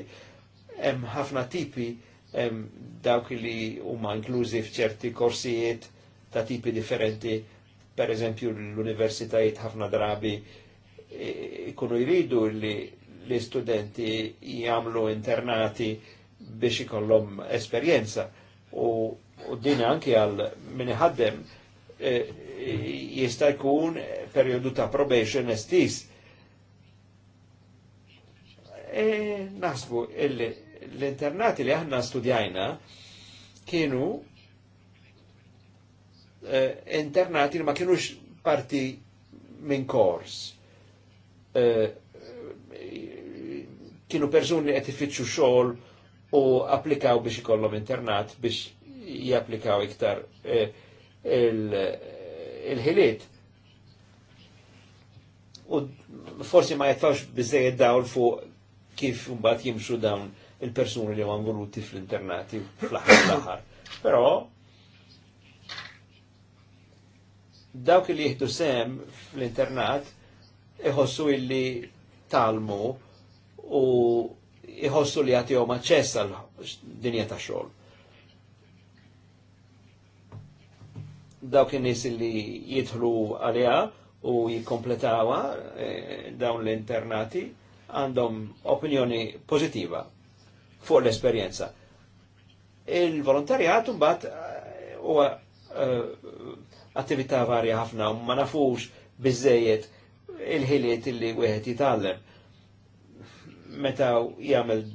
[SPEAKER 2] Hemm ħafna tipi hemm dawk li huma inklużi f'ċerti korsijiet ta' tipi differenti, per eżempju l-universitajiet ħafna drabi e, ikunu jridu li li studenti jamlu internati biex ikollhom esperjenza u, u din anki għal min ħaddem e, jista' jkun perjodu ta' probation estis. E, Nasbu l-internati li aħna studjajna kienu e, internati li ma kienux parti minn kors. E, kienu perżuni qed ifittxu xogħol u applikaw biex ikollhom internat biex japplikaw iktar eh, il-ħiliet. u forsi ma jatfawx bizzejed dawl fuq kif mbagħad jimxu dawn il-persuni li għan voluti fl-internati fl-aħħar l Però dawk li jieħdu sem fl-internat iħossu illi talmu u iħossu li jagħtihom aċċess għal dinja ta' xogħol. Dawk in nis li jidħlu għalija u jikompletawa e, dawn l-internati għandhom opinjoni pozitiva fuq l-esperjenza. Il-volontarjat mbagħad e, huwa e, attività varja ħafna u ma nafux biżejjed il-ħiliet illi wieħed jitgħallem meta jgħamil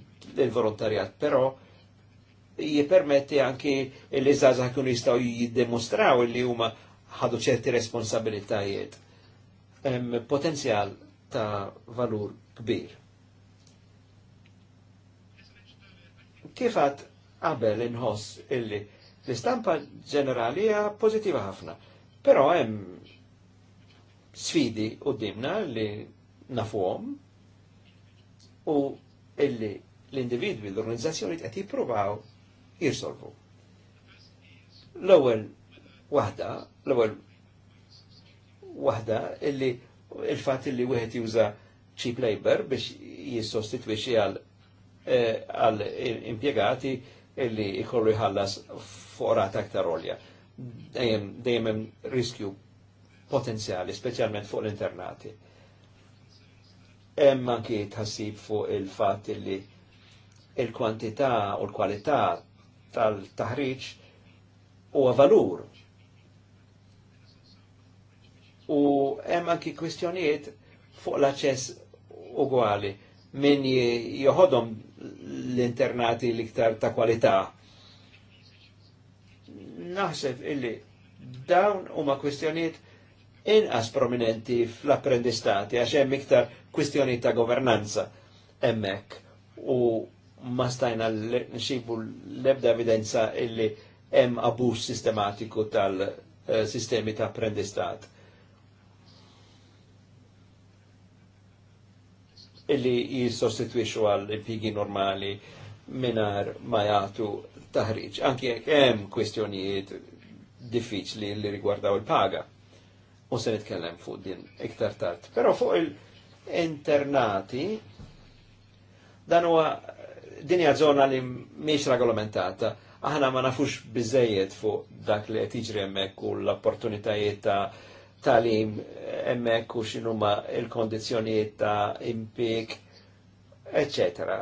[SPEAKER 2] il-volontarjat, però jipermetti anki l-izazah kun jistaw jiddemostraw li huma ħadu ċerti responsabilitajiet. Potenzjal ta' valur kbir. Kifat għabel inħoss illi l-istampa ġenerali hija pożittiva ħafna. Però hemm sfidi dimna li nafuhom u illi l-individwi, l-organizzazzjoni qed jippruvaw jirsolvu. L-ewwel waħda, l-ewwel waħda illi il-fatt illi wieħed juża cheap labor biex jissostitwixxi għal eh, għal impjegati illi jkollu jħallas forat aktar olja. Dejjem hemm riskju potenzjali, speċjalment fuq l-internati hemm anki tħassib fuq il-fatt li il-kwantità u l-kwalità tal-taħriġ huwa valur. U hemm anki kwistjonijiet fuq l-aċċess ugwali min joħodhom l-internati l-iktar ta' kwalità. Naħseb illi dawn huma kwistjonijiet inqas prominenti fl-apprendistati għax hemm iktar kwistjoni ta' governanza hemmhekk u ma stajna nxibu l-ebda evidenza illi hemm abuż sistematiku tal-sistemi ta' apprendistat. Illi jissostitwixu għal impigi normali minar ma jagħtu taħriġ, anki jekk hemm kwistjonijiet diffiċli li rigwardaw il-paga u se nitkellem fuq din iktar tard. Però fuq il-internati dan huwa din hija żona li mhix regolamentata. Aħna ma nafux biżejjed fuq dak li qed jiġri hemmhekk u l-opportunitajiet ta' talim hemmhekk u x'inhuma il-kondizzjonijiet ta' impik, eccetera.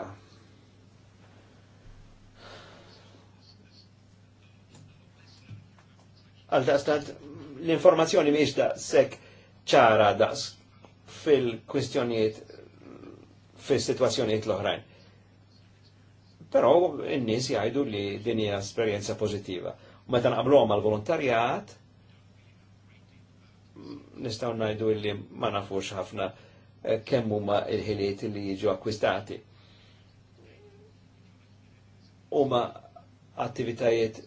[SPEAKER 2] għal daqstant l-informazzjoni miex da sekk ċara daqs fil-kwistjonijiet fil-situazzjonijiet l-oħrajn. Però n-nis jgħidu li din hija esperjenza pożittiva. Meta għom għal volontarjat nistgħu ngħidu li ma nafux ħafna eh, kemm huma l-ħiliet li jiġu akkwistati. Huma attivitajiet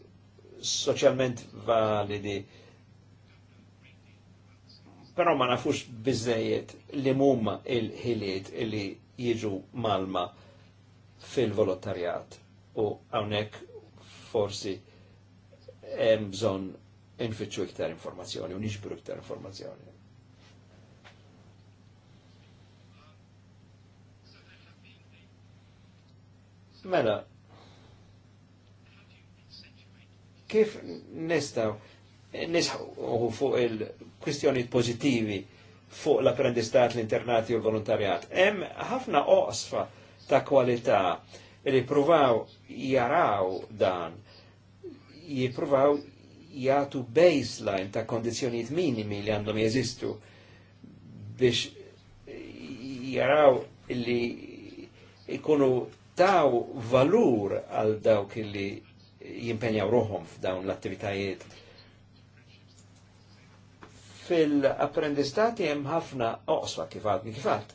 [SPEAKER 2] soċjalment validi Pero ma nafux bizzejiet li mumma il-ħiliet li jiġu malma fil-volontarjat u għawnek forsi hemm bżonn infittxu iktar informazzjoni u nixbru iktar informazzjoni. Mela, kif nistaw nisħu fuq il-kwistjoni pozitivi fuq l-apprendistat, l-internati u l-volontarjat. Hem ħafna oqsfa ta' kwalità li pruvaw jaraw dan, jipruvaw jgħatu baseline ta' kondizjoniet minimi li għandhom jeżistu biex jaraw li ikunu taw valur għal dawk li jimpenjaw ruħom f'dawn l-attivitajiet Fil-apprendistati hemm ħafna oqswa kif għadni kif għad.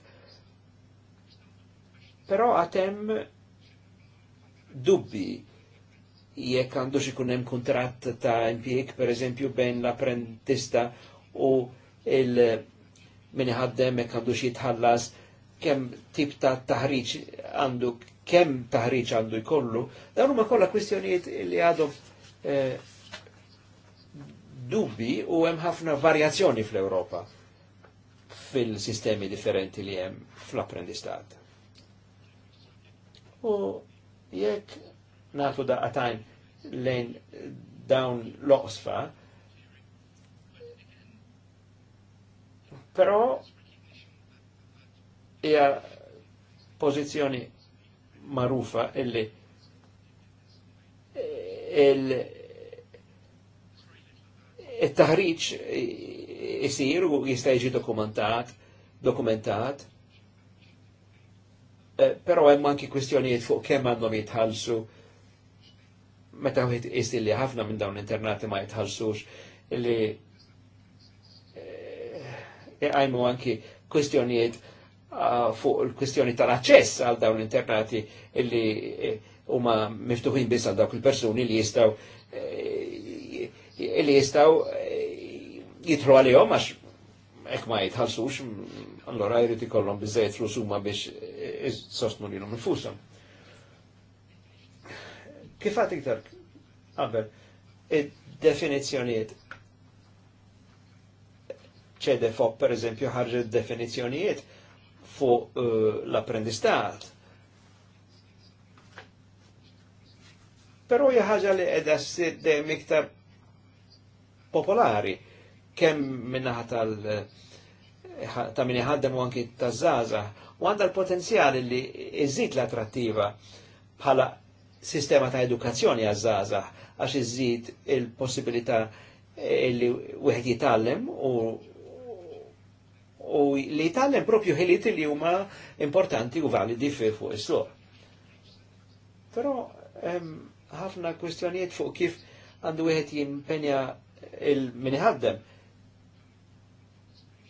[SPEAKER 2] Però għatem dubbi jekk għandu ikun hemm kuntratt ta' impjieg eżempju bejn l-apprendista u il min ħaddem jekk għandu jitħallas kemm tip ta' taħriġ għandu kemm taħriġ għandu jkollu, dawn huma kollha kwistjonijiet li għadhom eh, dubbi u hemm ħafna varjazzjoni fl-Ewropa fil-sistemi differenti li hemm fl-apprendistat. U jekk nagħtu daqatajn lejn dawn l-oqsfa, però hija pożizzjoni magħrufa illi il it-taħriġ jisir u jista' jiġi dokumentat, dokumentat. Eh, però hemm anki kwestjonijiet fuq kemm għandhom jitħallsu meta wieħed qis li ħafna minn dawn internati ma jitħallsux li eh, għajmu anki kwestjonijiet ah, fuq il kwestjoni tal-aċċess għal dawn internati illi eh, huma miftuħin biss għal dawk il-persuni li jistgħu li jistaw eh, jitru għalihom għax ek ma jitħalsux, allora jrid ikollhom biżejjed flus huma biex sostnu eh, lilhom infushom. Kif għad iktar qabel id-definizzjonijiet ċedefop per eżempju ħarġet definizzjonijiet fuq eh, l-apprendistat. Pero hija li edha s dejjem iktar popolari kem minnaħa tal ta' minni ħaddem u anki ta' zaza u għanda l-potenzjali li iżid l-attrattiva bħala sistema ta' edukazzjoni għaz zaza, għax iżid il-possibilità eh, li wieħed jitallem u u li jitallem propju ħiliet li huma importanti u validi fuq is-suq. Però ħafna kwestjonijiet fuq kif għandu wieħed jimpenja il-minħaddem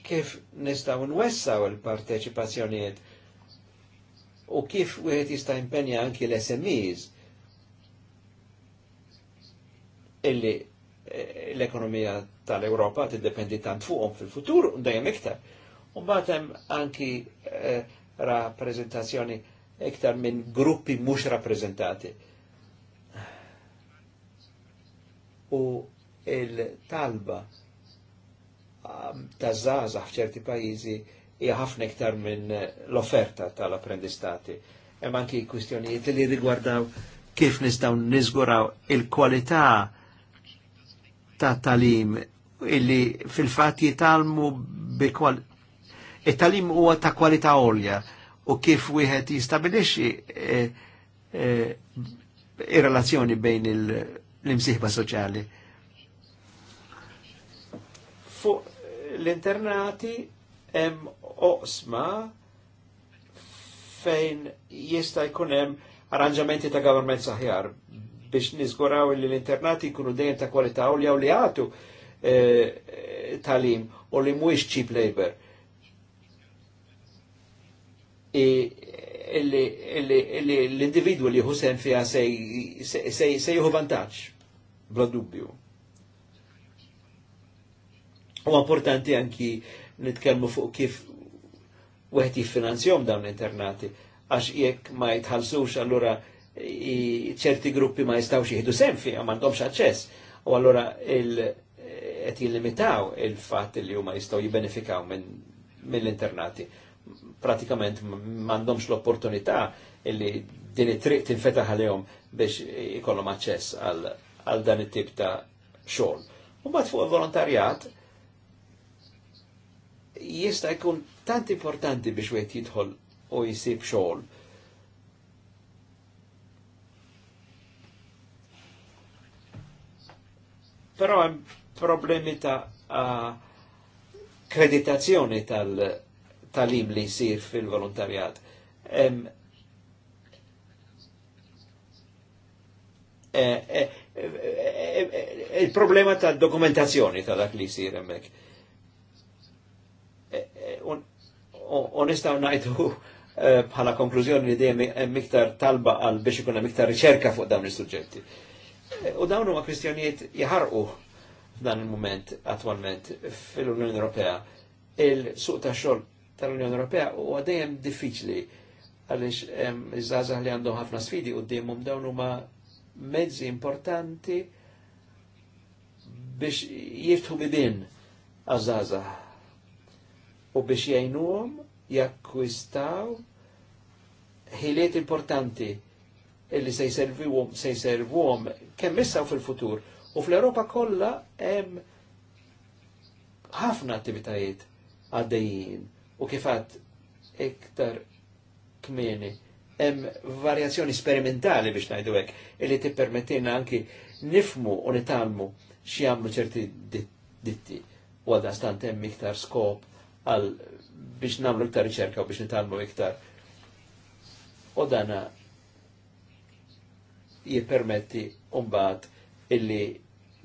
[SPEAKER 2] kif nistaw nwessaw il-parteċipazzjonijiet u kif wieħed jista' impenja anki l-SMEs illi eh, l-ekonomija tal-Europa tiddependi tant fuqhom fil-futur u dejjem iktar. U mbagħad hemm anki eh, rappreżentazzjoni iktar minn gruppi mhux rappreżentati. U il-talba um, ta' zaza f'ċerti pajizi hija ħafna iktar minn l-offerta tal-apprendistati. Hemm anki kwistjonijiet li rigwardaw kif nistgħu niżguraw il-kwalità ta' talim illi fil-fatt jitalmu bi kwal it-talim huwa ta' kwalità olja u kif wieħed jistabilixxi eh, eh, ir-relazzjoni bejn l-imsieħba soċjali Fuq l-internati hemm oqsma fejn jista' jkun hemm arranġamenti ta' government saħjar biex niżguraw li l-internati jkunu dejjem ta' kwalità u li għaw li għatu eh, talim u li mhuwiex cheap labor. L-individwu li hu sen fija se juhu vantaġġ, bla dubju. U importanti anki nitkellmu fuq kif wieħed jiffinanzjom dawn l-internati, għax jekk ma jitħallsux allura ċerti gruppi ma jistawx jihdu sem fiha m'għandhomx aċċess. U allura qed jillimitaw il-fatt li huma jistgħu jibbenefikaw mill-internati. Pratikament m'għandhomx l-opportunità li din it-triq tinfetaħ għalihom biex ikollhom aċċess għal dan it-tip ta' xogħol. U mbagħad fuq il-volontarjat, jista' jkun tant importanti biex wieħed jidħol u jsib xogħol. Però hemm problemi ta' kreditazzjoni tal-talim li jsir fil-volontarjat. Eh, eh, eh, il-problema tal dokumentazzjoni tal dak li jsir hemmhekk onestaw najtu <laughs> eh, bħala konklużjoni li dejjem hemm iktar talba għal biex ikun hemm iktar riċerka fuq dawn is-suġġetti. Eh, u dawn huma kwistjonijiet jaħarqu f'dan il-mument attwalment fil-Unjoni Ewropea. Il-suq ta' xogħol tal-Unjoni Ewropea huwa dejjem diffiċli għaliex hemm iż-żgħażagħ li għandhom ħafna sfidi qudiemhom dawn huma mezzi importanti biex jiftħu bidin għaż-żgħażagħ u biex jgħinuhom jakkwistaw ħiliet importanti illi se jservuhom se jservuhom kemm issa fil-futur. U fl-Ewropa kollha hemm ħafna attivitajiet għaddejjin u kifat iktar kmieni hemm varjazzjoni sperimentali biex ngħidu hekk illi tippermettilna anki nifmu u nitalmu x'jagħmlu ċerti ditti. Wada stant hemm iktar skop għal biex namlu iktar riċerka u biex nitalmu iktar. U dana jipermetti umbat illi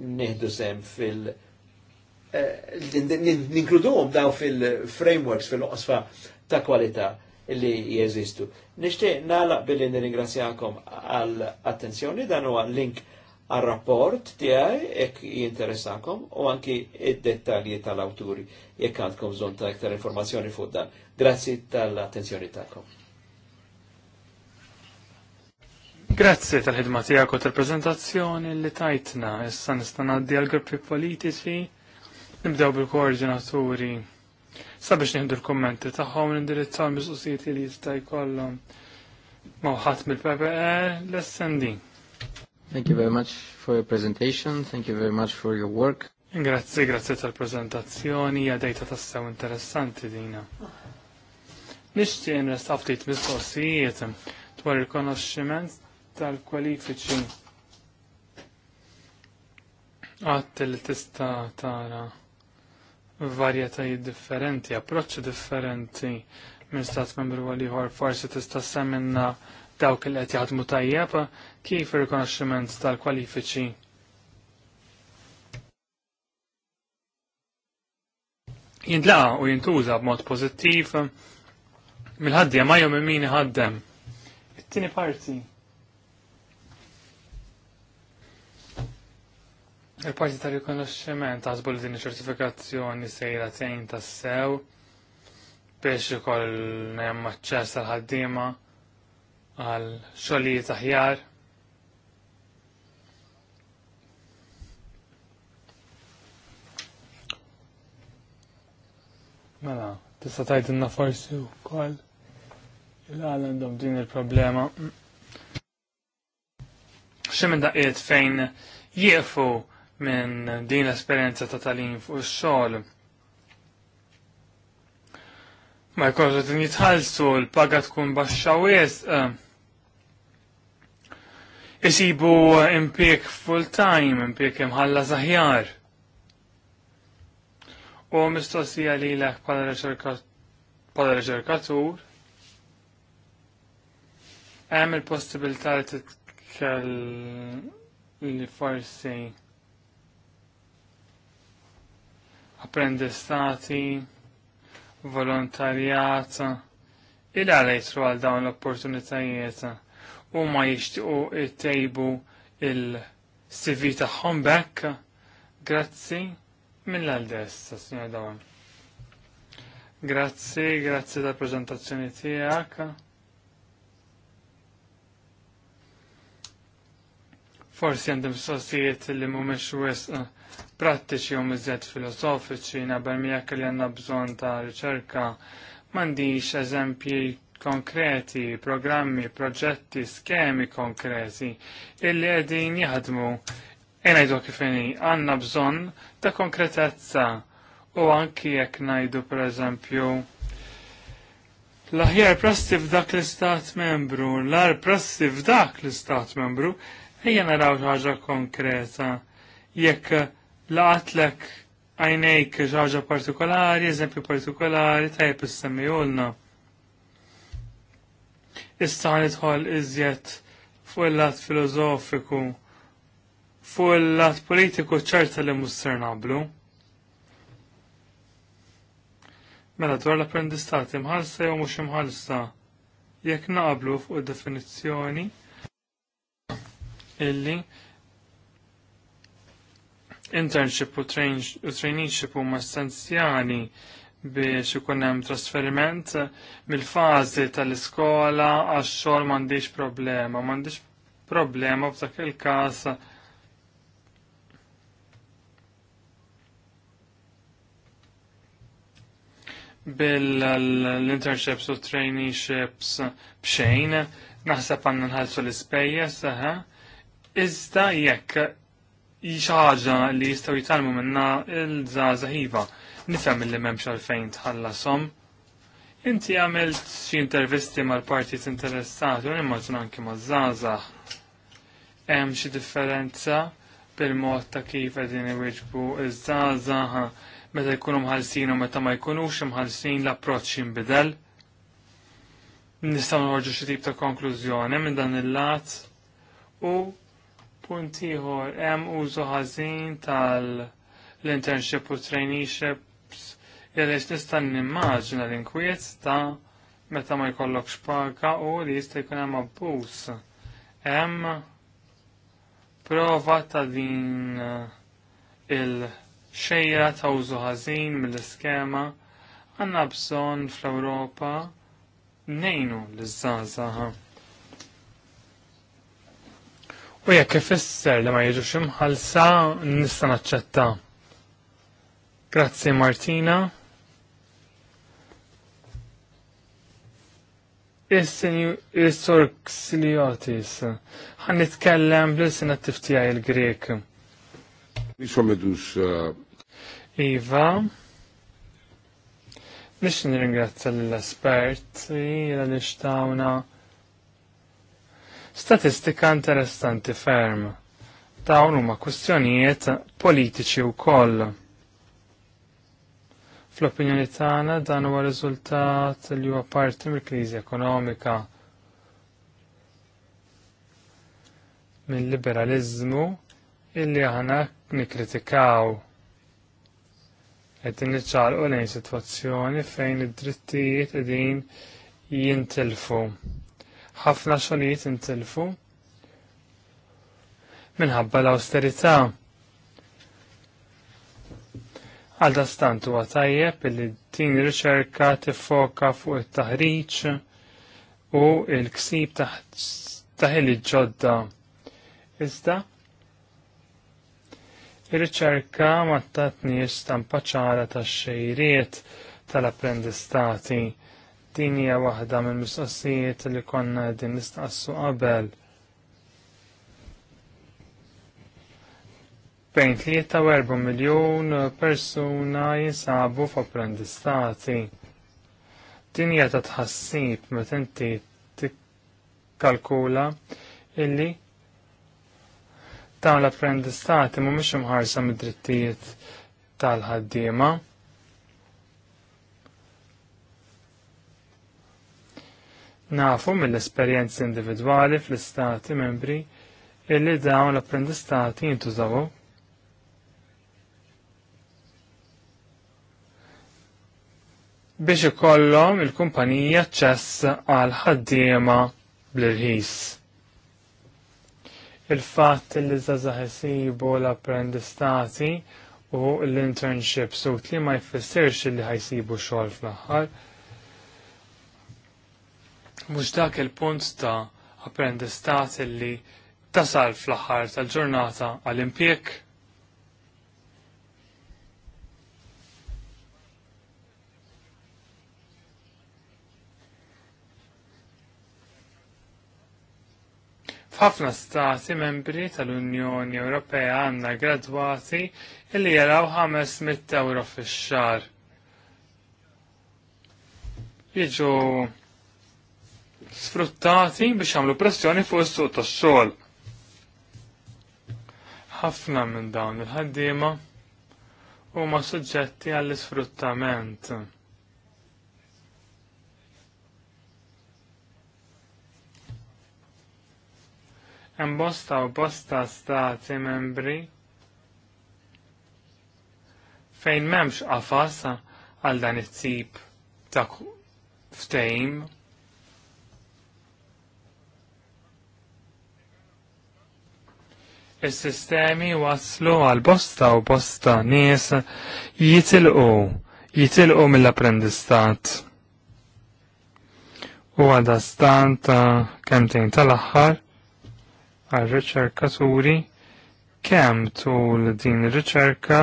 [SPEAKER 2] neħdu sem fil- eh, ninkludum daw fil-frameworks, fil-qosfa ta' kwalità illi jeżistu. Nishtiq nalaq billi nirringrazzjakom għal attenzjoni dan huwa link għal-rapport tiegħi jekk jinteressakom u anki id-dettalji tal-awturi jekk għandkom bżonn ta' iktar informazzjoni fuq dan. Grazzi
[SPEAKER 3] tal-attenzjoni tagħkom. Grazzi tal-ħidma tijak u tal-preżentazzjoni li tajtna. Issa nista' ngħaddi għall-gruppi politiċi. Nibdew bil-koordinaturi sabiex nieħdu l-kommenti tagħhom nindirizzaw l-mistoqsijiet li jista' jkollhom mawħat mill-PPR e, l-SND.
[SPEAKER 2] Thank you very much for your presentation. Thank you very much for your work.
[SPEAKER 3] Grazzi, grazzi tal-prezentazzjoni, għadajta tassew interessanti dina. Nishtiq nrestaf ftit mistoqsijiet dwar il-konoxximent tal-kwalifiċi għat li tista tara varjetajiet differenti, approċċi differenti minn stat membru għal forsi tista' semminna dawk il qed jaħdmu tajjeb kif ir-rikonoxximent tal-kwalifiċi jintlaqa u jintuża b'mod pożittiv mill-ħaddiem ma jom min ħaddem. It-tieni parti. Il-parti tal rikonoxximent għazbu li din iċ-ċertifikazzjoni sejra tgħin tas-sew biex ikoll hemm aċċess għal ħaddiema għal xogħlijiet aħjar. Mela, tista' tgħidilna forsi wkoll il għalan għandhom din il-problema. Xemmin daqqiet fejn jiefu minn din l-esperienza ta' talim fuq il-xol. Ma jkunx din jitħallsu l-paga tkun baxxa wisq. Isibu impjek full time, impjek imħalla zaħjar. U mistoqsija li l bħala reċerkatur, hemm il-possibilità li t li forsi apprendistati, volontarjat, il-għalajtru għal dawn l-opportunitajiet u ma jishtiqu it-tejbu il sivita ħombek, bekk, grazzi, Min l-għaldes, s-sinja dawan. Grazzi, grazzi da prezentazzjoni tijak. Forsi għandem sostijiet li mumiex wisq eh, prattiċi u mizzet filosofiċi nabel miegħek li għandna bżonn ta' riċerka m'għandix eżempji konkreti, programmi, proġetti, skemi konkreti illi qegħdin jaħdmu Enajdu kifini, għanna bżon ta' konkretezza u anki jekk najdu per eżempju l-aħjar prassi f'dak l-istat membru, l-ar prassi f'dak l-istat membru, ejja naraw ħaġa konkreta jekk laqatlek għajnejk ħaġa partikolari, eżempju partikolari, jep s semmi ulna. Issa nidħol iżjed fuq il-lat filozofiku Fuq il-lat politiku ċerta li musser nablu. Mela dwar l apprendistat imħalsa jew mhux imħalsa. Jekk naqblu fuq definizzjoni illi internship u traineeship huma essenzjali biex ikun hemm trasferiment mill-fażi tal-iskola għax-xogħol m'għandix problema, m'għandix problema f'dak il-każ bil-internships u traineeships bxejn, naħseb għanna nħalsu l-ispejjes, iżda jekk xaħġa li jistaw jitalmu minna il-żazahiva. Nifem li memx għalfejn tħallasom. Inti għamilt xie intervisti mal-partijiet interessati, u nimmaġun anki maż-żazah. Hemm xi differenza bil-mod ta' kif qegħdin iwieġbu iż-żgħażagħ meta jkunu mħalsin u meta ma jkunux mħalsin l-approċċ jinbidel. Nistgħu noħorġu xi tip ta' konklużjoni minn dan il-lat u punt ieħor hemm użu ħażin tal-internship u traineeships jelis nista' nimmaġina l-inkwiet ta' meta ma jkollokx paga u li jista' jkun hemm abbuż. Hemm prova ta' din il- xejra ta' użu ħażin mill-iskema għandna bżonn fl-Ewropa nejnu l-żgħażagħ. U jekk ifisser li ma jiġux imħalsa nista' naċċetta. Grazzi Martina. Is-Sur Xiliotis. Ħan nitkellem bl-sinat tiftijaj il-Grek.
[SPEAKER 1] Nisomedus uh
[SPEAKER 3] Iva, biex nirringrazzja l-esperti li tawna statistika interessanti ferm. Dawn huma kwistjonijiet politiċi wkoll. Fl-opinjoni tagħna dan huwa riżultat li huwa parti mill-kriżi ekonomika mill-liberalizmu illi aħna nikkritikaw qed u lejn sitwazzjoni fejn id-drittijiet din jintilfu. Ħafna xogħlijiet jintilfu minħabba l-austerità. għalda stant huwa tajjeb li din riċerka tiffoka fuq it-taħriġ u l-ksib taħ il ġodda. Iżda, Ir-riċerka ma tatni stampa ċara tax-xejriet tal-apprendistati. Din hija waħda mill-mistoqsijiet li konna din nistaqsu qabel. bejn 3 4 miljon persuna jinsabu f'apprendistati. Din hija ta' tħassib meta inti tikkalkula illi dawn l-apprendistati mhumiex mħarsa mid-drittijiet tal-ħaddiema. Nafu mill-esperjenzi individwali fl-istati membri illi dawn l-apprendistati jintużawu biex ikollhom il-kumpanija ċess għal ħaddiema bl-irħis il-fatt li zazah jisibu l-apprendistati u l-internship u li ma jfissirx li ħajsibu xogħol fl-aħħar. Mhux dak il-punt ta' apprendistati li tasal fl-aħħar tal-ġurnata għal-impjek F'ħafna stati membri tal-Unjoni Ewropea għandna gradwati illi jaraw 500 euro fix-xar. Jiġu sfruttati biex jagħmlu pressjoni fuq is-suq tax-xogħol. Ħafna minn dawn il-ħaddiema huma suġġetti għall-isfruttament. Hemm bosta u bosta stati membri fejn m'hemmx qafas għal dan it-tip ta' ftejm. Is-sistemi waslu għal bosta u bosta nies jitilqu jitilqu mill-apprendistat. U għadastant eh, kemm tejn tal-aħħar għal-riċerkaturi kemm tul din ir-riċerka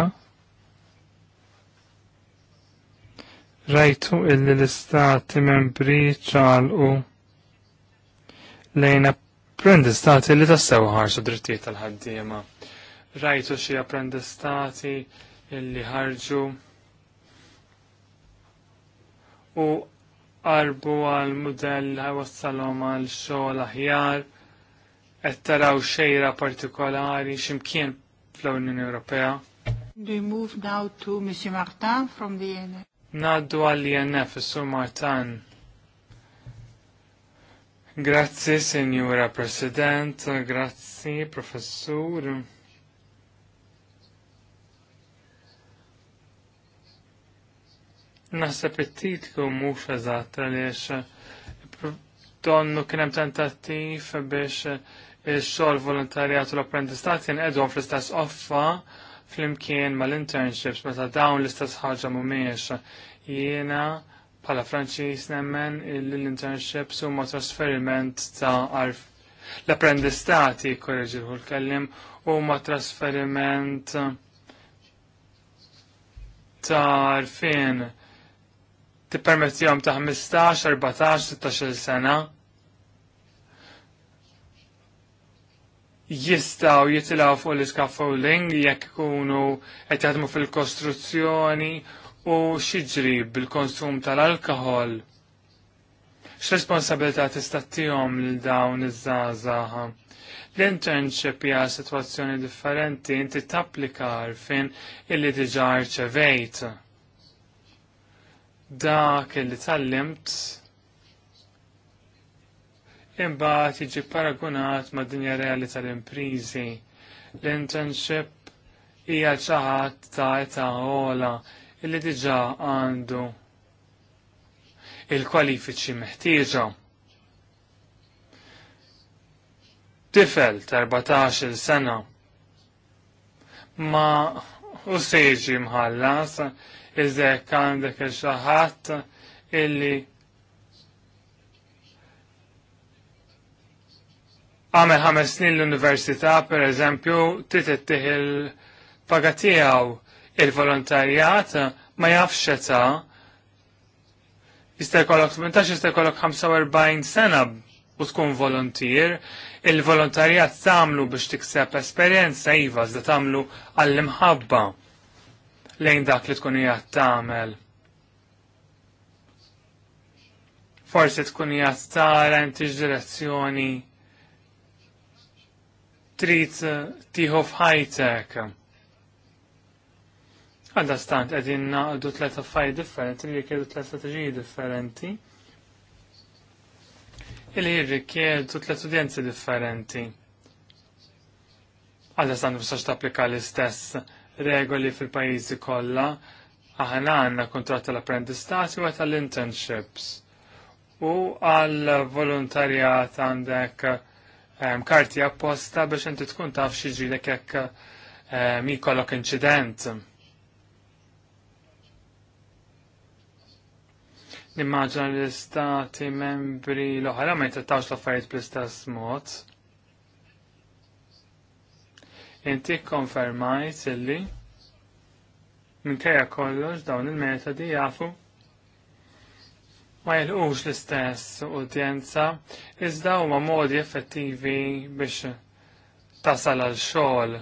[SPEAKER 3] rajtu illi l-istati membri ċalqu lejn apprendistati li tassew ħarsu drittijiet tal-ħaddiema. Rajtu xi apprendistati illi ħarġu u qarbu għal mudell wassalom għal xogħol aħjar qed taraw xejra partikolari x'imkien fl-Unjoni Ewropea.
[SPEAKER 1] We move now to Mr. Martin from the INF.
[SPEAKER 3] E Naddu għall-INF, e Sur Martin. Grazzi, Signora President, grazzi, Professor. Naħseb it-titlu mhux eżatt għaliex donnu kienem hemm tentattiv biex il-xol volontarjat u l-apprendistat edhom fl-istess offa fl-imkien mal-internships meta dawn l-istess ħaġa mhumiex. Jiena bħala Franċis nemmen l-internships huma trasferiment ta' arf l-apprendistati korreġilħu l-kellim huma trasferiment ta' arfin tippermettihom ta' 15, 14, 16 sena jistaw jitilaw fuq l-scaffolding jekk ikunu qed jaħdmu fil-kostruzzjoni u xiġri bil-konsum tal-alkohol. X'responsabilità tista' tihom lil dawn iż-żgħażagħ? L-internship hija sitwazzjoni differenti inti tapplika għarfien illi diġà rċevejt. Dak illi tal-limt imbagħad jiġi paragunat mad dinja reali tal-imprizi. L-internship hija xi ħadd ta' età ola illi diġà għandu il-kwalifiċi meħtieġa. Tifel ta' 14 sena ma u seġi mħallas iżek għandek il-xaħat illi għame ħames snin l-università, per eżempju, titet il-paga tiegħu il-volontarjat ma jafx età jista' 18 jista' jkollok 45 sena u tkun volontier, il-volontarjat tagħmlu biex tikseb esperjenza iva iżda tagħmlu għall-imħabba lejn dak li tkun qiegħed tagħmel. Forsi tkun jgħat tara intix direzzjoni trid eh, tieħu f'ħajtek. Għadda stant qegħdin naqdu tliet affarijiet differenti li jkiedu tliet strateġiji differenti. Illi jirrikjedu tliet udjenzi differenti. Għadda stant bisax tapplika l-istess regoli fil-pajjiżi kollha aħna għandna kontrat tal-apprendistati u tal-internships. U għal volontarjat għandek karti apposta biex inti tkun taf xiġrilek jekk mi kollok incident. Nimmaġna l-istati membri l-oħra ma jtrattawx l-affarijiet bl-istess mod. Inti konfermajt illi minkejja kollox dawn il-metodi jafu ma jelqux l-istess udjenza, iżda huma modi effettivi biex tasal għal xogħol.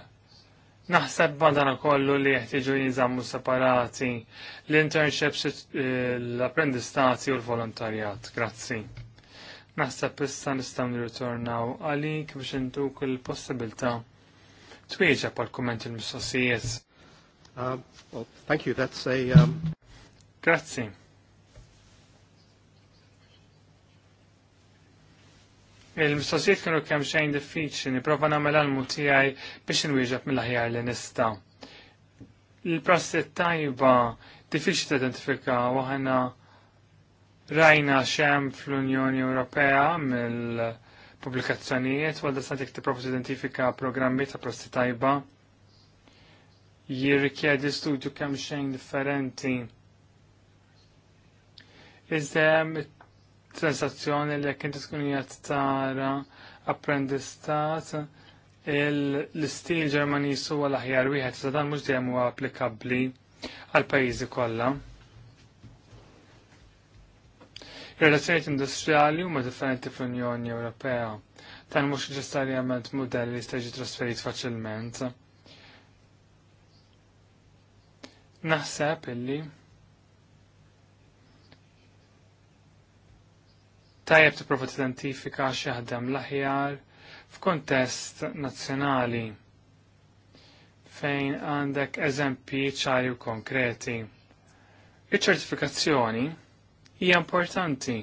[SPEAKER 3] Naħseb madana kollu li jeħtieġu jinżammu separati l-internships, l-apprendistati u l-volontarjat. Grazzi. Naħseb issa nistgħu nirritornaw għalik biex intuk il-possibilità twieġa pal kumment l mistoqsijiet uh, thank you, that's a... Um... Grazzi. Il-mistoqsijiet kienu kemm xejn diffiċli, nipprova nagħmel għalmu tiegħi biex inwieġeb mill-aħjar li nista. Il-prassi tajba diffiċli tidentifika u rajna xem fl-Unjoni Ewropea mill-pubblikazzjonijiet u għadda santik tipprova tidentifika programmi ta' prassi tajba jirrikjedi studju kemm xejn differenti. Iżda transazzjoni li jekk inti tkun qed tara apprendistat l-istil Ġermaniż huwa l-aħjar wieħed sa dan mhux dejjem huwa applikabbli għal pajjiżi kollha. Ir-relazzjonijiet industrijali huma differenti fl-Unjoni Ewropea. Dan mhux neċessarjament mudell li jista' jiġi trasferit faċilment. Naħseb illi tajjeb tipprova tidentifika ħaddem l-aħjar f'kontest nazzjonali fejn għandek eżempji ċari u konkreti. Iċ-ċertifikazzjoni hija importanti.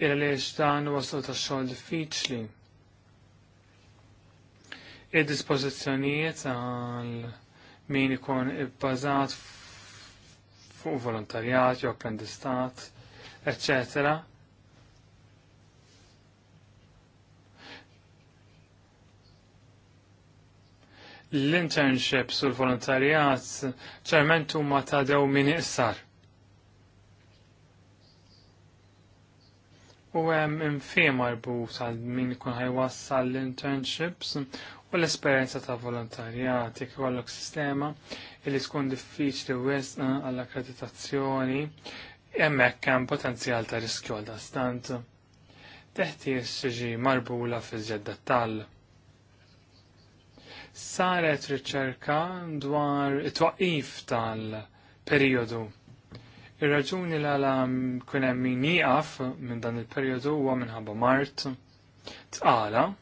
[SPEAKER 3] Ira li dan waslu ta' xogħol diffiċli. Id-dispożizzjonijiet għal min ikun ibbażat fuq volontarjat jew apprendistat eccetera. L-internships u l-volontarijat ċermentu huma ta' dew min iqsar. U għem infim marbut għal min ikun ħajwassal l-internships u l-esperjenza ta' volontarijat jek għallok sistema li tkun diffiċli wisq għall-akkreditazzjoni hemmhekk hemm potenzjal ta' riskju għal stant teħtieġ siġi marbula fiż-żjed tal. Saret riċerka dwar it-twaqif tal periodu Ir-raġuni l għalam kunem hemm min jieqaf minn dan il-perjodu huwa minħabba Mart tqala. <coughs>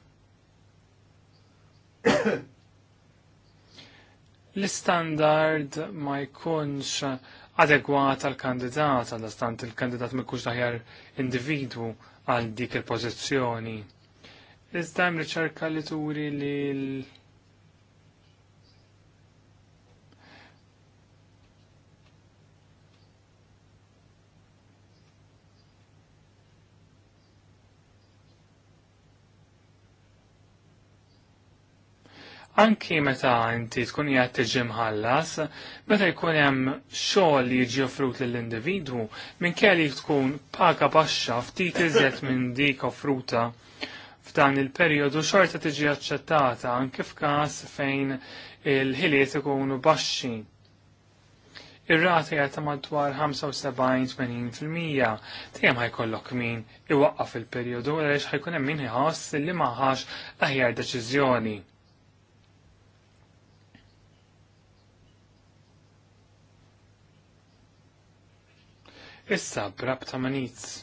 [SPEAKER 3] L-istandard ma jkunx adegwata l kandidat għal il-kandidat mikkux daħjar individwu għal dik il-pożizzjoni. Iżda hemm riċerka li turi li l anki meta inti tkun qiegħed tiġi mħallas, meta jkun hemm xogħol li jiġi offrut lill-individwu minn kelli tkun paga baxxa ftit iżjed minn dik offruta f'dan il-perjodu xorta tiġi aċċettata anke f'każ fejn il-ħiliet ikunu baxxi. Ir-rati ta' madwar 75-80% tiegħem ħajkollok min iwaqqaf il-perjodu għaliex ħajkun hemm min iħoss li maħax aħjar deċiżjoni. Issa brabta manizz.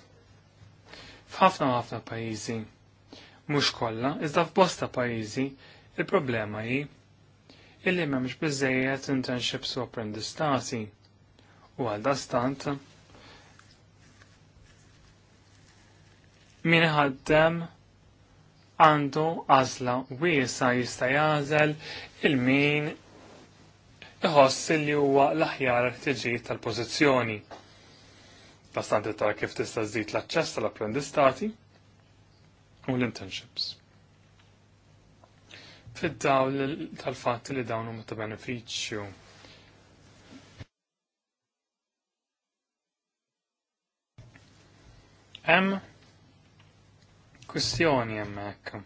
[SPEAKER 3] F'ħafna ħafna pajjiżi, mhux kollha, iżda f'bosta pajjiżi, il-problema hi illi m'hemmx biżejjed internships u apprendistati. U għal stant min ħaddem għandu għazla wiesa jista' jazel il-min iħoss li huwa l-aħjar tiġi tal-pożizzjoni. Bastant tara kif tista' żżid l-aċċess tal-apprendistati u l-internships. Fid-dawl tal-fatt li dawn huma ta' benefiċċju Hemm kwistjoni hemmhekk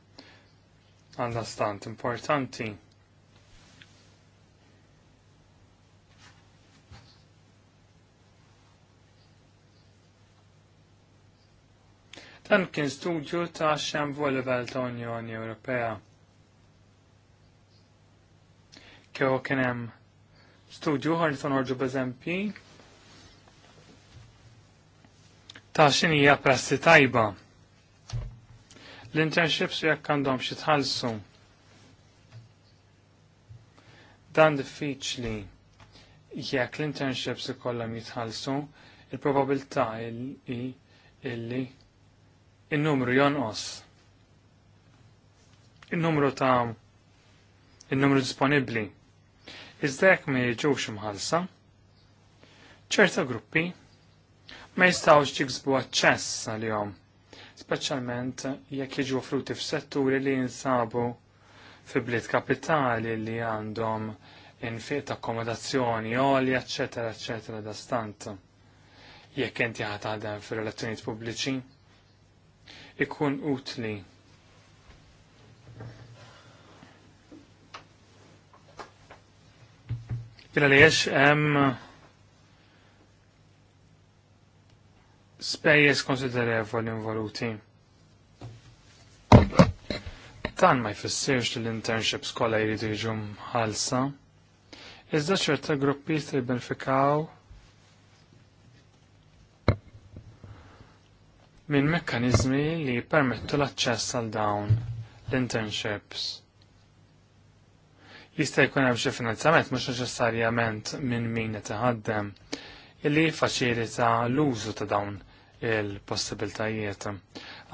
[SPEAKER 3] għandha stant importanti Dan kien studju ta' xem level ta' Unjoni Ewropea. Kew kien hemm studju ħar nistgħu norġu b'eżempji ta' x'inhija prassi tajba. L-internships jekk għandhom xi tħallsu. Dan diffiċli jekk l-internships ikollhom jitħallsu, il-probabilità illi il in-numru jonqos. In-numru ta' in-numru disponibbli. Iżda jekk ma jiġux imħalsa, ċerta gruppi ma jistgħux jiksbu aċċess għalihom, speċjalment jekk jiġu f f'setturi li jinsabu fi bliet kapitali li għandhom infiq ta' akkomodazzjoni, oli, eccetera, eccetera, da stant. Jekk inti ħataħdem fir relazzjoniet pubbliċi, ikun utli. Kena li jiex hemm spejjeż konsiderevoli involuti. Dan ma jfissirx li l-internships skola jridu jiġu ħalsa. Iżda ċerta gruppi jibbenefikaw minn mekkanizmi li permettu l-aċċess għal dawn l-internships. Jista' jkun hemm xi finanzjament mhux neċessarjament minn min qed iħaddem illi faċilita l-użu ta' dawn il-possibiltajiet.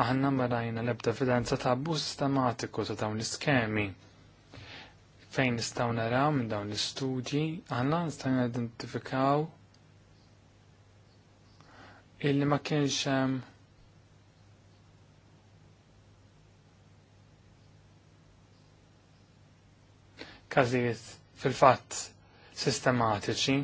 [SPEAKER 3] Aħna marajna l-ebda evidenza ta' abbuż sistematiku ta' dawn l-iskemi. Fejn nistgħu naraw minn dawn l-istudji, aħna nistgħu identifikaw illi ma kienx hemm każijiet fil-fatt sistematiċi.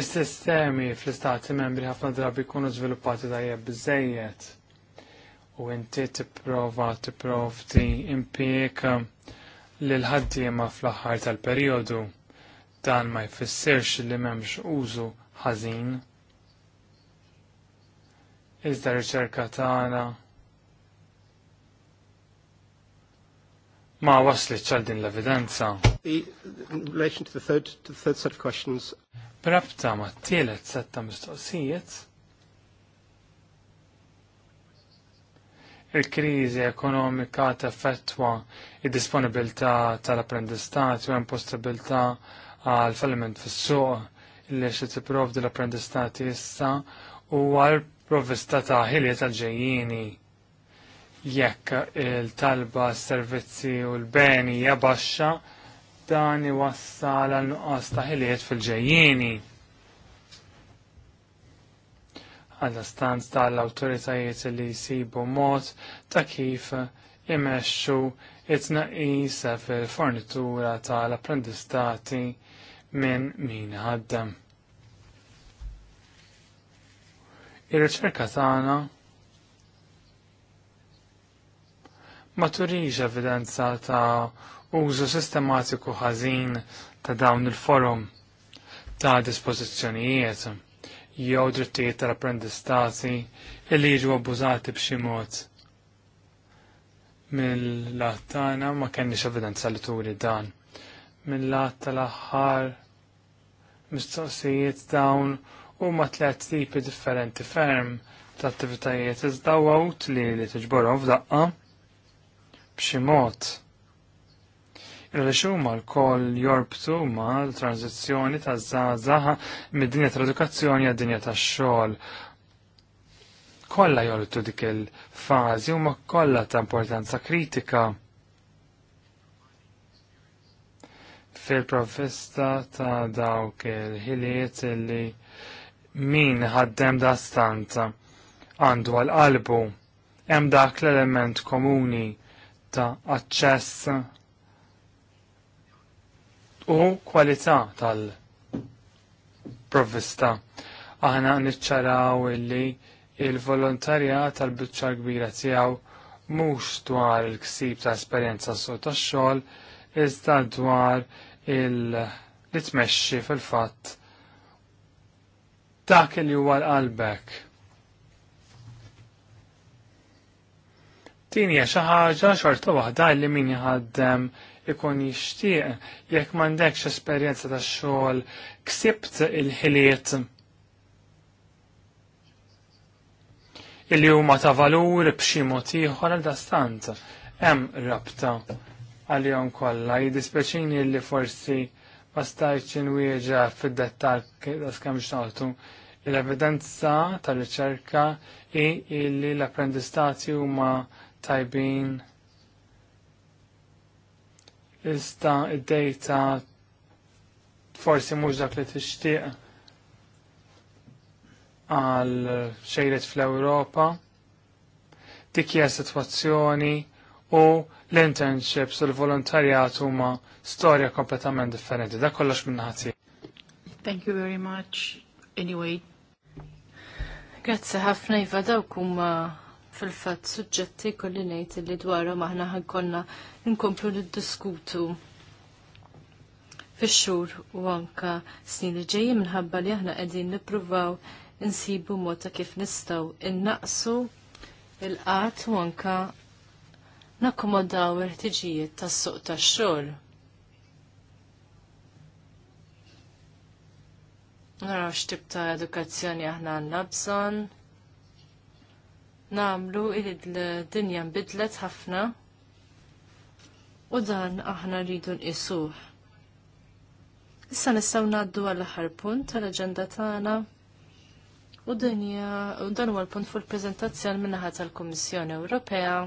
[SPEAKER 3] Is-sistemi fl-istati membri ħafna drabi jkunu żviluppati tajjeb biżejjed u inti tipprova tipprovdi impjeg lil ħaddiema fl-aħħar tal-perjodu dan ma jfissirx li m'hemmx użu ħażin Iżda r-riċerka tagħna ma waslit ċal din l-evidenza. In relation to the third, to the third set of questions. Brabta ma t-tielet set ta' mistoqsijiet. Il-krizi ekonomika teffettwa id-disponibilità tal-apprendistat u impossibilità għal falliment fis-suq li xi tipprovdi l-apprendistati issa u għal provvista ta' ħilja tal-ġejjini jekk il-talba s-servizzi u l-beni jabaxxa dan iwassal għal nuqqas ta' ħiliet fil-ġejjini. Għalla stanz tal-autoritajiet li jisibu mod ta' kif imexxu it naqisa fil-fornitura tal-apprendistati minn min ħaddem. Ir-riċerka tagħna ma turix evidenza ta' użu sistematiku ħażin ta' dawn il-forum ta' dispożizzjonijiet jew drittijiet tal-apprendistati illi jiġu abbużati b'xi mod. Mill-lat tagħna ma kenniex evidenza li turi dan. Mill-lat tal-aħħar mistoqsijiet dawn ma tliet tipi differenti ferm ta' attivitajiet iżda għawt li li tiġborhom f'daqqa b'xi mod. Għaliex huma l-koll jorbtu ma' l-tranzizzjoni ta' zazaha mid-dinja tal-edukazzjoni għad-dinja tax-xogħol. Kollha joltu dik il-fażi huma kollha ta' importanza kritika. fil-provvista ta' dawk il-ħiliet li min ħaddem da stant għandu għal-qalbu hemm dak l-element komuni ta' aċċess u kwalità tal-provvista. Aħna niċċaraw illi il-volontarja tal-bicċa kbira tiegħu mhux dwar il-ksib ta' esperjenza s tax-xogħol iżda dwar il-li tmexxi fil-fatt dak li huwa l-qalbek. Din hija xi ħaġa xorta waħda li min jħaddem ikun jixtieq jekk m'għandekx esperjenza tax-xogħol ksibt il-ħiliet illi huma ta' valur b'xi mod ieħor għal dastant hemm rabta għalihom kollha Jidispjaċini li forsi ma stajtx inwieġa fid-dettall kemm x'naqtu L-evidenza tal-riċerka i illi l-apprendistati huma tajbin ista id-dejta forsi mhux dak li tixtieq għal xejret fl-Ewropa, dik hija sitwazzjoni u l-internships u l-volontarjat huma storja kompletament differenti. Dak kollox minn
[SPEAKER 1] Thank you very much. Anyway, Grazzi ħafna Iva dawk huma fil-fatt suġġetti kolli ngħid li dwarhom aħna ħankonna nkomplu niddiskutu fix-xhur u anka snin li ġejjin minħabba li aħna qegħdin nippruvaw insibu mod ta' kif nistgħu innaqsu il qat u anka nakkomodaw il-ħtiġijiet tas-suq tax-xogħol. naraw x'tib ta' edukazzjoni aħna għanna bżon. Namlu il-dinja nbidlet ħafna u dan aħna rridu nqisuh. Issa nistgħu ngħaddu għall aħħar punt tal-aġenda tagħna u dinja u dan huwa l-punt fuq il-preżentazzjoni min-naħa tal-Kummissjoni Ewropea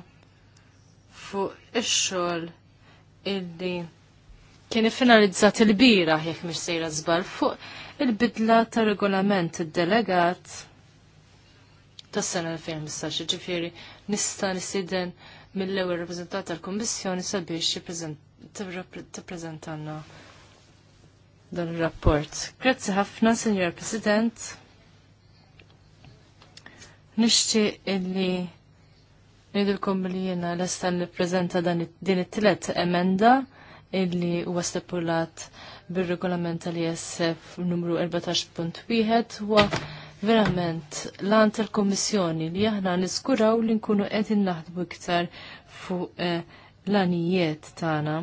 [SPEAKER 1] fuq ix-xogħol illi kien iffinalizzat il-bira jekk mhix sejra żball fuq il-bidla ta' regolament id-delegat tas-sena 2015, ġifiri, nista' nisiden mill-ewwel reprezentat tal-Kummissjoni sabiex t-prezentanna dan ir-rapport. Grazzi ħafna, Sinjor President. Nixtieq illi nidilkom li jiena li nippreżenta din it tilet emenda illi huwa stipulat bir-regolament tal-ISF numru 14.1 huwa verament lan tal-Kommissjoni li aħna niskuraw li nkunu qegħdin naħdmu iktar fuq eh, l-anijiet tagħna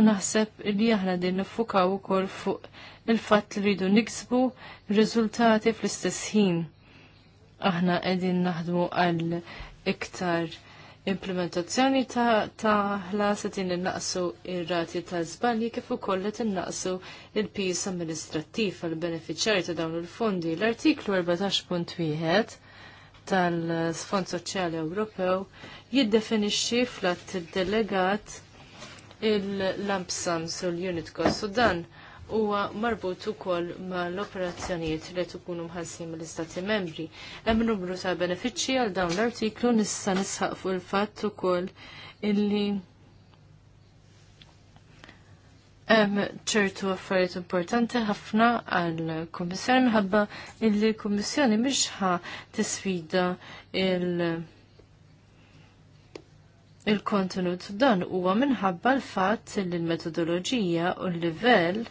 [SPEAKER 1] u naħseb li aħna din nifukaw ukoll fuq il-fatt li rridu niksbu riżultati fl-istess ħin. Aħna qegħdin naħdmu għal iktar implementazzjoni ta' se tin innaqsu ir-rati ta' żbalji kif ukoll qed innaqsu il-pis amministrattiv għal beneficjari ta' dawn il-fondi. L-artiklu 14.1 tal-Fond Soċjali Ewropew jiddefinixxi fl-att delegat il-lump sul unit cost u dan huwa marbut ukoll mal-operazzjonijiet li qed ikunu mħassin l istati Membri. Hemm numru ta' benefiċċji għal dawn l-artiklu nista' nisħaq fuq il-fatt ukoll illi hemm ċertu affarijiet importanti ħafna għal kummissjoni minħabba illi l-Kummissjoni mhix ħa tisfida il- il-kontenut dan huwa minħabba l-fatt li l-metodoloġija u l-livell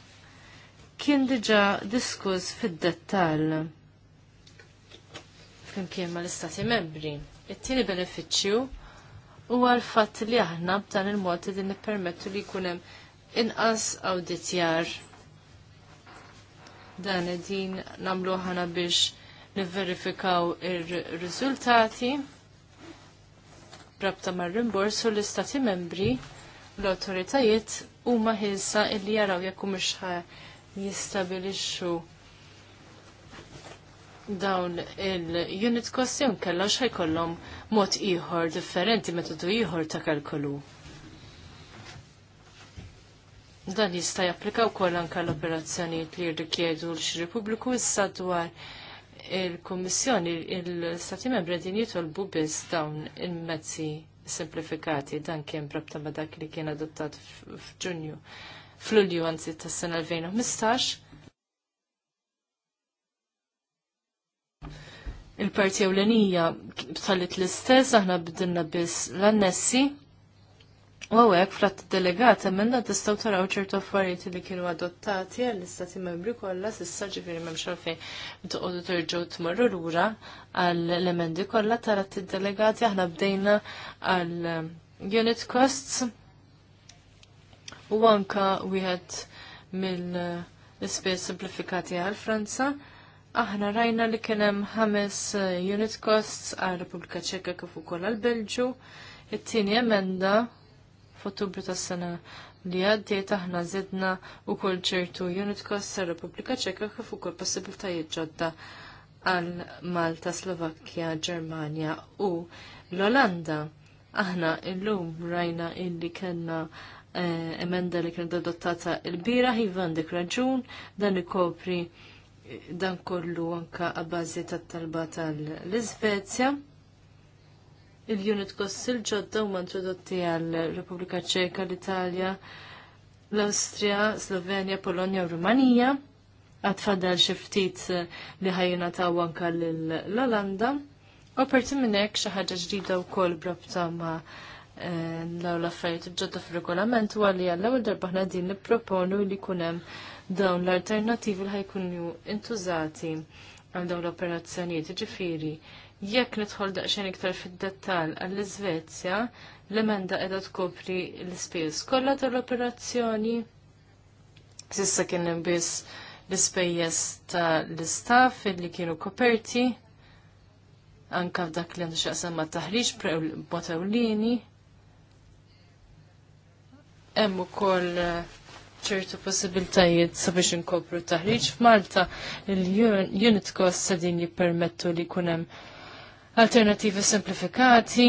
[SPEAKER 1] kien diġa diskuss fid-dettall flimkien ma l-istati membri. It-tieni benefiċċju huwa l-fatt li aħna b'dan il-mod li nippermettu li jkun hemm inqas awditjar dan din nagħmlu ħana biex nivverifikaw ir-riżultati rabta mar-rimbors u l-istati membri l-autoritajiet huma ħilsa li jaraw jekk mhux jistabilixxu dawn il-unit cost jew kellha x'ħajkollhom mod ieħor differenti, metodu ieħor ta' kalkulu. Dan jista' japplika wkoll anke l-operazzjonijiet li jirrikjedu l-xri pubbliku issa dwar il-Kummissjoni l stati Membri din jitolbu biss dawn il-mezzi simplifikati dan kien prabta ma dak li kien adottat f'Ġunju fl-ulju għanzi tas-sena 2015. il-parti ewlenija bħalit l-istess, aħna bidilna biss l-annessi. U għawek, frat delegat, emenda tistaw taraw ċertu affarijiet li kienu adottati għall-istati membri kollha s'issa ġifieri m'hemmx għalfejn toqgħodu terġgħu tmorru lura għall-emendi kollha tara t-delegati aħna bdejna għall unit costs u anka wieħed mill ispejs simplifikati għal Franza. Aħna rajna li kien hemm ħames uh, unit costs għal Repubblika Ċeka kif ukoll għal Belġu. It-tieni emenda f'Ottubru tas-sena li għaddiet aħna zidna wkoll ċertu unit costs għal Repubblika Ċeka kif ukoll possibiltajiet ġodda għal Malta, Slovakkja, Ġermanja u l-Olanda. Aħna illum rajna illi kellna Eh, emenda li kienet adottata il-bira, jivan dik raġun, dan ikopri eh, dan kollu anka għabbażi tat-talba tal-Izvezja. Il-unit kost il-ġodda huma introdotti għal-Repubblika Ċeka, l-Italja, l-Austria, Slovenja, Polonja u Rumanija. Għatfadal xiftit eh, li ħajjina ta' anka l-Olanda. U parti minnek xaħġa ġdida u kol brabta ma' L-aw eh, l-affarijiet ġodda fil regolament u għalli għall-ewwel darba ħna din nipproponu li jkun hemm dawn l-alternattivi li ħajkunu intużati għal dawn l-operazzjonijiet. Ġifieri, jekk nidħol daqsxejn iktar fid-dettall għall-Iżvezja, l-emenda qiegħda tkopri l-ispejjeż kollha tal-operazzjoni. Sissa kien hemm biss l-ispejjeż tal-istaff li kienu koperti anka f'dak li għandu xaqsam ma' taħriġ b'mod ewlieni hemm ukoll eh, ċertu possibiltajiet sabiex inkopru taħriġ f'Malta il-unit cost se din jippermettu li jkun hemm alternativi simplifikati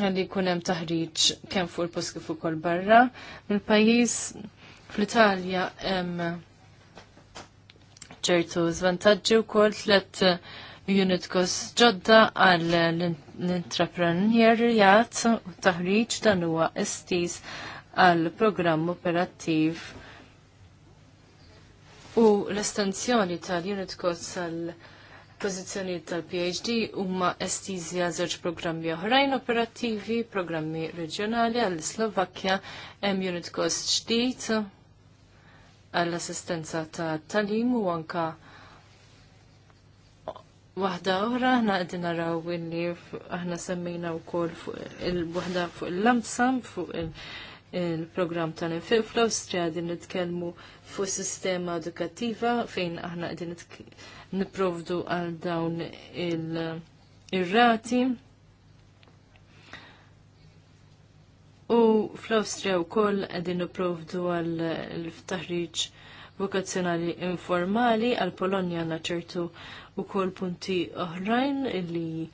[SPEAKER 1] għalli jkun hemm taħriġ kemm fuq il-post kif ukoll barra mill-pajjiż fl-Italja hemm ċertu żvantaġġi wkoll tliet eh, unit cost ġodda għall l-intraprenjerjat u taħriġ dan huwa estiż għal programm operattiv u l-estensjoni tal-unit codes tal pożizzjonijiet tal-PhD huma estiżi għal żewġ programmi oħrajn operattivi, programmi reġjonali għall slovakkja hemm unit cost ġdid għall-assistenza ta' talim u anka Waħda oħra aħna qegħdin naraw illi aħna semmejna wkoll fuq il-waħda fuq il-lamsam fuq il-, -lamsam, fuq il il-programm tal fil fl-Awstrija din nitkellmu fuq sistema edukattiva fejn aħna qegħdin nipprovdu għal dawn il-rati. U fl-Awstrija wkoll qegħdin nipprovdu għal il ftaħriċ vokazzjonali informali għal Polonja naċertu u wkoll punti oħrajn li eh,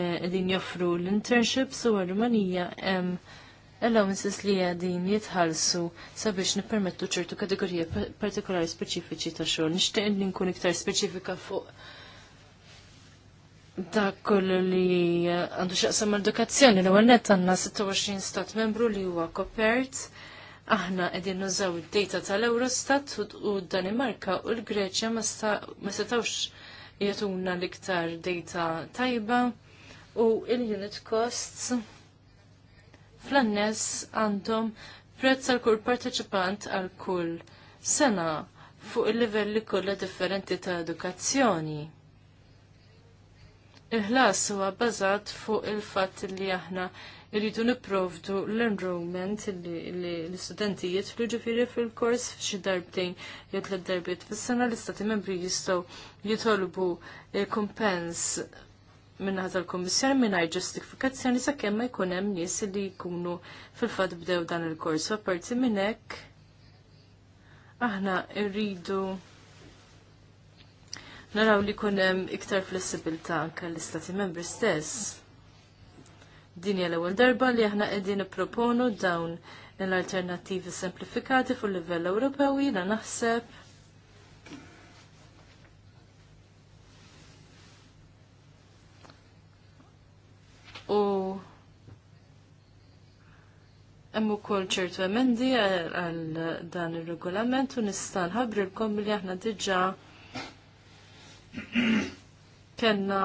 [SPEAKER 1] qegħdin joffru l-internships u għal Rumanija hemm Mrs. li għadin jitħalsu sabiex nipermettu ċertu kategorija partikolari speċifiċi ta' xogħol. Nixtieq li nkun iktar speċifika fuq dak kollu li għandu xaqsam edukazzjoni l-ewwel nett għandna 26 stat membru li huwa kopert. Aħna qegħdin nużaw id-data tal-Eurostat u d-Danimarka u l-Greċja ma setawx jagħtuna l-iktar data tajba u il-unit costs fl-annes għandhom prezz għal kull parteċipant għal kull sena fuq il-livelli kollha differenti ta' edukazzjoni. Il-ħlas huwa bbażat fuq il-fatt li aħna irridu nipprovdu l-enrollment l istudentijiet li ġifiri fil-kors f'xi darbtejn jew tliet darbiet fis-sena l-istati membri jistgħu jitolbu eh, kumpens minna tal-Kommissjoni mingħajr ġustifikazzjoni sakemm ma jkun hemm nies li jkunu fil-fatt bdew dan il-kors. U apparti minn hekk aħna rridu naraw li jkun hemm iktar flessibilità anke l-Istati Membri stess. Din hija l-ewwel darba li aħna qegħdin nipproponu dawn l-alternattivi semplifikati fuq livell Ewropew jiena naħseb u Hemm ukoll ċertu emendi għal dan ir-regolament u nista' nħabbrilkom li aħna diġà kena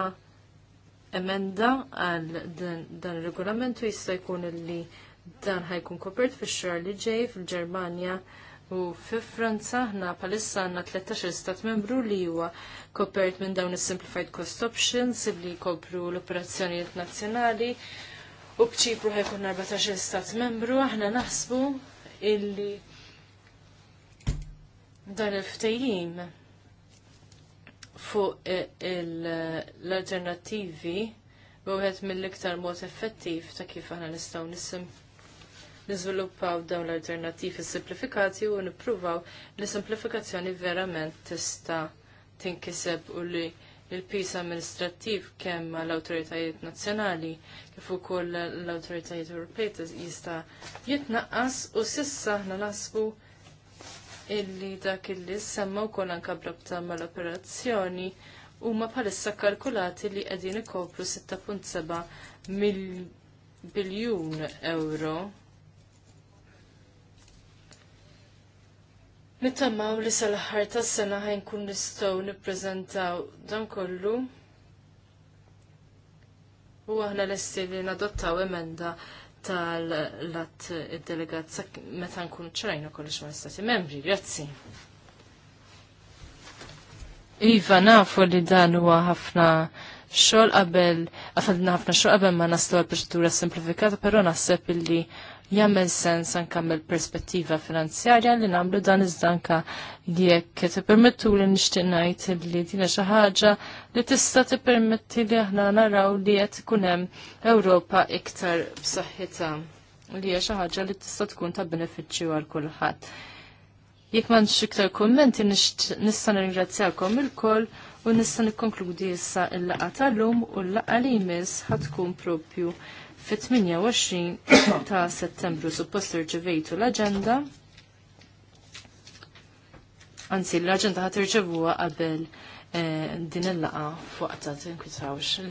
[SPEAKER 1] emenda għal dan ir-regolament u jista' jkun li dan ħajkun kopert fix xar li ġej fil-Ġermanja U fi Franza ħna palissa għanna 13 stat membru li huwa kopert minn dawn is-simplified cost options li jkopru l-operazzjonijiet nazzjonali u b'ċipru ħajkun 14 stat membru aħna naħsbu illi dan il-ftejjim fuq e- l-alternativi u mill-iktar mod effettiv ta' kif aħna nistgħu nisimplifikawhom niżviluppaw dawn l-alternativi simplifikati u nippruvaw li simplifikazzjoni verament tista' tinkiseb u li il-pis amministrattiv kemm l awtoritajiet nazzjonali kif ukoll l awtoritajiet Ewropej jista' jitnaqqas u sissa aħna nasbu illi dak illi semma wkoll anke brabta mal-operazzjoni huma bħalissa kalkulati li qegħdin ikopru 6.7 biljun euro Nittamaw li sal-ħar tas sena ħajnkun nistgħu nippreżentaw dan kollu. U aħna lesti li nadottaw emenda tal-lat id-delegat meta nkunu ċarajna kollox mal istati membri. Grazzi. Iva, nafu li dan huwa ħafna xogħol qabel, għafadna ħafna xogħol qabel ma naslu għall proċedura simplifikata, però naħseb illi Jammel sens anke mill-perspettiva finanzjarja li nagħmlu dan iżda li jekk permettu li nixtieq ngħid li dina xi ħaġa li tista' tippermetti li aħna naraw li qed ikun hemm Ewropa iktar b'saħħitha li hija xi ħaġa li tista' tkun ta' benefiċċju għal kulħadd. Jekk m'għandx iktar kummenti nista' il ilkoll u nista' nikkonkludi issa il-laqgħa tal-lum u l-laqgħa li jmiss ħadd tkun propju fit-28 <coughs> ta' settembru suppost irċevejtu l-agenda. Anzi, l-agenda ħat irċevuha qabel eh, din il-laqa fuq ta' tinkwitawx.